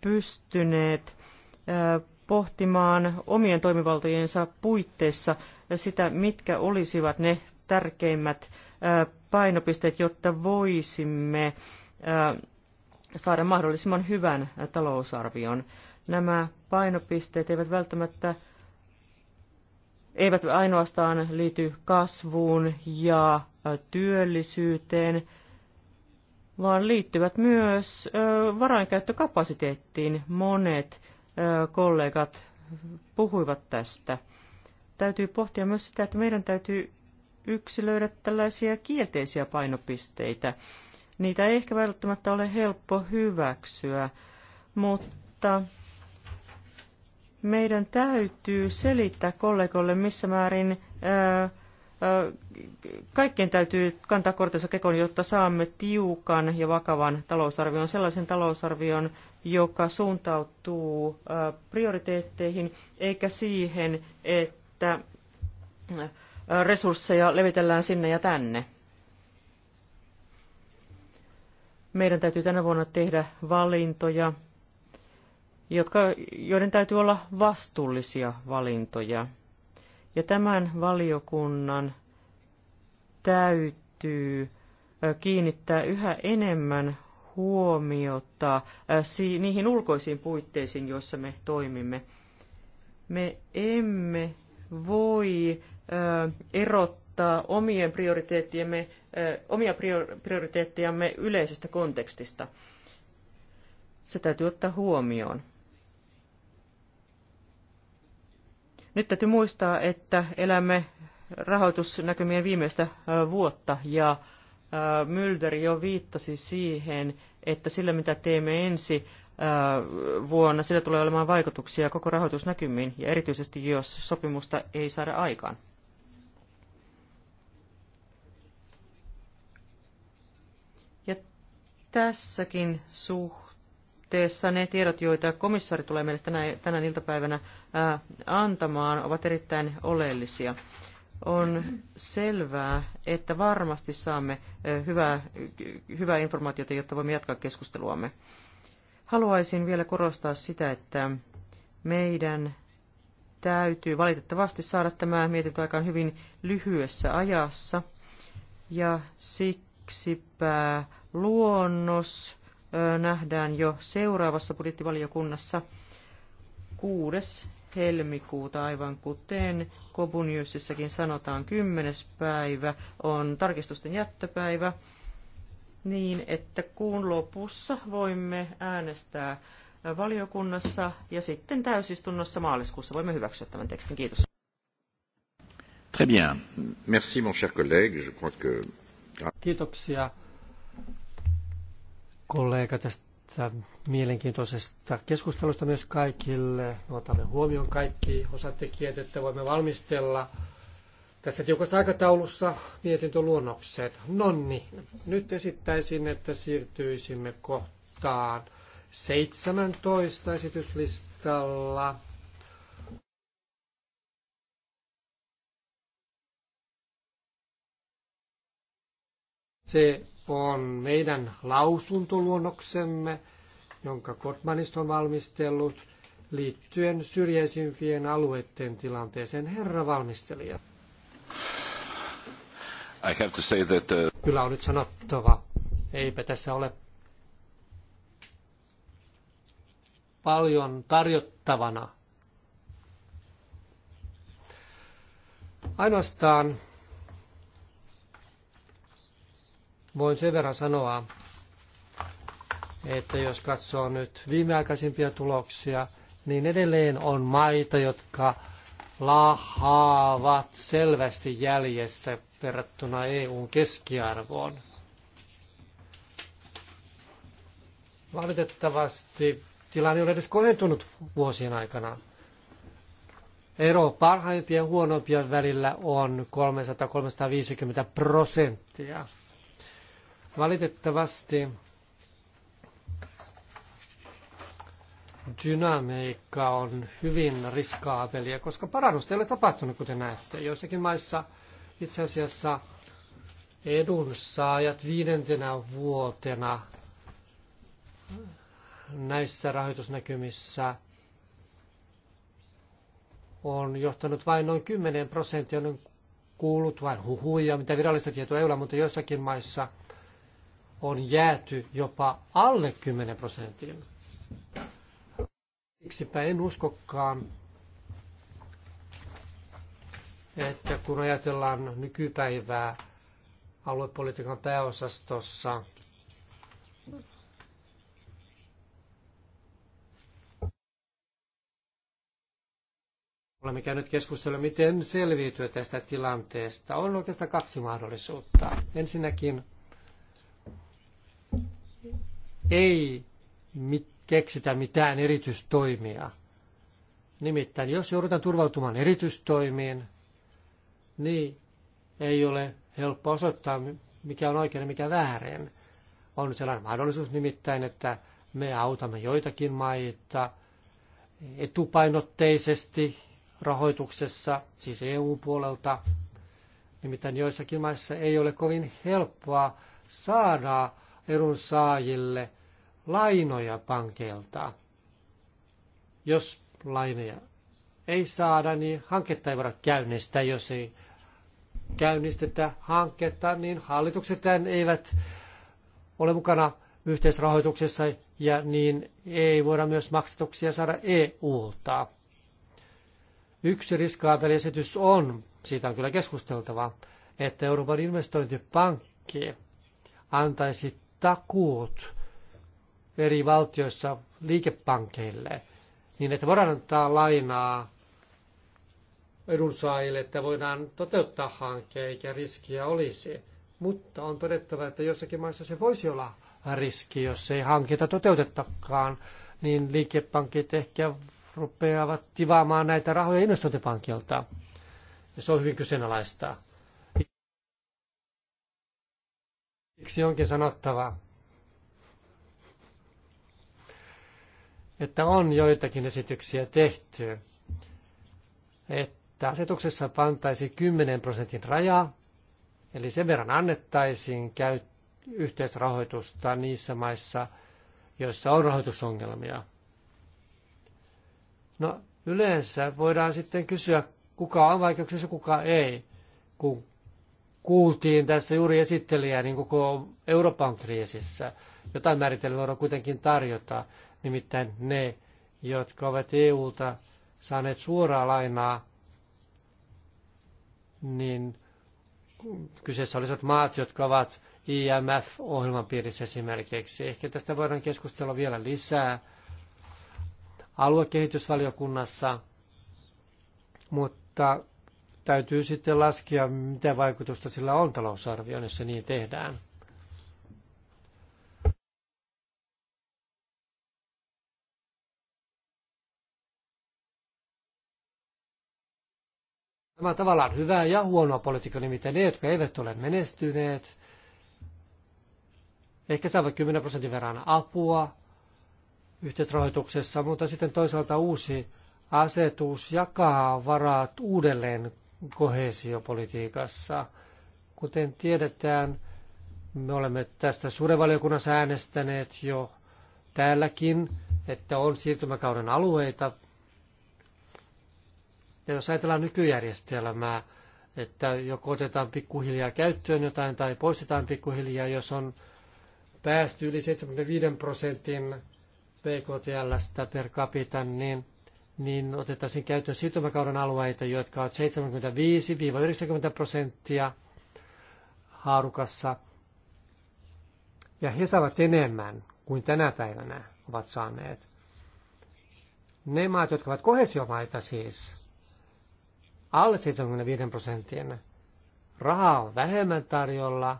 pystyneet pohtimaan omien toimivaltojensa puitteissa sitä, mitkä olisivat ne tärkeimmät painopisteet, jotta voisimme saada mahdollisimman hyvän talousarvion. Nämä painopisteet eivät välttämättä eivät ainoastaan liity kasvuun ja työllisyyteen, vaan liittyvät myös varainkäyttökapasiteettiin. Monet kollegat puhuivat tästä. Täytyy pohtia myös sitä, että meidän täytyy yksilöidä tällaisia kielteisiä painopisteitä. Niitä ei ehkä välttämättä ole helppo hyväksyä, mutta meidän täytyy selittää kollegoille, missä määrin ää, kaikkien täytyy kantaa kortensa kekoon, jotta saamme tiukan ja vakavan talousarvion, sellaisen talousarvion, joka suuntautuu prioriteetteihin eikä siihen, että resursseja levitellään sinne ja tänne. Meidän täytyy tänä vuonna tehdä valintoja, jotka, joiden täytyy olla vastuullisia valintoja. Ja tämän valiokunnan täytyy kiinnittää yhä enemmän huomiota niihin ulkoisiin puitteisiin, joissa me toimimme. Me emme voi erottaa omien prioriteettiemme, omia prioriteettiamme yleisestä kontekstista. Se täytyy ottaa huomioon. Nyt täytyy muistaa, että elämme rahoitusnäkymien viimeistä vuotta ja Mylder jo viittasi siihen, että sillä mitä teemme ensi vuonna, sillä tulee olemaan vaikutuksia koko rahoitusnäkymiin ja erityisesti jos sopimusta ei saada aikaan. Ja tässäkin suhteessa suhteessa ne tiedot, joita komissaari tulee meille tänä tänään iltapäivänä antamaan, ovat erittäin oleellisia. On selvää, että varmasti saamme hyvää, hyvää informaatiota, jotta voimme jatkaa keskusteluamme. Haluaisin vielä korostaa sitä, että meidän täytyy valitettavasti saada tämä mietintö aikaan hyvin lyhyessä ajassa. Ja siksipä luonnos nähdään jo seuraavassa budjettivaliokunnassa 6. helmikuuta, aivan kuten Kobuniusissakin sanotaan, 10. päivä on tarkistusten jättöpäivä, niin että kuun lopussa voimme äänestää valiokunnassa ja sitten täysistunnossa maaliskuussa voimme hyväksyä tämän tekstin. Kiitos. Très bien. Merci mon cher collègue. Je crois que... Kiitoksia kollega tästä mielenkiintoisesta keskustelusta myös kaikille. otamme huomioon kaikki osatekijät, että voimme valmistella tässä tiukassa aikataulussa mietintöluonnokset. No niin, nyt esittäisin, että siirtyisimme kohtaan 17 esityslistalla. Se on meidän lausuntoluonnoksemme, jonka Kotmanist on valmistellut liittyen syrjäisimpien alueiden tilanteeseen. Herra valmistelija. I have to say that, uh... Kyllä on nyt sanottava. Eipä tässä ole paljon tarjottavana. Ainoastaan Voin sen verran sanoa, että jos katsoo nyt viimeaikaisimpia tuloksia, niin edelleen on maita, jotka lahaavat selvästi jäljessä verrattuna EUn keskiarvoon. Valitettavasti tilanne on edes kohentunut vuosien aikana. Ero parhaimpien ja huonompien välillä on 300-350 prosenttia. Valitettavasti dynamiikka on hyvin riskaabelia, koska parannusta ei ole tapahtunut, kuten näette. Joissakin maissa itse asiassa edunsaajat viidentenä vuotena näissä rahoitusnäkymissä on johtanut vain noin 10 prosenttia, on kuullut vain huhuja, mitä virallista tietoa ei ole, mutta joissakin maissa – on jääty jopa alle 10 prosentin. Siksipä en uskokaan, että kun ajatellaan nykypäivää aluepolitiikan pääosastossa, Olemme käyneet keskustelua, miten selviytyä tästä tilanteesta. On oikeastaan kaksi mahdollisuutta. Ensinnäkin ei mit, keksitä mitään erityistoimia. Nimittäin jos joudutaan turvautumaan erityistoimiin, niin ei ole helppo osoittaa, mikä on oikein ja mikä väärin. On sellainen mahdollisuus nimittäin, että me autamme joitakin maita etupainotteisesti rahoituksessa, siis EU-puolelta. Nimittäin joissakin maissa ei ole kovin helppoa saada saajille lainoja pankeilta. Jos lainoja ei saada, niin hanketta ei voida käynnistää. Jos ei käynnistetä hanketta, niin hallitukset eivät ole mukana yhteisrahoituksessa ja niin ei voida myös maksatuksia saada EU-ta. Yksi riskaapeli esitys on, siitä on kyllä keskusteltava, että Euroopan investointipankki antaisi takuut eri valtioissa liikepankeille, niin että voidaan antaa lainaa edunsaajille, että voidaan toteuttaa hanke eikä riskiä olisi. Mutta on todettava, että jossakin maissa se voisi olla riski, jos ei hankita toteutettakaan, niin liikepankit ehkä rupeavat tivaamaan näitä rahoja investointipankilta. Ja se on hyvin kyseenalaista. Siksi onkin sanottava, että on joitakin esityksiä tehty, että asetuksessa pantaisiin 10 prosentin raja, eli sen verran annettaisiin käy yhteisrahoitusta niissä maissa, joissa on rahoitusongelmia. No, yleensä voidaan sitten kysyä, kuka on vaikeuksissa, kuka ei. Kun kuultiin tässä juuri esittelijää, niin koko Euroopan kriisissä. Jotain määritelmää voidaan kuitenkin tarjota nimittäin ne, jotka ovat EU-ta saaneet suoraa lainaa, niin kyseessä olisivat maat, jotka ovat IMF-ohjelman piirissä esimerkiksi. Ehkä tästä voidaan keskustella vielä lisää aluekehitysvaliokunnassa, mutta täytyy sitten laskea, mitä vaikutusta sillä on talousarvioon, jos se niin tehdään. ovat tavallaan hyvää ja huonoa poliitikkoa, nimittäin ne, jotka eivät ole menestyneet, ehkä saavat 10 prosentin verran apua yhteisrahoituksessa, mutta sitten toisaalta uusi asetus jakaa varat uudelleen kohesiopolitiikassa. Kuten tiedetään, me olemme tästä suurevaliokunnassa äänestäneet jo täälläkin, että on siirtymäkauden alueita ja jos ajatellaan nykyjärjestelmää, että joko otetaan pikkuhiljaa käyttöön jotain tai poistetaan pikkuhiljaa, jos on päästy yli 75 prosentin BKTLstä per capita, niin, niin otettaisiin käyttöön siirtymäkauden alueita, jotka ovat 75-90 prosenttia haarukassa. Ja he saavat enemmän kuin tänä päivänä ovat saaneet. Ne maat, jotka ovat kohesiomaita siis, alle 75 prosentin. Rahaa on vähemmän tarjolla,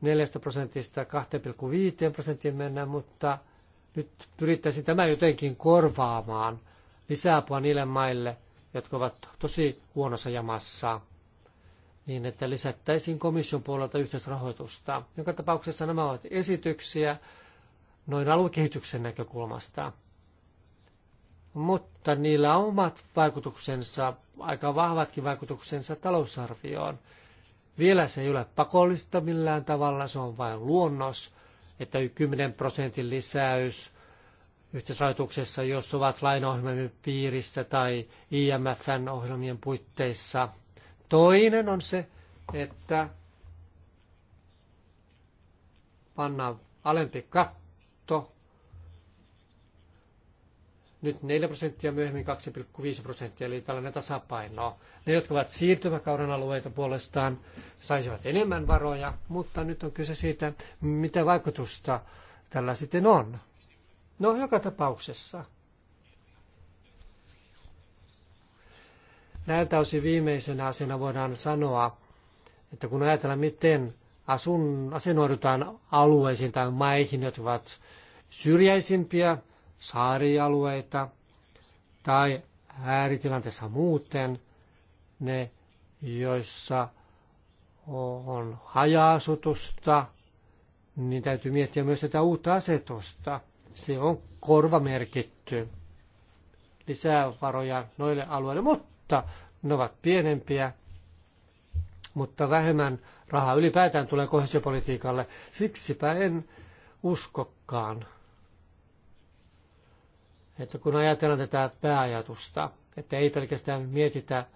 4 prosentista 2,5 prosenttiin mennään, mutta nyt pyrittäisiin tämä jotenkin korvaamaan lisäapua niille maille, jotka ovat tosi huonossa jamassa, niin että lisättäisiin komission puolelta yhteisrahoitusta. Joka tapauksessa nämä ovat esityksiä noin aluekehityksen näkökulmasta mutta niillä on omat vaikutuksensa, aika vahvatkin vaikutuksensa talousarvioon. Vielä se ei ole pakollista millään tavalla, se on vain luonnos, että 10 prosentin lisäys yhteisrahoituksessa, jos ovat lainaohjelmien piirissä tai IMFn ohjelmien puitteissa. Toinen on se, että pannaan alempi katto nyt 4 prosenttia, myöhemmin 2,5 prosenttia, eli tällainen tasapaino. Ne, jotka ovat siirtymäkauden alueita puolestaan, saisivat enemmän varoja, mutta nyt on kyse siitä, mitä vaikutusta tällä sitten on. No, joka tapauksessa. Näiltä osin viimeisenä asiana voidaan sanoa, että kun ajatellaan, miten asun, asenoidutaan alueisiin tai maihin, jotka ovat syrjäisimpiä, saarialueita tai ääritilanteessa muuten ne, joissa on haja-asutusta, niin täytyy miettiä myös tätä uutta asetusta. Se on korvamerkitty lisää varoja noille alueille, mutta ne ovat pienempiä, mutta vähemmän rahaa ylipäätään tulee kohesiopolitiikalle. Siksipä en uskokaan että kun ajatellaan tätä pääajatusta, että ei pelkästään mietitä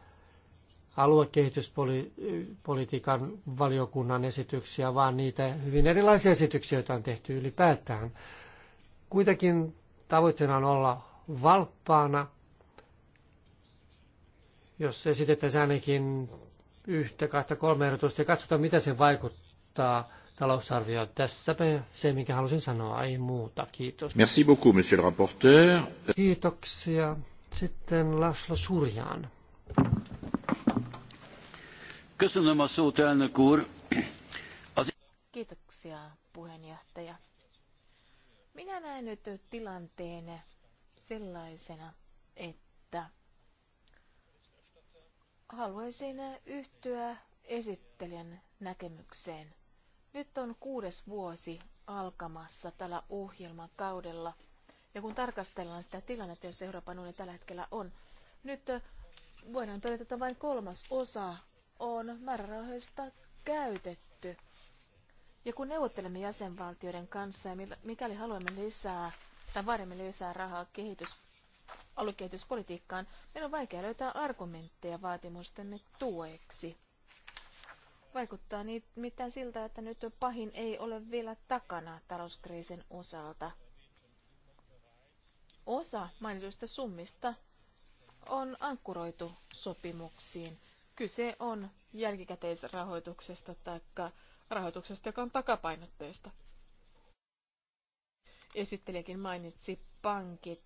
aluekehityspolitiikan valiokunnan esityksiä, vaan niitä hyvin erilaisia esityksiä, joita on tehty ylipäätään. Kuitenkin tavoitteena on olla valppaana, jos esitettäisiin ainakin yhtä, kahta, kolme erotusta ja katsotaan, mitä se vaikuttaa talousarvio Tässäpä se, mikä halusin sanoa, ei muuta. Kiitos. Merci beaucoup, monsieur le rapporteur. Kiitoksia. Sitten Laszlo Surjaan. Köszönöm a szót, elnök úr. Az... Kiitoksia, puheenjohtaja. Minä näen nyt tilanteen sellaisena, että haluaisin yhtyä esittelijän näkemykseen – nyt on kuudes vuosi alkamassa tällä ohjelmakaudella. Ja kun tarkastellaan sitä tilannetta, jossa Euroopan unioni tällä hetkellä on, nyt voidaan todeta, että vain kolmas osa on määrärahoista käytetty. Ja kun neuvottelemme jäsenvaltioiden kanssa ja mikäli haluamme lisää tai vaadimme lisää rahaa kehitys, aluekehityspolitiikkaan, meidän on vaikea löytää argumentteja vaatimustemme tueksi. Vaikuttaa niin, mitään siltä, että nyt pahin ei ole vielä takana talouskriisin osalta. Osa mainituista summista on ankkuroitu sopimuksiin. Kyse on jälkikäteisrahoituksesta tai rahoituksesta, joka on takapainotteista. Esittelijäkin mainitsi pankit.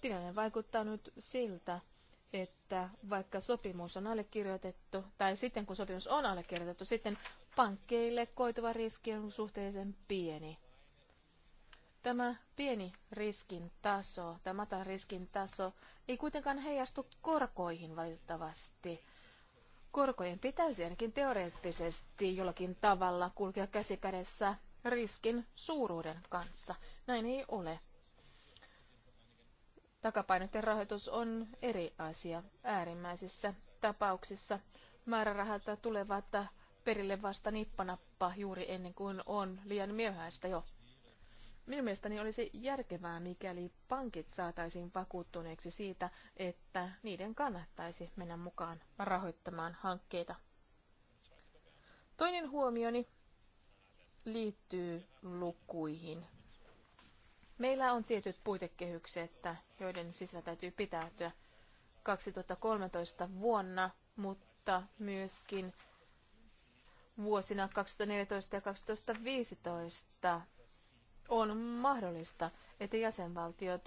Tilanne vaikuttaa nyt siltä, että vaikka sopimus on allekirjoitettu, tai sitten kun sopimus on allekirjoitettu, sitten pankkeille koituva riski on suhteellisen pieni. Tämä pieni riskin taso, tämä matan riskin taso, ei kuitenkaan heijastu korkoihin valitettavasti. Korkojen pitäisi ainakin teoreettisesti jollakin tavalla kulkea käsikädessä riskin suuruuden kanssa. Näin ei ole. Takapainotteinen rahoitus on eri asia. Äärimmäisissä tapauksissa määrärahalta tulevat perille vasta nippanappa juuri ennen kuin on liian myöhäistä jo. Minun mielestäni olisi järkevää, mikäli pankit saataisiin vakuuttuneeksi siitä, että niiden kannattaisi mennä mukaan rahoittamaan hankkeita. Toinen huomioni liittyy lukuihin, Meillä on tietyt puitekehykset, joiden sisällä täytyy pitäytyä 2013 vuonna, mutta myöskin vuosina 2014 ja 2015 on mahdollista, että jäsenvaltiot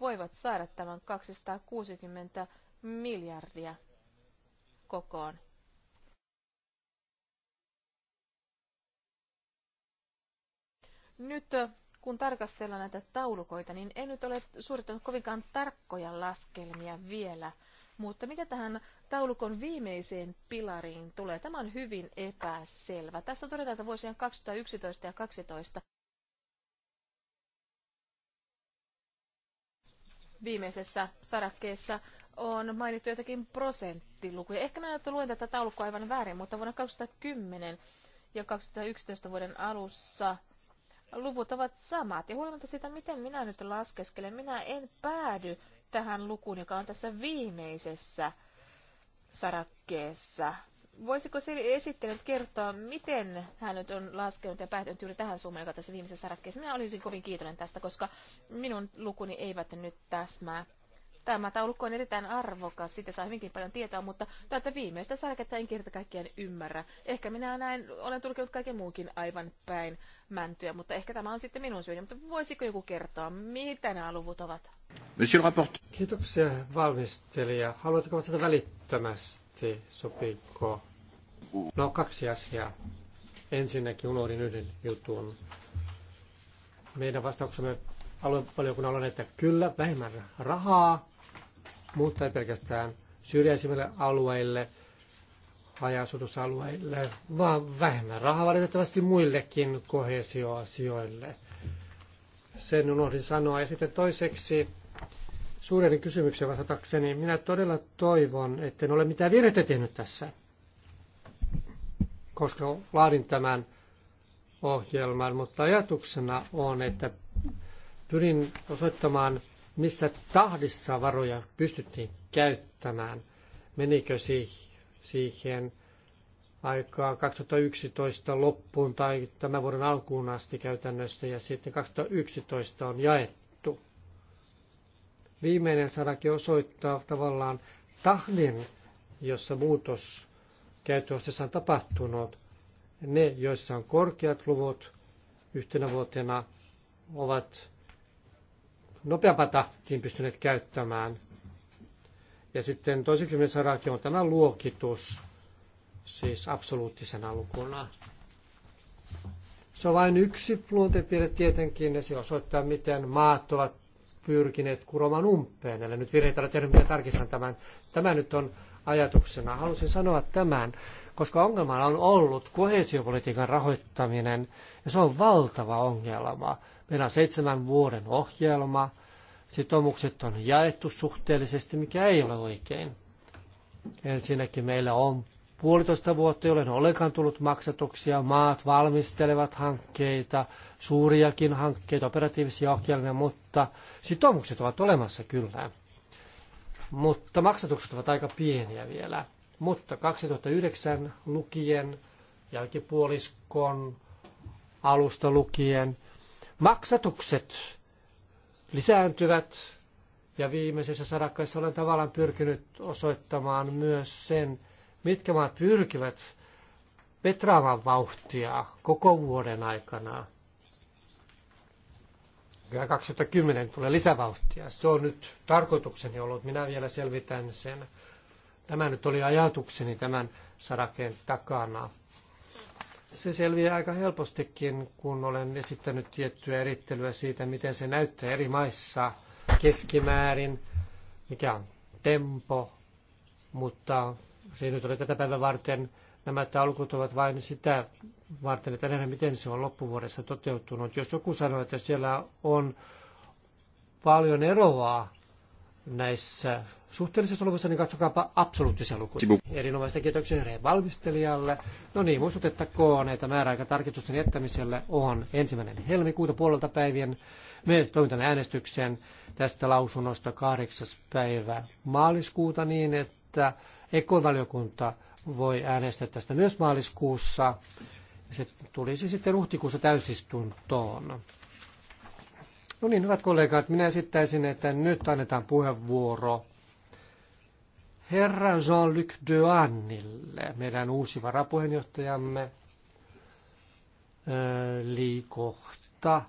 voivat saada tämän 260 miljardia kokoon. Nyt kun tarkastellaan näitä taulukoita, niin en nyt ole suorittanut kovinkaan tarkkoja laskelmia vielä. Mutta mitä tähän taulukon viimeiseen pilariin tulee? Tämä on hyvin epäselvä. Tässä todetaan, että vuosien 2011 ja 2012 viimeisessä sarakkeessa on mainittu jotakin prosenttilukuja. Ehkä mä nyt luen tätä taulukkoa aivan väärin, mutta vuonna 2010 ja 2011 vuoden alussa luvut ovat samat. Ja huolimatta sitä, miten minä nyt laskeskelen, minä en päädy tähän lukuun, joka on tässä viimeisessä sarakkeessa. Voisiko se esittelijät kertoa, miten hän nyt on laskenut ja päätynyt juuri tähän summaan, joka tässä viimeisessä sarakkeessa? Minä olisin kovin kiitollinen tästä, koska minun lukuni eivät nyt täsmää. Tämä taulukko on erittäin arvokas, siitä saa hyvinkin paljon tietoa, mutta tätä viimeistä sarketta en kerta kaikkiaan ymmärrä. Ehkä minä näin, olen tulkinut kaiken muunkin aivan päin mäntyä, mutta ehkä tämä on sitten minun syyni. Mutta voisiko joku kertoa, mitä nämä luvut ovat? Monsieur rapport. Kiitoksia valmistelija. haluatko vastata välittömästi? Sopiiko? No kaksi asiaa. Ensinnäkin unohdin yhden jutun. Meidän vastauksemme aluevaliokunnan on, että kyllä vähemmän rahaa, mutta ei pelkästään syrjäisimmille alueille, haja-asutusalueille, vaan vähemmän rahaa valitettavasti muillekin kohesioasioille. Sen unohdin sanoa. Ja sitten toiseksi suurin kysymyksen vastatakseni, minä todella toivon, etten ole mitään virhettä tehnyt tässä, koska laadin tämän ohjelman, mutta ajatuksena on, että pyrin osoittamaan missä tahdissa varoja pystyttiin käyttämään. Menikö siihen aikaa 2011 loppuun tai tämän vuoden alkuun asti käytännössä ja sitten 2011 on jaettu. Viimeinen sanakin osoittaa tavallaan tahdin, jossa muutos käyttöostessa on tapahtunut. Ne, joissa on korkeat luvut yhtenä vuotena, ovat nopeampaa tahtiin pystyneet käyttämään. Ja sitten toiseksi sarake on tämä luokitus, siis absoluuttisena lukuna. Se on vain yksi luonteenpiirre tietenkin, ja se osoittaa, miten maat ovat pyrkineet kuromaan umpeen. Eli nyt virheitä on tehnyt, mitä tarkistan tämän. Tämä nyt on ajatuksena. Halusin sanoa tämän, koska ongelmana on ollut kohesiopolitiikan rahoittaminen, ja se on valtava ongelma. Meillä on seitsemän vuoden ohjelma. Sitoumukset on jaettu suhteellisesti, mikä ei ole oikein. Ensinnäkin meillä on puolitoista vuotta, jolloin on ollenkaan tullut maksatuksia. Maat valmistelevat hankkeita, suuriakin hankkeita, operatiivisia ohjelmia, mutta sitoumukset ovat olemassa kyllä. Mutta maksatukset ovat aika pieniä vielä. Mutta 2009 lukien, jälkipuoliskon alusta lukien, Maksatukset lisääntyvät ja viimeisessä sarakkeessa olen tavallaan pyrkinyt osoittamaan myös sen, mitkä maat pyrkivät petraamaan vauhtia koko vuoden aikana. Ja 2010 tulee lisävauhtia. Se on nyt tarkoitukseni ollut. Minä vielä selvitän sen. Tämä nyt oli ajatukseni tämän sadakkeen takana se selviää aika helpostikin, kun olen esittänyt tiettyä erittelyä siitä, miten se näyttää eri maissa keskimäärin, mikä on tempo, mutta se nyt oli tätä päivää varten. Nämä taulukot ovat vain sitä varten, että nähdään, miten se on loppuvuodessa toteutunut. Jos joku sanoo, että siellä on paljon eroa näissä suhteellisissa luvuissa, niin katsokaapa absoluuttisia lukuja. Erinomaista kiitoksia herra valmistelijalle. No niin, muistutettakoon, että määräaika jättämiselle on ensimmäinen helmikuuta puolelta päivien. Me toimitamme äänestykseen tästä lausunnosta 8. päivä maaliskuuta niin, että ekovaliokunta voi äänestää tästä myös maaliskuussa. Se tulisi sitten huhtikuussa täysistuntoon. No niin, hyvät kollegat, minä esittäisin, että nyt annetaan puheenvuoro herra Jean-Luc Duanille, meidän uusi varapuheenjohtajamme, äh, eli kohta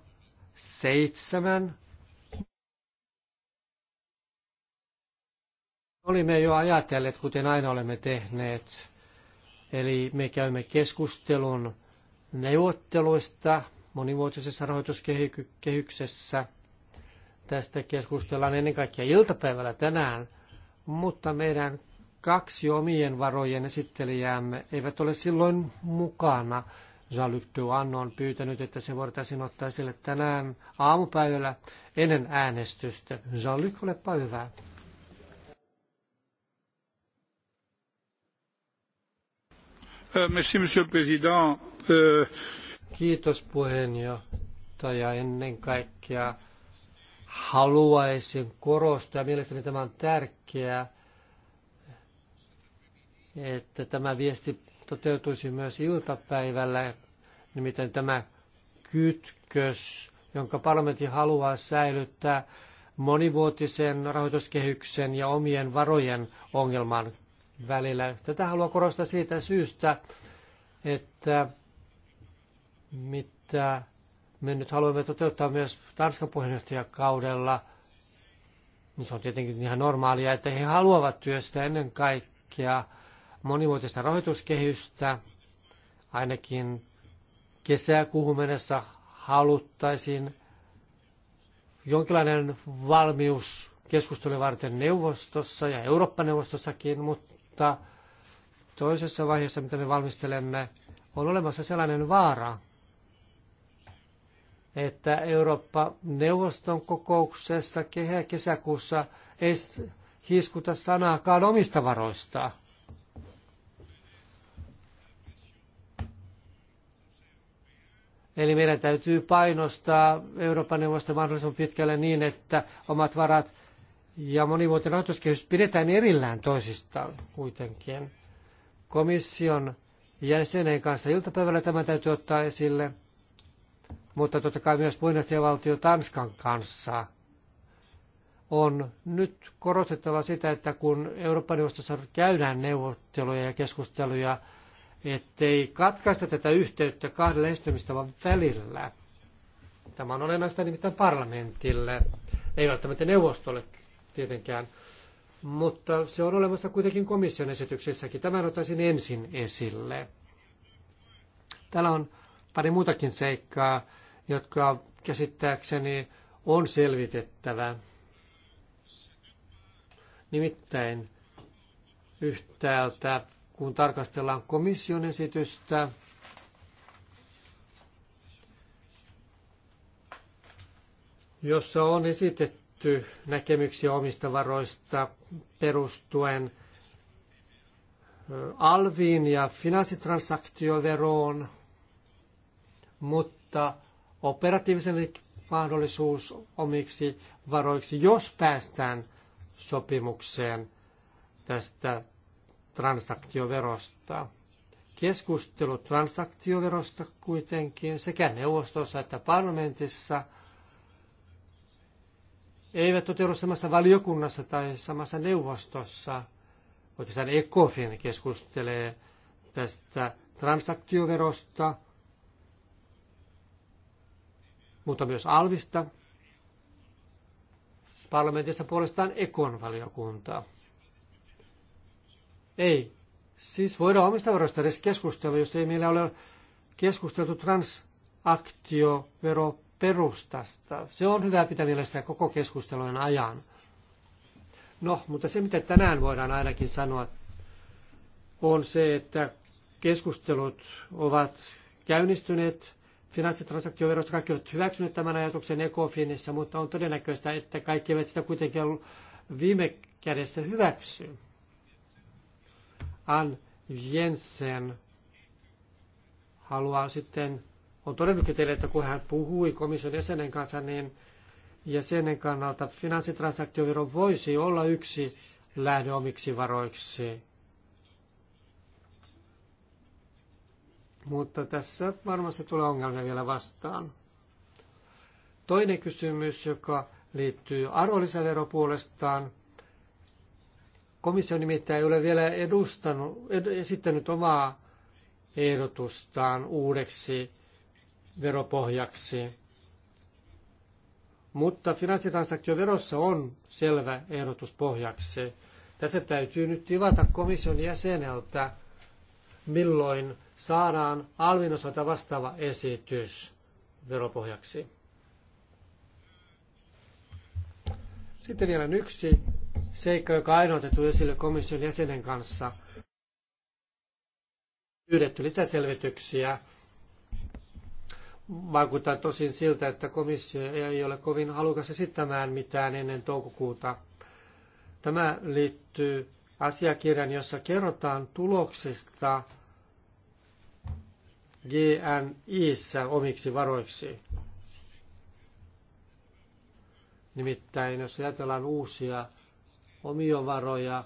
seitsemän. Olimme jo ajatelleet, kuten aina olemme tehneet, eli me käymme keskustelun neuvotteluista monivuotisessa rahoituskehyksessä. Tästä keskustellaan ennen kaikkea iltapäivällä tänään, mutta meidän kaksi omien varojen esittelijäämme eivät ole silloin mukana. Jean-Luc Duan on pyytänyt, että se voitaisiin ottaa sille tänään aamupäivällä ennen äänestystä. Jean-Luc, olepa hyvä. Euh, merci, monsieur le président. Euh, Kiitos puheenjohtaja. Ennen kaikkea haluaisin korostaa, mielestäni tämä on tärkeää, että tämä viesti toteutuisi myös iltapäivällä, nimittäin tämä kytkös, jonka parlamentti haluaa säilyttää monivuotisen rahoituskehyksen ja omien varojen ongelman välillä. Tätä haluan korostaa siitä syystä, että mitä me nyt haluamme toteuttaa myös Tanskan puheenjohtajakaudella, niin se on tietenkin ihan normaalia, että he haluavat työstä ennen kaikkea monivuotista rahoituskehystä. Ainakin kesäkuuhun mennessä haluttaisiin jonkinlainen valmius keskustelua varten neuvostossa ja Eurooppa-neuvostossakin, mutta toisessa vaiheessa, mitä me valmistelemme, on olemassa sellainen vaara, että Eurooppa-neuvoston kokouksessa kesäkuussa ei hiskuta sanaakaan omista varoistaan. Eli meidän täytyy painostaa Euroopan neuvosto mahdollisimman pitkälle niin, että omat varat ja monivuotinen rahoituskehys pidetään erillään toisistaan kuitenkin. Komission jäsenen kanssa iltapäivällä tämä täytyy ottaa esille – mutta totta kai myös puheenjohtajavaltio Tanskan kanssa on nyt korostettava sitä, että kun Euroopan neuvostossa käydään neuvotteluja ja keskusteluja, ettei katkaista tätä yhteyttä kahdella lähestymistavan välillä. Tämä on olennaista nimittäin parlamentille, ei välttämättä neuvostolle tietenkään, mutta se on olemassa kuitenkin komission esityksessäkin. Tämän ottaisin ensin esille. Täällä on pari muutakin seikkaa, jotka käsittääkseni on selvitettävä. Nimittäin yhtäältä, kun tarkastellaan komission esitystä, jossa on esitetty näkemyksiä omista varoista perustuen alviin ja finanssitransaktioveroon, mutta operatiivisen mahdollisuus omiksi varoiksi, jos päästään sopimukseen tästä transaktioverosta. Keskustelu transaktioverosta kuitenkin sekä neuvostossa että parlamentissa eivät toteudu samassa valiokunnassa tai samassa neuvostossa. Oikeastaan ECOFIN keskustelee tästä transaktioverosta mutta myös Alvista. Parlamentissa puolestaan Ekon valiokuntaa. Ei. Siis voidaan omista varoista edes keskustella, jos ei meillä ole keskusteltu transaktioveroperustasta. Se on hyvä pitää mielessä koko keskustelun ajan. No, mutta se mitä tänään voidaan ainakin sanoa, on se, että keskustelut ovat käynnistyneet finanssitransaktioverosta kaikki ovat hyväksyneet tämän ajatuksen ECOFINissa, mutta on todennäköistä, että kaikki eivät sitä kuitenkin viime kädessä hyväksy. Ann Jensen haluaa sitten, on todennutkin teille, että kun hän puhui komission jäsenen kanssa, niin jäsenen kannalta finanssitransaktiovero voisi olla yksi lähde omiksi varoiksi Mutta tässä varmasti tulee ongelmia vielä vastaan. Toinen kysymys, joka liittyy arvonlisävero puolestaan. Komissio nimittäin ei ole vielä edustanut, ed, esittänyt omaa ehdotustaan uudeksi veropohjaksi. Mutta finanssitransaktioverossa on selvä ehdotus pohjaksi. Tässä täytyy nyt tivata komission jäseneltä, milloin saadaan alvin osalta vastaava esitys veropohjaksi. Sitten vielä yksi seikka, joka on otettu esille komission jäsenen kanssa. Pyydetty lisäselvityksiä. Vaikuttaa tosin siltä, että komissio ei ole kovin halukas esittämään mitään ennen toukokuuta. Tämä liittyy asiakirjan, jossa kerrotaan tuloksista GNIssä omiksi varoiksi. Nimittäin jos ajatellaan uusia omia varoja,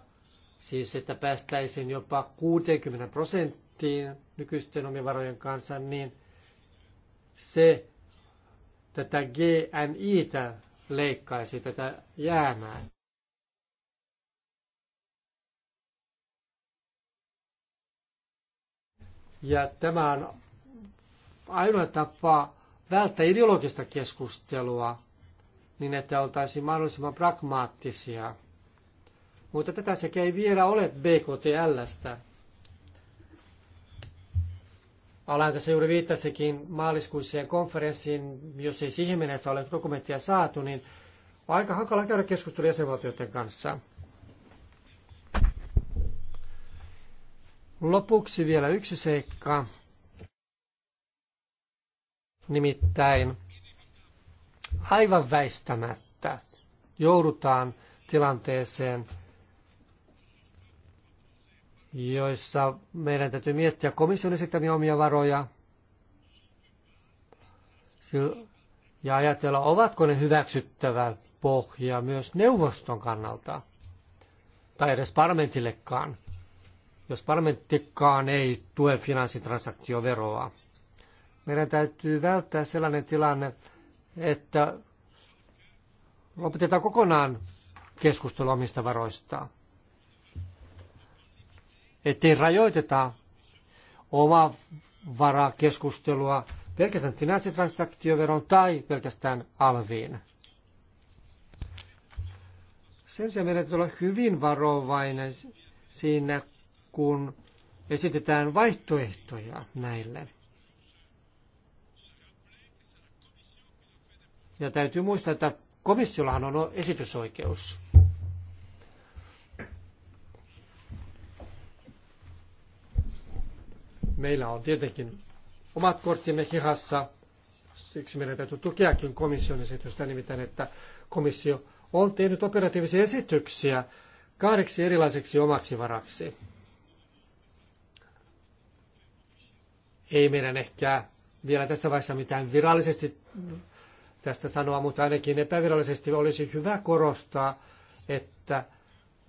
siis että päästäisiin jopa 60 prosenttiin nykyisten omivarojen kanssa, niin se tätä GNItä leikkaisi, tätä jäämää. Ja tämä on ainoa tapa välttää ideologista keskustelua niin, että oltaisiin mahdollisimman pragmaattisia. Mutta tätä sekä ei vielä ole BKTLstä. Alan tässä juuri viittasikin maaliskuiseen konferenssiin, jos ei siihen mennessä ole dokumenttia saatu, niin on aika hankala käydä keskustelua jäsenvaltioiden kanssa. Lopuksi vielä yksi seikka. Nimittäin aivan väistämättä joudutaan tilanteeseen, joissa meidän täytyy miettiä komission esittämiä omia varoja ja ajatella, ovatko ne hyväksyttävä pohja myös neuvoston kannalta tai edes parlamentillekaan jos parlamenttikaan ei tue finanssitransaktioveroa. Meidän täytyy välttää sellainen tilanne, että lopetetaan kokonaan keskustelu omista varoista. Ettei rajoiteta oma keskustelua pelkästään finanssitransaktioveron tai pelkästään alviin. Sen sijaan meidän täytyy olla hyvin varovainen siinä, kun esitetään vaihtoehtoja näille. Ja täytyy muistaa, että komissiollahan on esitysoikeus. Meillä on tietenkin omat korttimme hihassa, siksi meidän täytyy tukeakin komission esitystä, nimittäin että komissio on tehnyt operatiivisia esityksiä kahdeksi erilaiseksi omaksi varaksi. Ei meidän ehkä vielä tässä vaiheessa mitään virallisesti tästä sanoa, mutta ainakin epävirallisesti olisi hyvä korostaa, että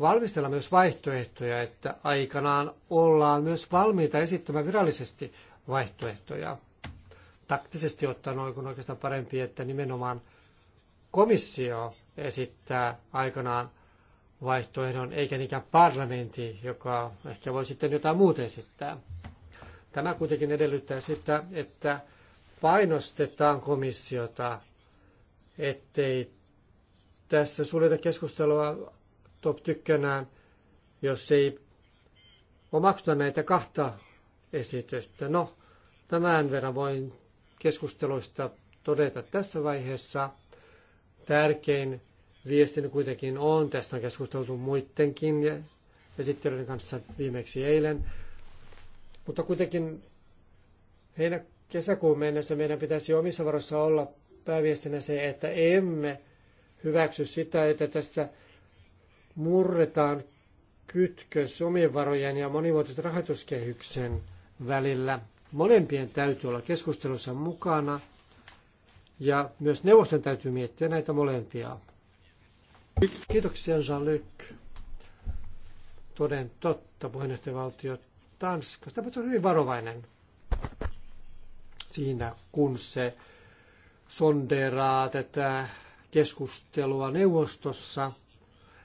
valmistella myös vaihtoehtoja, että aikanaan ollaan myös valmiita esittämään virallisesti vaihtoehtoja. Taktisesti ottaen on oikeastaan parempi, että nimenomaan komissio esittää aikanaan vaihtoehdon, eikä niinkään parlamentti, joka ehkä voi sitten jotain muuta esittää. Tämä kuitenkin edellyttää sitä, että painostetaan komissiota, ettei tässä suljeta keskustelua top tykkänään, jos ei omaksuta näitä kahta esitystä. No, tämän verran voin keskusteluista todeta tässä vaiheessa. Tärkein viestin kuitenkin on, tästä on keskusteltu muidenkin esittelyiden kanssa viimeksi eilen, mutta kuitenkin heinä kesäkuun mennessä meidän pitäisi omissa varoissa olla pääviestinä se, että emme hyväksy sitä, että tässä murretaan kytkös omien varojen ja monivuotisen rahoituskehyksen välillä. Molempien täytyy olla keskustelussa mukana ja myös neuvoston täytyy miettiä näitä molempia. Kiitoksia Jean-Luc. Toden totta, puheenjohtajavaltiot Tanskasta, mutta se on hyvin varovainen siinä, kun se sonderaa tätä keskustelua neuvostossa.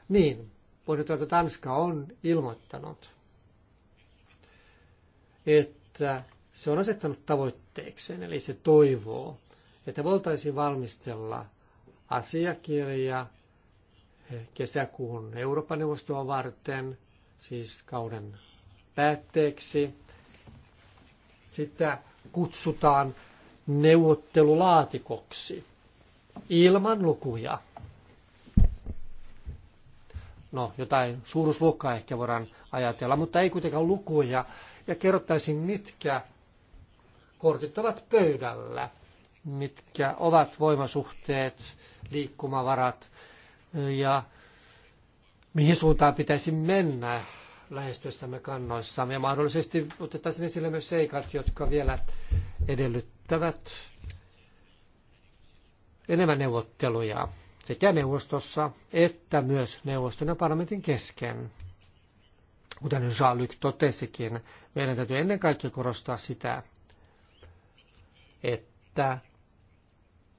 Niin, voin että Tanska on ilmoittanut, että se on asettanut tavoitteekseen, eli se toivoo, että voitaisiin valmistella asiakirja kesäkuun Euroopan neuvostoa varten, siis kauden päätteeksi sitä kutsutaan neuvottelulaatikoksi ilman lukuja. No, jotain suuruusluokkaa ehkä voidaan ajatella, mutta ei kuitenkaan lukuja. Ja kerrottaisiin, mitkä kortit ovat pöydällä, mitkä ovat voimasuhteet, liikkumavarat ja mihin suuntaan pitäisi mennä lähestyessämme kannoissamme ja mahdollisesti otettaisiin esille myös seikat, jotka vielä edellyttävät enemmän neuvotteluja sekä neuvostossa että myös neuvoston ja parlamentin kesken. Kuten Jean-Luc totesikin, meidän täytyy ennen kaikkea korostaa sitä, että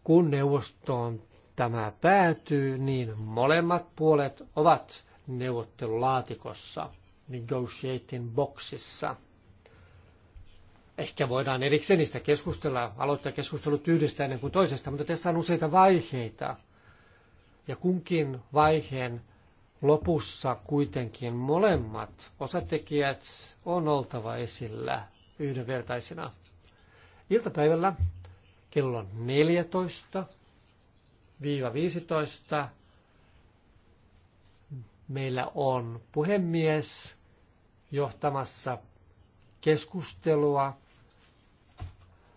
kun neuvostoon tämä päätyy, niin molemmat puolet ovat neuvottelulaatikossa negotiating boxissa. Ehkä voidaan erikseen niistä keskustella, aloittaa keskustelut yhdestä ennen kuin toisesta, mutta tässä on useita vaiheita. Ja kunkin vaiheen lopussa kuitenkin molemmat osatekijät on oltava esillä yhdenvertaisina. Iltapäivällä kello 14-15 meillä on puhemies johtamassa keskustelua.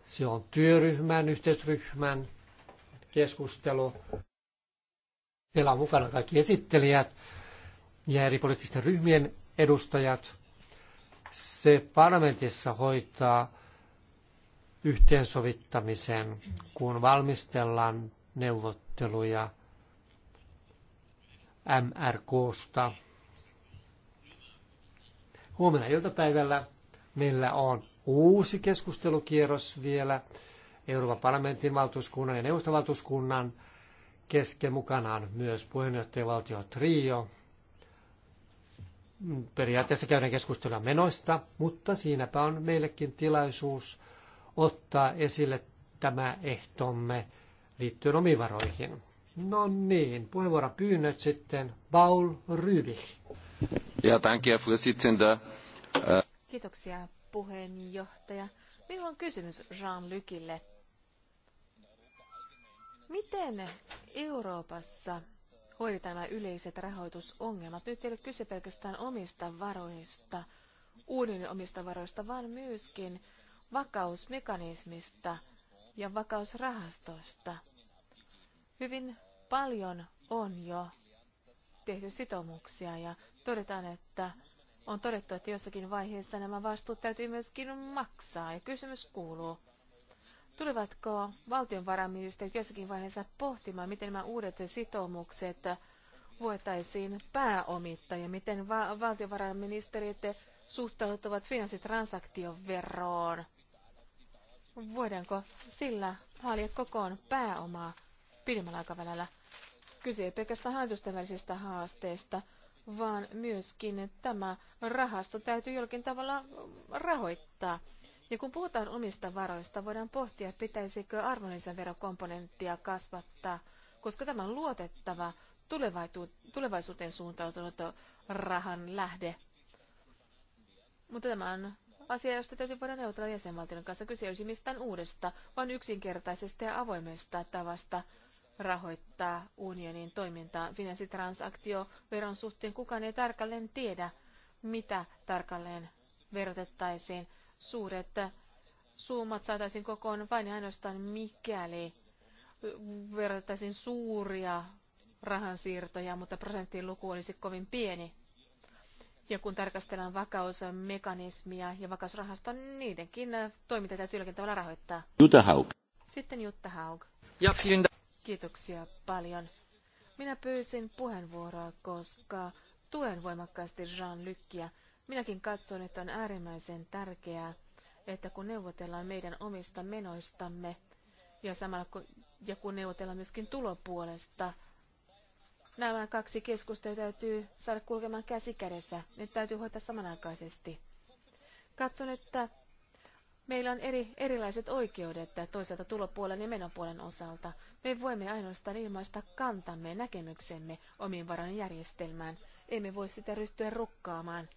Se on työryhmän, yhteisryhmän keskustelu. Siellä on mukana kaikki esittelijät ja eri poliittisten ryhmien edustajat. Se parlamentissa hoitaa yhteensovittamisen, kun valmistellaan neuvotteluja MRKsta Huomenna iltapäivällä meillä on uusi keskustelukierros vielä Euroopan parlamentin valtuuskunnan ja neuvostovaltuuskunnan kesken mukanaan myös puheenjohtajavaltio Trio. Periaatteessa käydään keskustelua menoista, mutta siinäpä on meillekin tilaisuus ottaa esille tämä ehtomme liittyen omivaroihin. No niin, puheenvuoropyynnöt sitten. Paul Rybich. Kiitoksia, puheenjohtaja. Minulla on kysymys Jean-Lucille. Miten Euroopassa hoidetaan nämä yleiset rahoitusongelmat? Nyt ei ole kyse pelkästään omista varoista, unionin omista varoista, vaan myöskin vakausmekanismista ja vakausrahastosta. Hyvin paljon on jo tehty sitoumuksia ja todetaan, että on todettu, että jossakin vaiheessa nämä vastuut täytyy myöskin maksaa. Ja kysymys kuuluu, tulevatko valtionvarainministeriöt jossakin vaiheessa pohtimaan, miten nämä uudet sitoumukset voitaisiin pääomittaa ja miten va- valtiovarainministerit suhtautuvat finanssitransaktioveroon? Voidaanko sillä haalia kokoon pääomaa pidemmällä aikavälillä? Kyse ei pelkästään hallitusten välisestä haasteesta, vaan myöskin tämä rahasto täytyy jollakin tavalla rahoittaa. Ja kun puhutaan omista varoista, voidaan pohtia, pitäisikö arvonlisäverokomponenttia kasvattaa, koska tämä on luotettava tulevaisuuteen suuntautunut rahan lähde. Mutta tämä on asia, josta täytyy voida neuvotella jäsenvaltion kanssa. Kyse ei olisi mistään uudesta, vaan yksinkertaisesta ja avoimesta tavasta rahoittaa unionin toimintaa finanssitransaktioveron suhteen. Kukaan ei tarkalleen tiedä, mitä tarkalleen verotettaisiin. Suuret summat saataisiin kokoon vain ja ainoastaan mikäli verotettaisiin suuria rahansiirtoja, mutta prosentin luku olisi kovin pieni. Ja kun tarkastellaan vakausmekanismia ja vakausrahasta, niidenkin toiminta täytyy jollakin tavalla rahoittaa. Jutta Haug. Sitten Jutta Haug. Ja, Kiitoksia paljon. Minä pyysin puheenvuoroa, koska tuen voimakkaasti Jean-Lyckiä. Minäkin katson, että on äärimmäisen tärkeää, että kun neuvotellaan meidän omista menoistamme ja samalla kun, ja kun neuvotellaan myöskin tulopuolesta, nämä kaksi keskustelua täytyy saada kulkemaan käsi kädessä. Ne täytyy hoitaa samanaikaisesti. Katson, että Meillä on eri, erilaiset oikeudet toisaalta tulopuolen ja menopuolen osalta. Me voimme ainoastaan ilmaista kantamme näkemyksemme omiin varan järjestelmään. Emme voi sitä ryhtyä rukkaamaan.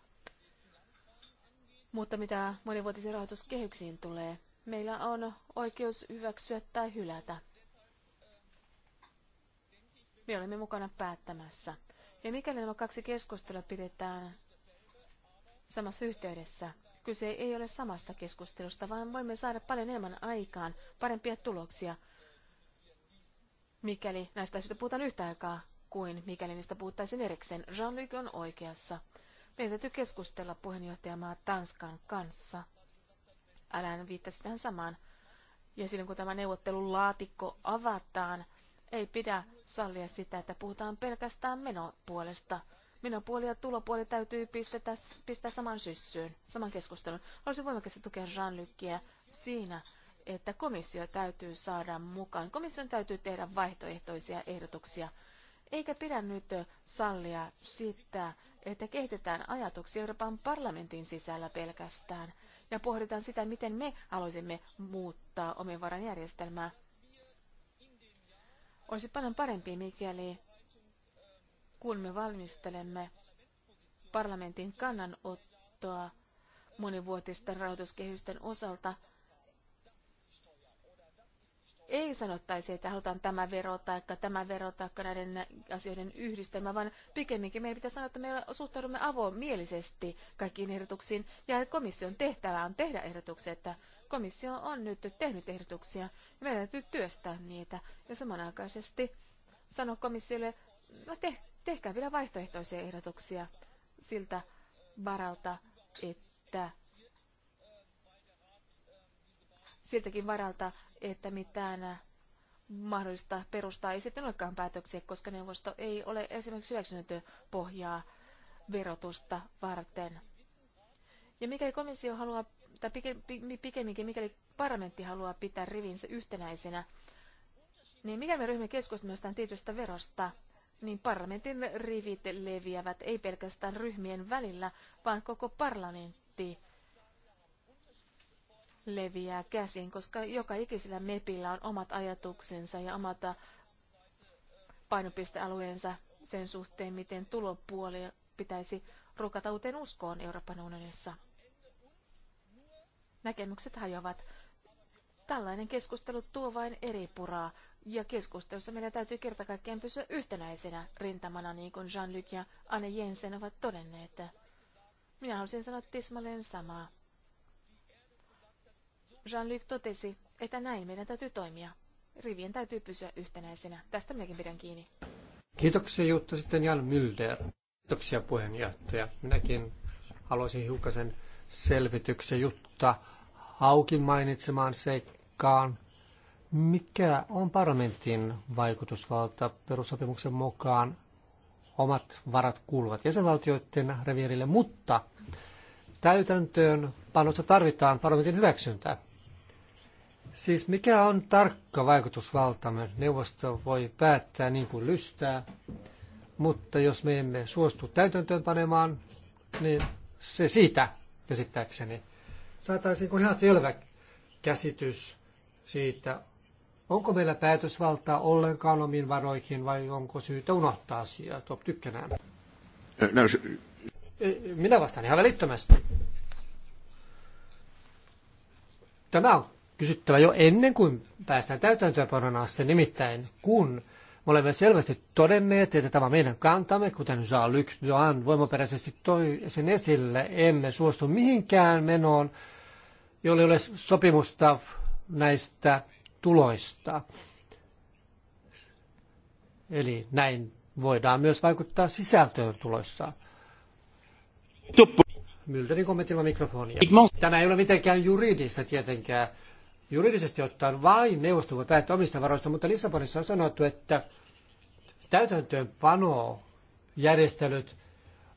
Mutta mitä monivuotisiin rahoituskehyksiin tulee, meillä on oikeus hyväksyä tai hylätä. Me olemme mukana päättämässä. Ja mikäli nämä kaksi keskustelua pidetään samassa yhteydessä, Kyse ei ole samasta keskustelusta, vaan voimme saada paljon enemmän aikaan, parempia tuloksia, mikäli näistä asioista puhutaan yhtä aikaa kuin mikäli niistä puhuttaisiin erikseen. Jean-Luc on oikeassa. Meidän täytyy keskustella puheenjohtajamaa Tanskan kanssa. Älä viittasi tähän samaan. Ja silloin kun tämä neuvottelun laatikko avataan, ei pidä sallia sitä, että puhutaan pelkästään menopuolesta – menopuoli ja tulopuoli täytyy pistetä, pistää saman syssyyn, saman keskustelun. Haluaisin voimakkaasti tukea jean siinä, että komissio täytyy saada mukaan. Komission täytyy tehdä vaihtoehtoisia ehdotuksia. Eikä pidä nyt sallia sitä, että kehitetään ajatuksia Euroopan parlamentin sisällä pelkästään ja pohditaan sitä, miten me haluaisimme muuttaa varan järjestelmää. Olisi paljon parempi, mikäli kun me valmistelemme parlamentin kannanottoa monivuotisten rahoituskehysten osalta, ei sanottaisi, että halutaan tämä vero tai tämä vero tai näiden asioiden yhdistelmä, vaan pikemminkin meidän pitää sanoa, että me suhtaudumme avomielisesti kaikkiin ehdotuksiin ja komission tehtävä on tehdä ehdotuksia, että komissio on nyt tehnyt ehdotuksia ja meidän täytyy työstää niitä ja samanaikaisesti sanoa komissiolle, no te, Tehkää vielä vaihtoehtoisia ehdotuksia siltä varalta, että siltäkin varalta, että mitään mahdollista perustaa ei sitten olekaan päätöksiä, koska neuvosto ei ole esimerkiksi hyväksynyt pohjaa verotusta varten. Ja mikäli komissio haluaa, tai pikemminkin mikäli parlamentti haluaa pitää rivinsä yhtenäisenä, niin mikäli me ryhmä keskustelemme jostain tietystä verosta, niin parlamentin rivit leviävät ei pelkästään ryhmien välillä, vaan koko parlamentti leviää käsin, koska joka ikisellä MEPillä on omat ajatuksensa ja omat painopistealueensa sen suhteen, miten tulopuoli pitäisi rukata uuteen uskoon Euroopan unionissa. Näkemykset hajoavat. Tällainen keskustelu tuo vain eri puraa. Ja keskustelussa meidän täytyy kerta kaikkiaan pysyä yhtenäisenä rintamana, niin kuin Jean-Luc ja Anne Jensen ovat todenneet. Minä haluaisin sanoa tismalleen samaa. Jean-Luc totesi, että näin meidän täytyy toimia. Rivien täytyy pysyä yhtenäisenä. Tästä minäkin pidän kiinni. Kiitoksia Jutta sitten Jan Mylder. Kiitoksia puheenjohtaja. Minäkin haluaisin hiukan sen selvityksen Jutta Haukin mainitsemaan seikkaan mikä on parlamentin vaikutusvalta perussopimuksen mukaan? Omat varat kuuluvat jäsenvaltioiden reviirille, mutta täytäntöön panossa tarvitaan parlamentin hyväksyntää. Siis mikä on tarkka vaikutusvaltamme? Neuvosto voi päättää niin kuin lystää, mutta jos me emme suostu täytäntöön panemaan, niin se siitä käsittääkseni. Saataisiin ihan selvä käsitys siitä, Onko meillä päätösvaltaa ollenkaan omiin varoihin vai onko syytä unohtaa asiaa? Top tykkänään. No, Minä vastaan ihan välittömästi. Tämä on kysyttävä jo ennen kuin päästään täytäntöönpanon asteen, nimittäin kun me olemme selvästi todenneet, että tämä meidän kantamme, kuten Jean-Luc Doan voimaperäisesti toi sen esille, emme suostu mihinkään menoon, jolle ei ole sopimusta näistä tuloista. Eli näin voidaan myös vaikuttaa sisältöön tuloissa. Mylderin kommentilla mikrofonia. Tämä ei ole mitenkään juridista tietenkään. Juridisesti ottaen vain neuvosto voi päättää omista varoista, mutta Lissabonissa on sanottu, että täytäntöönpano järjestelyt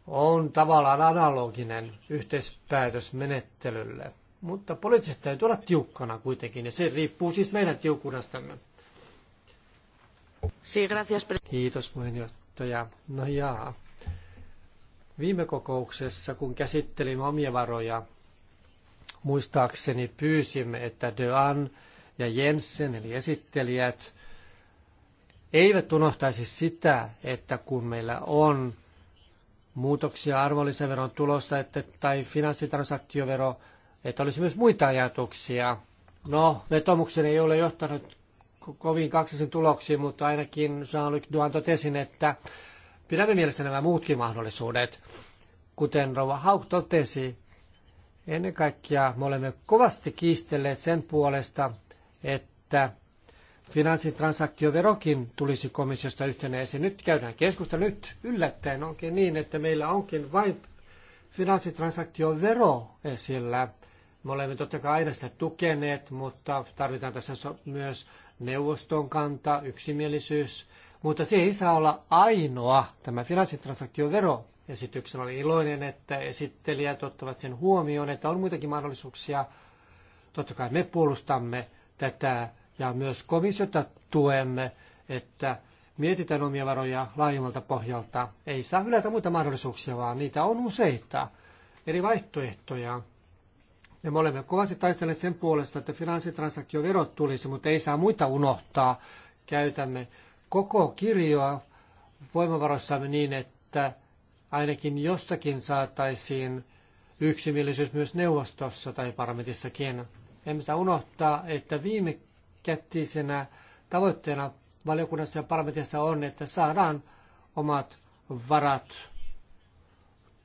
on tavallaan analoginen yhteispäätösmenettelylle. Mutta poliittisesti täytyy olla tiukkana kuitenkin, ja se riippuu siis meidän tiukkuudestamme. Sí, gracias. Kiitos puheenjohtaja. No jaa. Viime kokouksessa, kun käsittelimme omia varoja, muistaakseni pyysimme, että Dean ja Jensen, eli esittelijät, eivät unohtaisi sitä, että kun meillä on muutoksia arvonlisäveron tulosta että, tai finanssitransaktiovero että olisi myös muita ajatuksia. No, vetomuksen ei ole johtanut kovin kaksisen tuloksiin, mutta ainakin Jean-Luc Duan totesin, että pidämme mielessä nämä muutkin mahdollisuudet. Kuten Rova Hauk totesi, ennen kaikkea me olemme kovasti kiistelleet sen puolesta, että finanssitransaktioverokin tulisi komissiosta yhtenä Nyt käydään keskusta. Nyt yllättäen onkin niin, että meillä onkin vain finanssitransaktiovero esillä me olemme totta kai aina sitä tukeneet, mutta tarvitaan tässä myös neuvoston kanta, yksimielisyys. Mutta se ei saa olla ainoa tämä finanssitransaktiovero. Esityksen oli iloinen, että esittelijät ottavat sen huomioon, että on muitakin mahdollisuuksia. Totta kai me puolustamme tätä ja myös komissiota tuemme, että mietitään omia varoja laajemmalta pohjalta. Ei saa hylätä muita mahdollisuuksia, vaan niitä on useita eri vaihtoehtoja. Ja me olemme kovasti taistelleet sen puolesta, että finanssitransaktioverot tulisi, mutta ei saa muita unohtaa. Käytämme koko kirjoa voimavarossamme niin, että ainakin jossakin saataisiin yksimielisyys myös neuvostossa tai parlamentissakin. Emme saa unohtaa, että viime kättisenä tavoitteena valiokunnassa ja parlamentissa on, että saadaan omat varat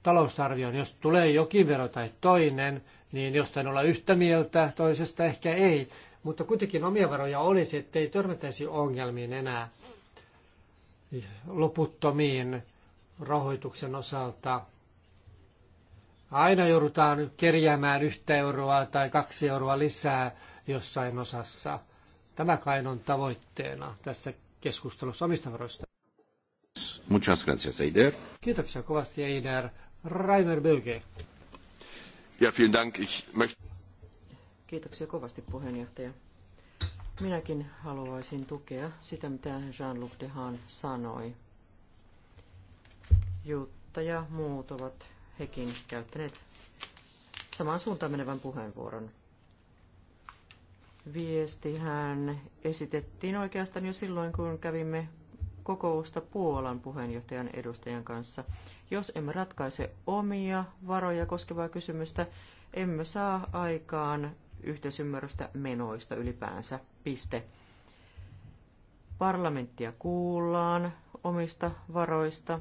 talousarvioon. Jos tulee jokin vero tai toinen, niin jostain olla yhtä mieltä, toisesta ehkä ei. Mutta kuitenkin omia varoja olisi, ettei törmätäisi ongelmiin enää loputtomiin rahoituksen osalta. Aina joudutaan kerjäämään yhtä euroa tai kaksi euroa lisää jossain osassa. Tämä kai on tavoitteena tässä keskustelussa omista varoista. Muchas gracias, Eider. Kiitoksia kovasti, Eider. Rainer Bilge. Ja, vielen Dank. Ich möchte... Kiitoksia kovasti puheenjohtaja. Minäkin haluaisin tukea sitä, mitä Jean-Luc Dehan sanoi. Jutta ja muut ovat hekin käyttäneet samaan suuntaan menevän puheenvuoron. Viestihän esitettiin oikeastaan jo silloin, kun kävimme kokousta Puolan puheenjohtajan edustajan kanssa. Jos emme ratkaise omia varoja koskevaa kysymystä, emme saa aikaan yhteisymmärrystä menoista ylipäänsä. Piste. Parlamenttia kuullaan omista varoista,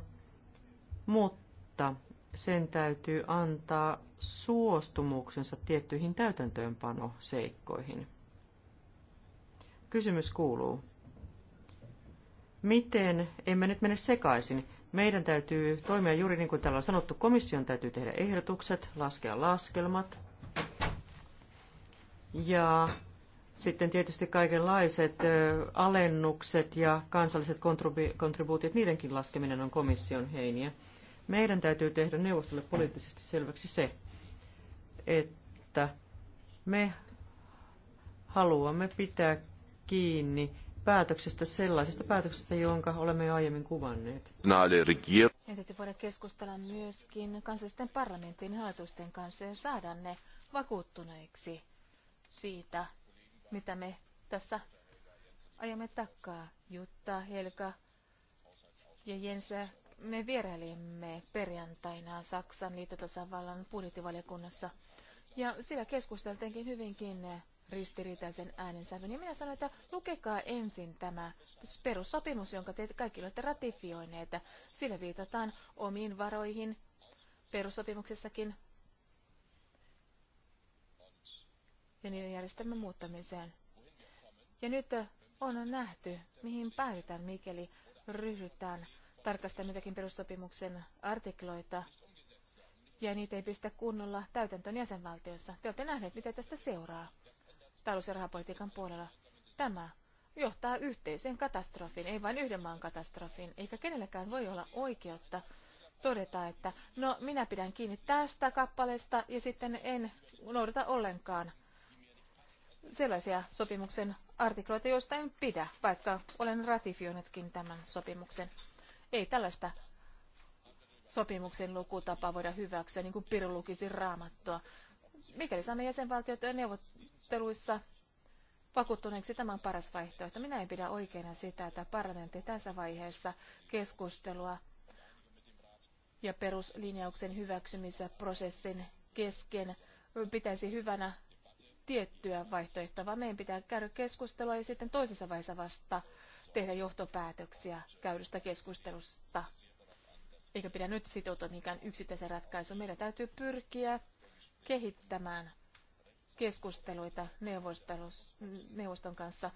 mutta sen täytyy antaa suostumuksensa tiettyihin täytäntöönpanoseikkoihin. Kysymys kuuluu, miten emme nyt mene sekaisin. Meidän täytyy toimia juuri niin kuin täällä on sanottu, komission täytyy tehdä ehdotukset, laskea laskelmat. Ja sitten tietysti kaikenlaiset alennukset ja kansalliset kontribuutiot, niidenkin laskeminen on komission heiniä. Meidän täytyy tehdä neuvostolle poliittisesti selväksi se, että me haluamme pitää kiinni päätöksestä, sellaisesta päätöksestä, jonka olemme jo aiemmin kuvanneet. Ja täytyy voida keskustella myöskin kansallisten parlamentin hallitusten kanssa ja saada ne vakuuttuneiksi siitä, mitä me tässä ajamme takkaa. Jutta, Helka ja Jensä, me vierailimme perjantaina Saksan liittotasavallan budjettivaliokunnassa ja siellä keskusteltiinkin hyvinkin ristiriitaisen äänensävyn. Ja minä sanoin, että lukekaa ensin tämä perussopimus, jonka te kaikki olette ratifioineet. Sillä viitataan omiin varoihin perussopimuksessakin ja niiden järjestelmän muuttamiseen. Ja nyt on nähty, mihin päädytään, mikäli ryhdytään tarkastamaan jotakin perussopimuksen artikloita ja niitä ei pistä kunnolla täytäntöön jäsenvaltiossa. Te olette nähneet, mitä tästä seuraa talous- ja rahapolitiikan puolella. Tämä johtaa yhteiseen katastrofiin, ei vain yhden maan katastrofiin, eikä kenellekään voi olla oikeutta todeta, että no minä pidän kiinni tästä kappaleesta ja sitten en noudata ollenkaan sellaisia sopimuksen artikloita, joista en pidä, vaikka olen ratifioinutkin tämän sopimuksen. Ei tällaista sopimuksen lukutapaa voida hyväksyä, niin kuin Piru lukisi raamattua mikäli saamme jäsenvaltiot neuvotteluissa vakuuttuneeksi tämä on paras vaihtoehto. Minä en pidä oikeana sitä, että parlamentti tässä vaiheessa keskustelua ja peruslinjauksen hyväksymisessä prosessin kesken pitäisi hyvänä tiettyä vaihtoehtoa, vaan meidän pitää käydä keskustelua ja sitten toisessa vaiheessa vasta tehdä johtopäätöksiä käydystä keskustelusta. Eikä pidä nyt sitoutua niinkään yksittäisen ratkaisuun. Meidän täytyy pyrkiä kehittämään keskusteluita neuvoston kanssa.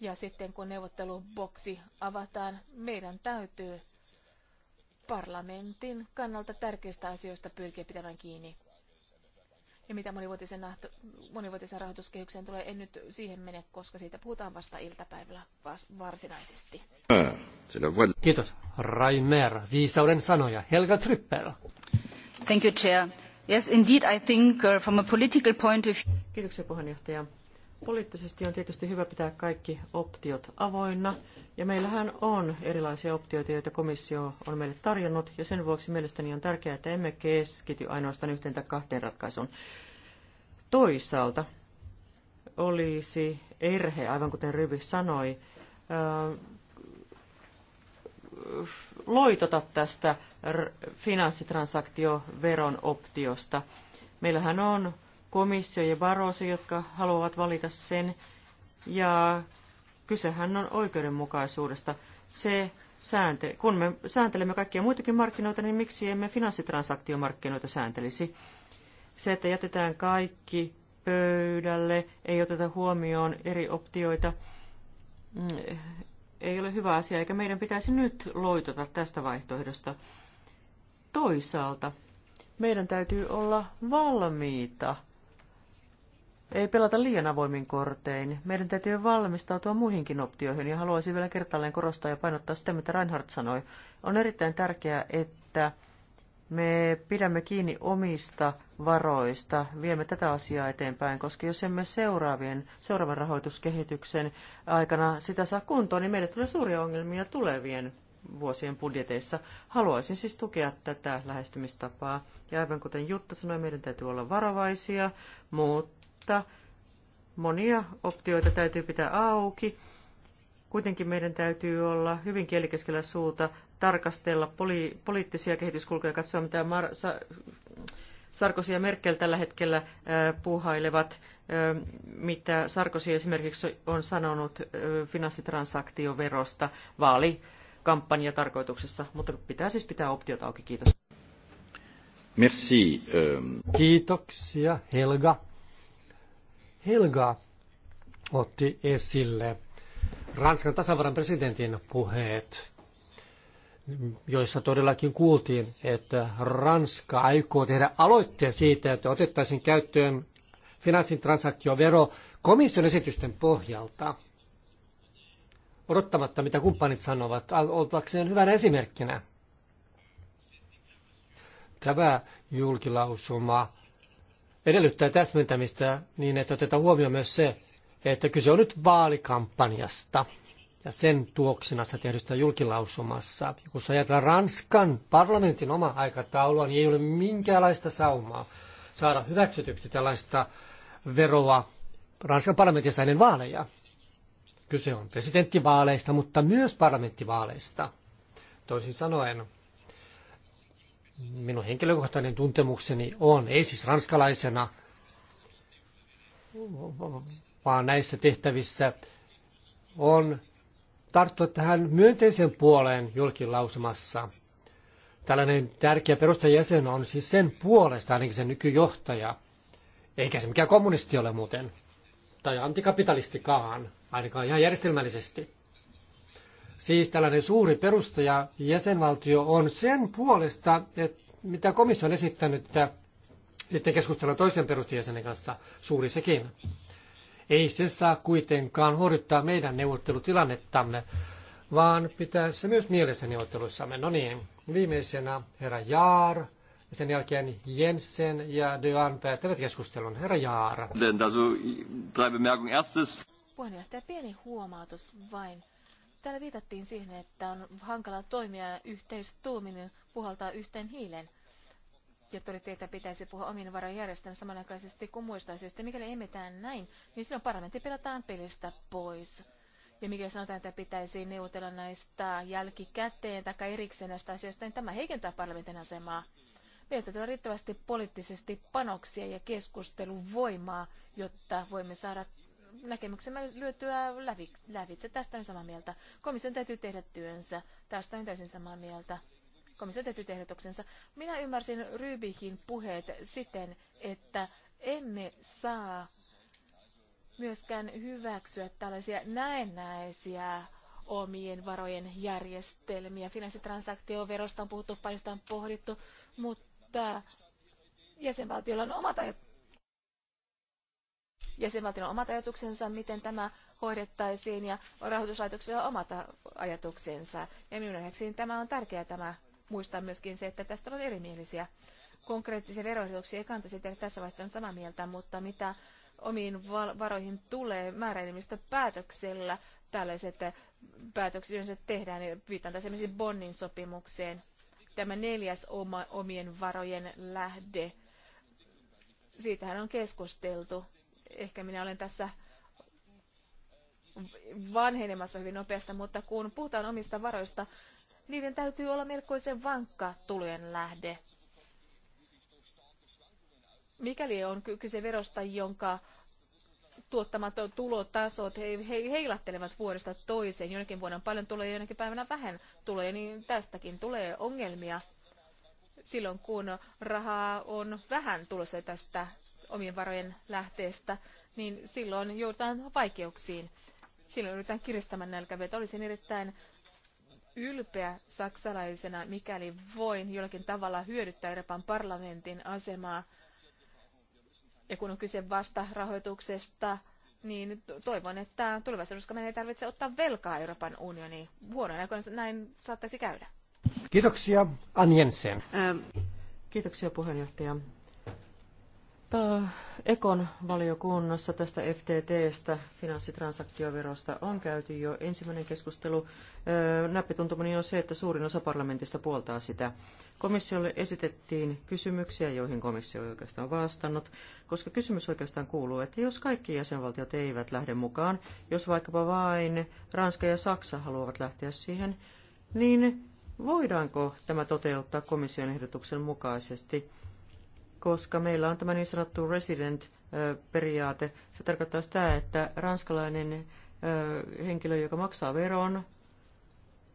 Ja sitten kun neuvotteluboksi avataan, meidän täytyy parlamentin kannalta tärkeistä asioista pyrkiä pitämään kiinni. Ja mitä monivuotisen, nahto, monivuotisen rahoituskehykseen tulee, en nyt siihen mene, koska siitä puhutaan vasta iltapäivällä varsinaisesti. Kiitos. Raimer, viisauden sanoja. Helga Tryppel. Thank you, Chair. Yes, indeed, I think uh, from a political point of view... Kiitoksia puheenjohtaja. Poliittisesti on tietysti hyvä pitää kaikki optiot avoinna, ja meillähän on erilaisia optioita, joita komissio on meille tarjonnut, ja sen vuoksi mielestäni on tärkeää, että emme keskity ainoastaan yhteen tai kahteen ratkaisuun. Toisaalta olisi erhe, aivan kuten Ryby sanoi, loitota tästä finanssitransaktioveron optiosta. Meillähän on komissio ja Barroso, jotka haluavat valita sen, ja kysehän on oikeudenmukaisuudesta. Se säänte- kun me sääntelemme kaikkia muitakin markkinoita, niin miksi emme finanssitransaktiomarkkinoita sääntelisi? Se, että jätetään kaikki pöydälle, ei oteta huomioon eri optioita, mm, ei ole hyvä asia, eikä meidän pitäisi nyt loitota tästä vaihtoehdosta. Toisaalta meidän täytyy olla valmiita. Ei pelata liian avoimin kortein. Meidän täytyy valmistautua muihinkin optioihin ja haluaisin vielä kertaalleen korostaa ja painottaa sitä, mitä Reinhardt sanoi. On erittäin tärkeää, että me pidämme kiinni omista varoista, viemme tätä asiaa eteenpäin, koska jos emme seuraavien, seuraavan rahoituskehityksen aikana sitä saa kuntoon, niin meille tulee suuria ongelmia tulevien vuosien budjeteissa. Haluaisin siis tukea tätä lähestymistapaa. Ja aivan kuten Jutta sanoi, meidän täytyy olla varovaisia, mutta monia optioita täytyy pitää auki. Kuitenkin meidän täytyy olla hyvin kielikeskellä suuta, tarkastella poli- poliittisia kehityskulkuja, katsoa mitä Mar- Sa- Sarkosi ja Merkel tällä hetkellä puuhailevat, mitä Sarkosi esimerkiksi on sanonut finanssitransaktioverosta vaali kampanjatarkoituksessa, mutta pitää siis pitää optiot auki. Kiitos. Merci. Ähm. Kiitoksia Helga. Helga otti esille Ranskan tasavallan presidentin puheet, joissa todellakin kuultiin, että Ranska aikoo tehdä aloitteen siitä, että otettaisiin käyttöön finanssitransaktiovero komission esitysten pohjalta odottamatta, mitä kumppanit sanovat, oltakseen hyvänä esimerkkinä. Tämä julkilausuma edellyttää täsmentämistä niin, että otetaan huomioon myös se, että kyse on nyt vaalikampanjasta ja sen tuoksinassa tehdystä julkilausumassa. Kun ajatellaan Ranskan parlamentin oma aikataulua, niin ei ole minkäänlaista saumaa saada hyväksytyksi tällaista veroa Ranskan parlamentissa ennen vaaleja. Kyse on presidenttivaaleista, mutta myös parlamenttivaaleista. Toisin sanoen, minun henkilökohtainen tuntemukseni on, ei siis ranskalaisena, vaan näissä tehtävissä on tarttua tähän myönteisen puoleen julkilausumassa. Tällainen tärkeä perustajäsen on siis sen puolesta ainakin sen nykyjohtaja, eikä se mikään kommunisti ole muuten tai antikapitalistikaan, ainakaan ihan järjestelmällisesti. Siis tällainen suuri perustaja jäsenvaltio on sen puolesta, että mitä komissio on esittänyt, että sitten keskustella toisen perustajäsenen kanssa, suuri sekin. Ei se saa kuitenkaan horjuttaa meidän neuvottelutilannettamme, vaan pitää se myös mielessä neuvotteluissamme. No niin, viimeisenä herra Jaar ja sen jälkeen Jensen ja Dyan päättävät keskustelun. Herra Jaara. Puheenjohtaja, pieni huomautus vain. Täällä viitattiin siihen, että on hankala toimia yhteistuuminen puhaltaa yhteen hiilen. Ja teitä pitäisi puhua omien varojen järjestelmän samanaikaisesti kuin muista asioista. Mikäli emme näin, niin silloin parlamentti pelataan pelistä pois. Ja mikä sanotaan, että pitäisi neuvotella näistä jälkikäteen tai erikseen näistä asioista, niin tämä heikentää parlamentin asemaa vietetään riittävästi poliittisesti panoksia ja keskustelun voimaa, jotta voimme saada näkemyksemme lyötyä lävitse. Tästä on samaa mieltä. Komission täytyy tehdä työnsä. Tästä on täysin samaa mieltä. Komission täytyy tehdä ehdotuksensa. Minä ymmärsin Rybihin puheet siten, että emme saa myöskään hyväksyä tällaisia näennäisiä omien varojen järjestelmiä. Finanssitransaktioverosta on puhuttu, paljon on pohdittu, mutta että Jäsenvaltiolla on omat aj- jäsenvaltioilla on omat ajatuksensa, miten tämä hoidettaisiin ja rahoituslaitoksella on omat ajatuksensa. Ja minun nähdäkseni tämä on tärkeää tämä muistaa myöskin se, että tästä on erimielisiä. Konkreettisia veroehdotuksia ei kantaisi tehdä tässä vaiheessa samaa mieltä, mutta mitä omiin varoihin tulee määräenemmistö päätöksellä, tällaiset päätökset yleensä tehdään, niin viitan tässä esimerkiksi Bonnin sopimukseen, tämä neljäs oma, omien varojen lähde, siitähän on keskusteltu. Ehkä minä olen tässä vanhenemassa hyvin nopeasti, mutta kun puhutaan omista varoista, niiden täytyy olla melkoisen vankka tulojen lähde. Mikäli on kyse verosta, jonka tuottamat tulotasot he, he, heilattelevat vuodesta toiseen. Jonnekin vuonna on paljon tulee, jonnekin päivänä vähän tulee, niin tästäkin tulee ongelmia silloin, kun rahaa on vähän tulossa tästä omien varojen lähteestä, niin silloin joudutaan vaikeuksiin. Silloin joudutaan kiristämään nälkävet. Olisin erittäin ylpeä saksalaisena, mikäli voin jollakin tavalla hyödyttää Euroopan parlamentin asemaa – ja kun on kyse vasta rahoituksesta, niin toivon, että tulevaisuudessa meidän ei tarvitse ottaa velkaa Euroopan unioniin. Huonoina aikoina näin saattaisi käydä. Kiitoksia, Anjensen. Ähm, kiitoksia puheenjohtaja. Ekon valiokunnassa tästä FTTstä, finanssitransaktioverosta, on käyty jo ensimmäinen keskustelu. Näppituntumani on se, että suurin osa parlamentista puoltaa sitä. Komissiolle esitettiin kysymyksiä, joihin komissio on oikeastaan vastannut, koska kysymys oikeastaan kuuluu, että jos kaikki jäsenvaltiot eivät lähde mukaan, jos vaikkapa vain Ranska ja Saksa haluavat lähteä siihen, niin voidaanko tämä toteuttaa komission ehdotuksen mukaisesti – koska meillä on tämä niin sanottu resident-periaate. Se tarkoittaa sitä, että ranskalainen henkilö, joka maksaa veron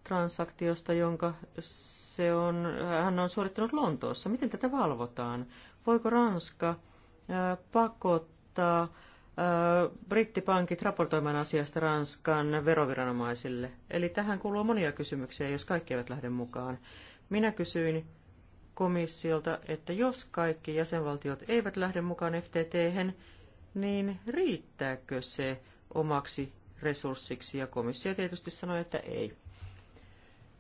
transaktiosta, jonka se on, hän on suorittanut Lontoossa. Miten tätä valvotaan? Voiko Ranska pakottaa brittipankit raportoimaan asiasta Ranskan veroviranomaisille? Eli tähän kuuluu monia kysymyksiä, jos kaikki eivät lähde mukaan. Minä kysyin komissiolta, että jos kaikki jäsenvaltiot eivät lähde mukaan ftt niin riittääkö se omaksi resurssiksi? Ja komissio tietysti sanoi, että ei.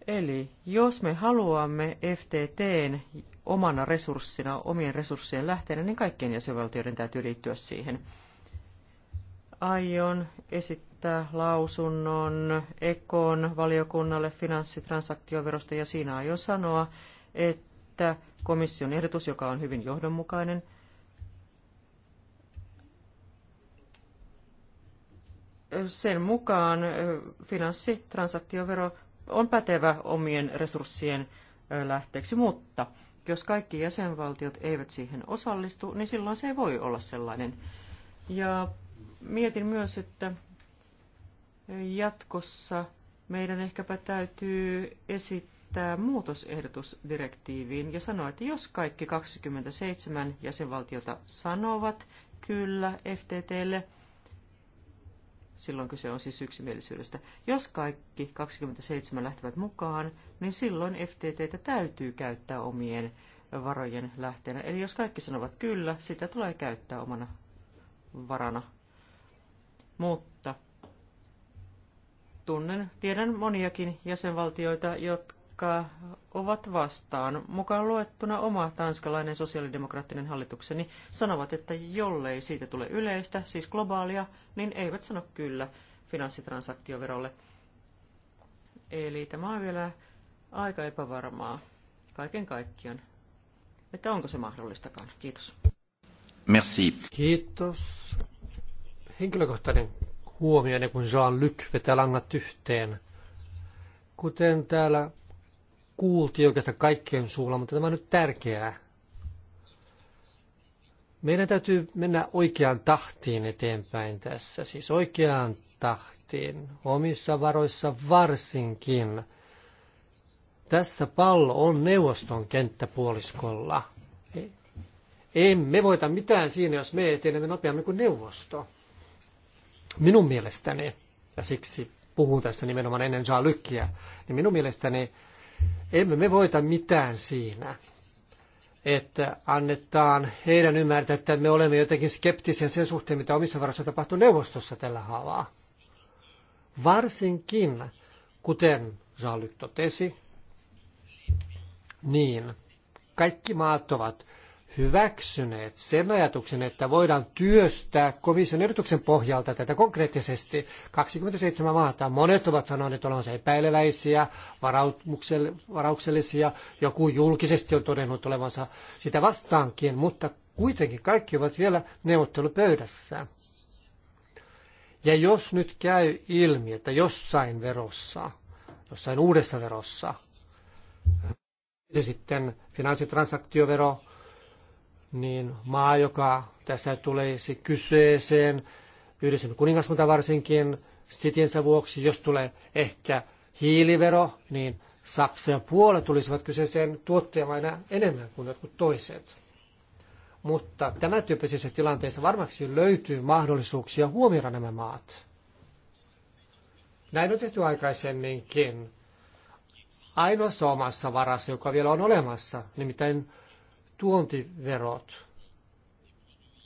Eli jos me haluamme FTTn omana resurssina, omien resurssien lähteenä, niin kaikkien jäsenvaltioiden täytyy liittyä siihen. Aion esittää lausunnon Ekon valiokunnalle finanssitransaktioverosta ja siinä aion sanoa, että että komission ehdotus, joka on hyvin johdonmukainen, sen mukaan finanssitransaktiovero on pätevä omien resurssien lähteeksi, mutta jos kaikki jäsenvaltiot eivät siihen osallistu, niin silloin se ei voi olla sellainen. Ja mietin myös, että jatkossa meidän ehkäpä täytyy esittää, esittää muutosehdotusdirektiiviin ja sanoo, että jos kaikki 27 jäsenvaltiota sanovat kyllä FTTlle, silloin kyse on siis yksimielisyydestä, jos kaikki 27 lähtevät mukaan, niin silloin FTTtä täytyy käyttää omien varojen lähteenä. Eli jos kaikki sanovat kyllä, sitä tulee käyttää omana varana. Mutta tunnen, tiedän moniakin jäsenvaltioita, jotka jotka ovat vastaan, mukaan luettuna oma tanskalainen sosiaalidemokraattinen hallitukseni, sanovat, että jollei siitä tule yleistä, siis globaalia, niin eivät sano kyllä finanssitransaktioverolle. Eli tämä on vielä aika epävarmaa kaiken kaikkiaan, että onko se mahdollistakaan. Kiitos. Merci. Kiitos. Henkilökohtainen huomio, kun Jean-Luc vetää langat yhteen. Kuten täällä kuultiin oikeastaan kaikkien suulla, mutta tämä on nyt tärkeää. Meidän täytyy mennä oikeaan tahtiin eteenpäin tässä, siis oikeaan tahtiin, omissa varoissa varsinkin. Tässä pallo on neuvoston kenttäpuoliskolla. Emme voita mitään siinä, jos me etenemme nopeammin kuin neuvosto. Minun mielestäni, ja siksi puhun tässä nimenomaan ennen saa lykkiä, niin minun mielestäni emme me voita mitään siinä, että annetaan heidän ymmärtää, että me olemme jotenkin skeptisiä sen suhteen, mitä omissa varoissa tapahtuu neuvostossa tällä haavaa. Varsinkin, kuten Jean-Luc totesi, niin kaikki maat ovat hyväksyneet sen ajatuksen, että voidaan työstää komission ehdotuksen pohjalta tätä konkreettisesti. 27 maata, monet ovat sanoneet olevansa epäileväisiä, varauksellisia, joku julkisesti on todennut olevansa sitä vastaankin, mutta kuitenkin kaikki ovat vielä neuvottelupöydässä. Ja jos nyt käy ilmi, että jossain verossa, jossain uudessa verossa, se sitten finanssitransaktiovero niin maa, joka tässä tulisi kyseeseen, yhdistynyt kuningaskunta varsinkin sitiensä vuoksi, jos tulee ehkä hiilivero, niin Saksa ja Puola tulisivat kyseeseen tuottajamaina enemmän kuin jotkut toiset. Mutta tämän tyyppisissä tilanteissa varmasti löytyy mahdollisuuksia huomioida nämä maat. Näin on tehty aikaisemminkin. Ainoassa omassa varassa, joka vielä on olemassa, nimittäin tuontiverot.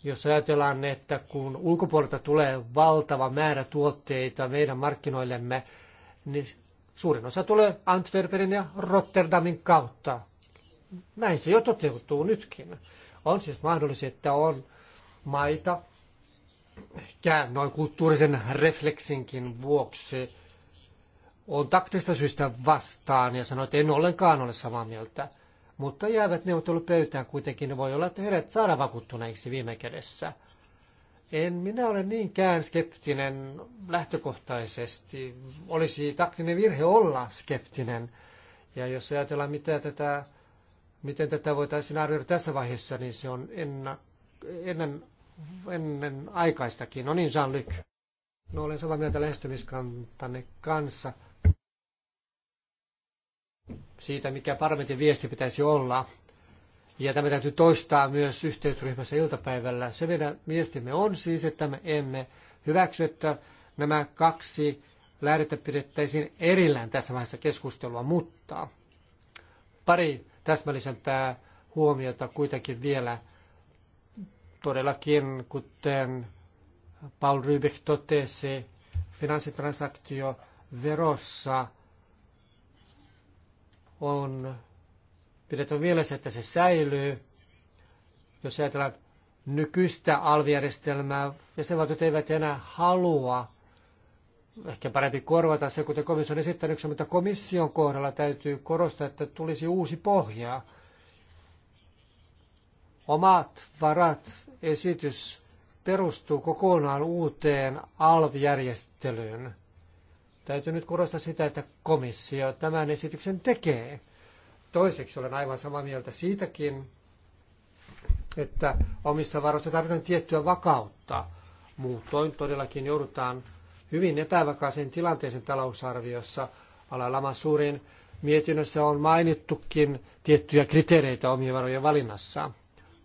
Jos ajatellaan, että kun ulkopuolelta tulee valtava määrä tuotteita meidän markkinoillemme, niin suurin osa tulee Antwerpenin ja Rotterdamin kautta. Näin se jo toteutuu nytkin. On siis mahdollista, että on maita, ehkä noin kulttuurisen refleksinkin vuoksi, on taktista syystä vastaan ja sanoo, että en ollenkaan ole samaa mieltä – mutta jäävät neuvottelupöytään kuitenkin. Voi olla, että heidät saadaan vakuuttuneiksi viime kädessä. En minä ole niinkään skeptinen lähtökohtaisesti. Olisi taktinen virhe olla skeptinen. Ja jos ajatellaan, mitä tätä, miten tätä voitaisiin arvioida tässä vaiheessa, niin se on enna, ennen, ennen aikaistakin. No niin, Jean-Luc. No olen samaa mieltä lähestymiskantanne kanssa siitä, mikä parlamentin viesti pitäisi olla. Ja tämä täytyy toistaa myös yhteysryhmässä iltapäivällä. Se meidän viestimme on siis, että me emme hyväksy, että nämä kaksi lähdettä pidettäisiin erillään tässä vaiheessa keskustelua, mutta pari täsmällisempää huomiota kuitenkin vielä. Todellakin, kuten Paul Rübeck totesi, finanssitransaktio verossa – on pidettävä mielessä, että se säilyy. Jos ajatellaan nykyistä alvijärjestelmää, jäsenvaltiot eivät enää halua ehkä parempi korvata se, kuten komissio esittänyt, mutta komission kohdalla täytyy korostaa, että tulisi uusi pohja. Omat varat esitys perustuu kokonaan uuteen alvijärjestelyyn. Täytyy nyt korostaa sitä, että komissio tämän esityksen tekee. Toiseksi olen aivan samaa mieltä siitäkin, että omissa varoissa tarvitaan tiettyä vakautta. Muutoin todellakin joudutaan hyvin epävakaaseen tilanteeseen talousarviossa. Alalama suurin mietinnössä on mainittukin tiettyjä kriteereitä omien varojen valinnassa.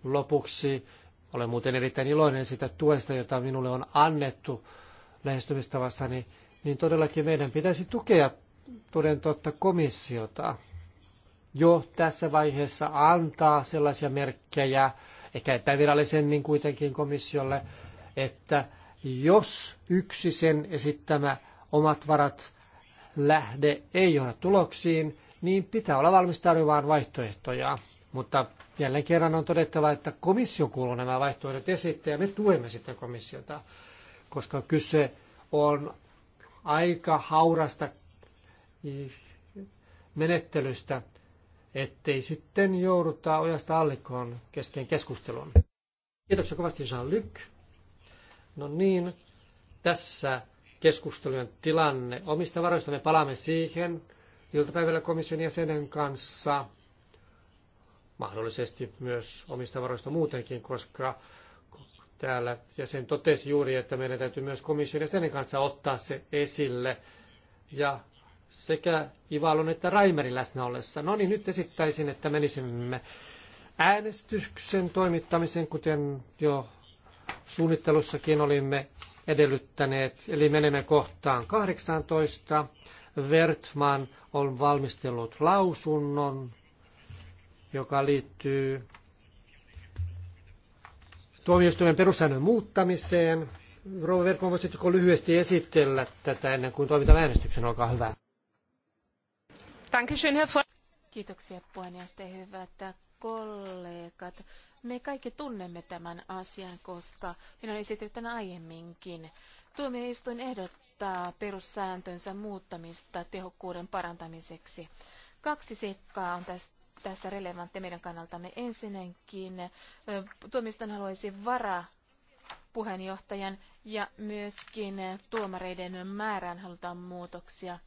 Lopuksi olen muuten erittäin iloinen sitä tuesta, jota minulle on annettu lähestymistavassani niin todellakin meidän pitäisi tukea toden totta komissiota jo tässä vaiheessa antaa sellaisia merkkejä, ehkä epävirallisemmin kuitenkin komissiolle, että jos yksi sen esittämä omat varat lähde ei johda tuloksiin, niin pitää olla valmis tarjoamaan vaihtoehtoja. Mutta jälleen kerran on todettava, että komissio kuuluu nämä vaihtoehdot esittää ja me tuemme sitten komissiota, koska kyse on aika haurasta menettelystä, ettei sitten jouduta ojasta allikkoon kesken keskustelun. Kiitoksia kovasti Jean-Luc. No niin, tässä keskustelujen tilanne. Omista varoista me palaamme siihen iltapäivällä komission jäsenen kanssa, mahdollisesti myös omista varoista muutenkin, koska täällä ja sen totesi juuri, että meidän täytyy myös komission ja sen kanssa ottaa se esille. Ja sekä Ivalon että Raimerin läsnä ollessa. No niin, nyt esittäisin, että menisimme äänestyksen toimittamiseen, kuten jo suunnittelussakin olimme edellyttäneet. Eli menemme kohtaan 18. Vertman on valmistellut lausunnon, joka liittyy tuomioistuimen perussäännön muuttamiseen. Rouva Verkman, voisitko lyhyesti esitellä tätä ennen kuin toimitaan äänestyksen? Olkaa hyvä. Kiitoksia puheenjohtaja, hyvät kollegat. Me kaikki tunnemme tämän asian, koska minä olen esitellyt tämän aiemminkin. Tuomioistuin ehdottaa perussääntönsä muuttamista tehokkuuden parantamiseksi. Kaksi seikkaa on tässä tässä relevantti meidän kannaltamme. Ensinnäkin tuomiston haluaisi vara puheenjohtajan ja myöskin tuomareiden määrään halutaan muutoksia.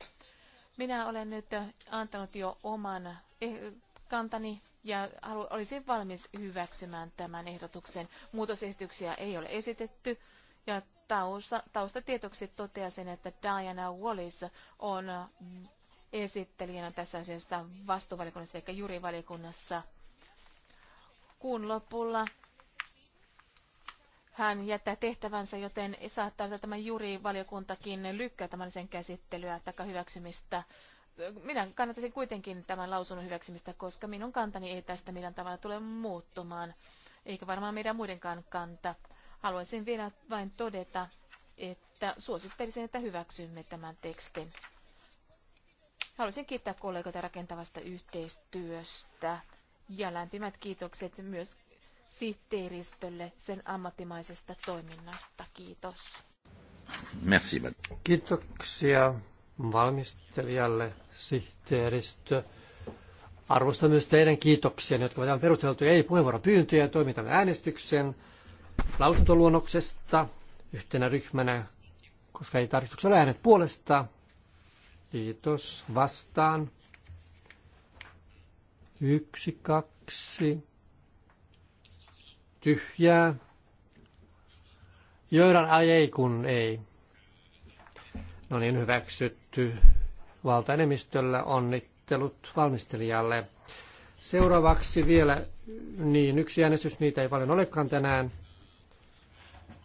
Minä olen nyt antanut jo oman eh, kantani ja olisin valmis hyväksymään tämän ehdotuksen. Muutosesityksiä ei ole esitetty ja tausta, taustatietoksi sen, että Diana Wallis on esittelijänä tässä asiassa vastuuvalikunnassa eli jurivalikunnassa. Kuun lopulla hän jättää tehtävänsä, joten saattaa, että tämä jurivaliokuntakin lykkää tämän sen käsittelyä tai hyväksymistä. Minä kannattaisin kuitenkin tämän lausunnon hyväksymistä, koska minun kantani ei tästä millään tavalla tule muuttumaan, eikä varmaan meidän muidenkaan kanta. Haluaisin vielä vain todeta, että suosittelisin, että hyväksymme tämän tekstin. Haluaisin kiittää kollegoita rakentavasta yhteistyöstä ja lämpimät kiitokset myös sihteeristölle sen ammattimaisesta toiminnasta. Kiitos. Merci. Kiitoksia valmistelijalle, sihteeristö. Arvostan myös teidän kiitoksia, jotka ovat perusteltu ei ja toimintamme äänestyksen lausuntoluonnoksesta yhtenä ryhmänä, koska ei tarkistuksella äänet puolesta Kiitos. Vastaan. Yksi, kaksi. Tyhjää. Joidan ai ei kun ei. No niin, hyväksytty. Valtaenemmistöllä onnittelut valmistelijalle. Seuraavaksi vielä, niin yksi äänestys, niitä ei paljon olekaan tänään.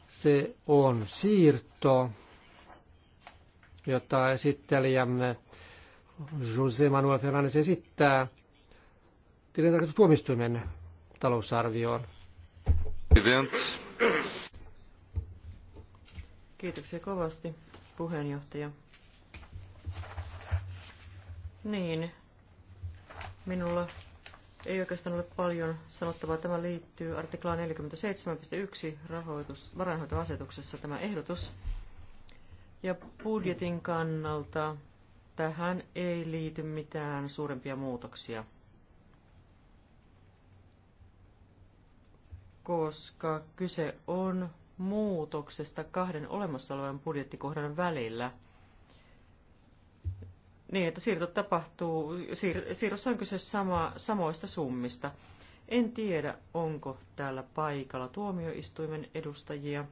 Se on siirto jota esittelijämme José Manuel Fernandes esittää tilintarkastustuomistuimen talousarvioon. Kiitoksia kovasti, puheenjohtaja. Niin, minulla ei oikeastaan ole paljon sanottavaa. Tämä liittyy artiklaan 47.1 rahoitus, varainhoitoasetuksessa tämä ehdotus. Ja budjetin kannalta tähän ei liity mitään suurempia muutoksia, koska kyse on muutoksesta kahden olemassa olevan budjettikohdan välillä. Niin, että siirto tapahtuu, siir, siirrossa on kyse sama, samoista summista. En tiedä, onko täällä paikalla tuomioistuimen edustajia.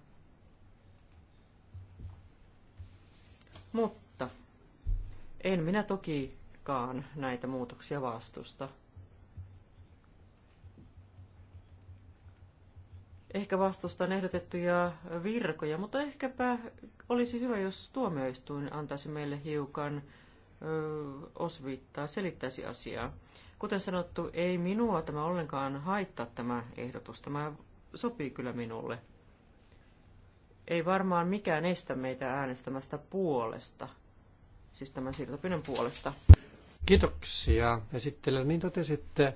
Mutta en minä tokikaan näitä muutoksia vastusta. Ehkä vastustan ehdotettuja virkoja, mutta ehkäpä olisi hyvä, jos tuomioistuin antaisi meille hiukan osviittaa, selittäisi asiaa. Kuten sanottu, ei minua tämä ollenkaan haittaa tämä ehdotus. Tämä sopii kyllä minulle ei varmaan mikään estä meitä äänestämästä puolesta, siis tämän siirtopyynnön puolesta. Kiitoksia esittelijä. Niin totesitte,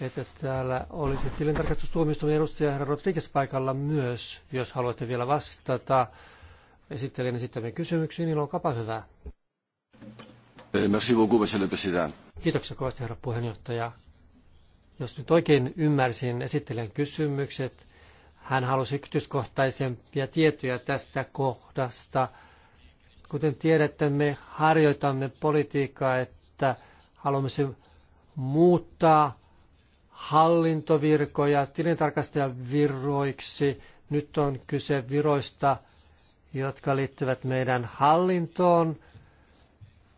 että täällä olisi tilintarkastustuomioistuimen edustaja herra Rodriguez paikalla myös, jos haluatte vielä vastata esittelijän esittämiin kysymyksiin, niin olkaapa hyvä. Eh, merci beaucoup, monsieur le président. Kiitoksia kovasti, herra puheenjohtaja. Jos nyt oikein ymmärsin esittelijän kysymykset, hän halusi yksityiskohtaisempia tietoja tästä kohdasta. Kuten tiedätte, me harjoitamme politiikkaa, että haluamme muuttaa hallintovirkoja tilintarkastajan virroiksi. Nyt on kyse viroista, jotka liittyvät meidän hallintoon.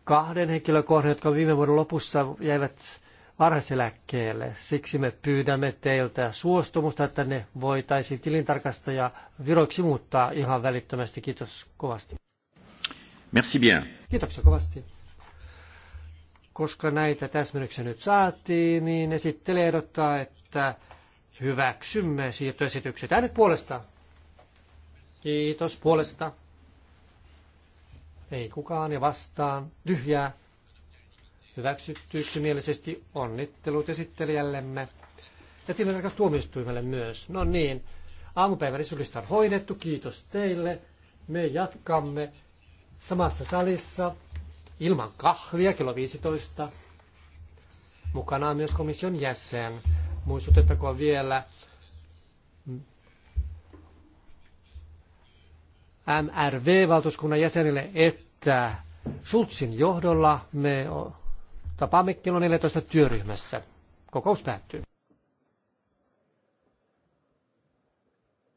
Kahden henkilökohdan, jotka viime vuoden lopussa jäivät varhaiseläkkeelle. Siksi me pyydämme teiltä suostumusta, että ne voitaisiin tilintarkastaja viroiksi muuttaa ihan välittömästi. Kiitos kovasti. Merci bien. Kiitoksia kovasti. Koska näitä täsmennyksiä nyt saatiin, niin esittelee ehdottaa, että hyväksymme siirtoesitykset. Äänet puolesta. Kiitos puolesta. Ei kukaan ja vastaan. Tyhjää hyväksytty yksimielisesti. Onnittelut esittelijällemme ja tilintarkastuomioistuimelle myös. No niin, aamupäivän on hoidettu. Kiitos teille. Me jatkamme samassa salissa ilman kahvia kello 15. Mukana on myös komission jäsen. Muistutettakoon vielä MRV-valtuuskunnan jäsenille, että Schulzin johdolla me Tapaamme kello 14 työryhmässä. Kokous päättyy.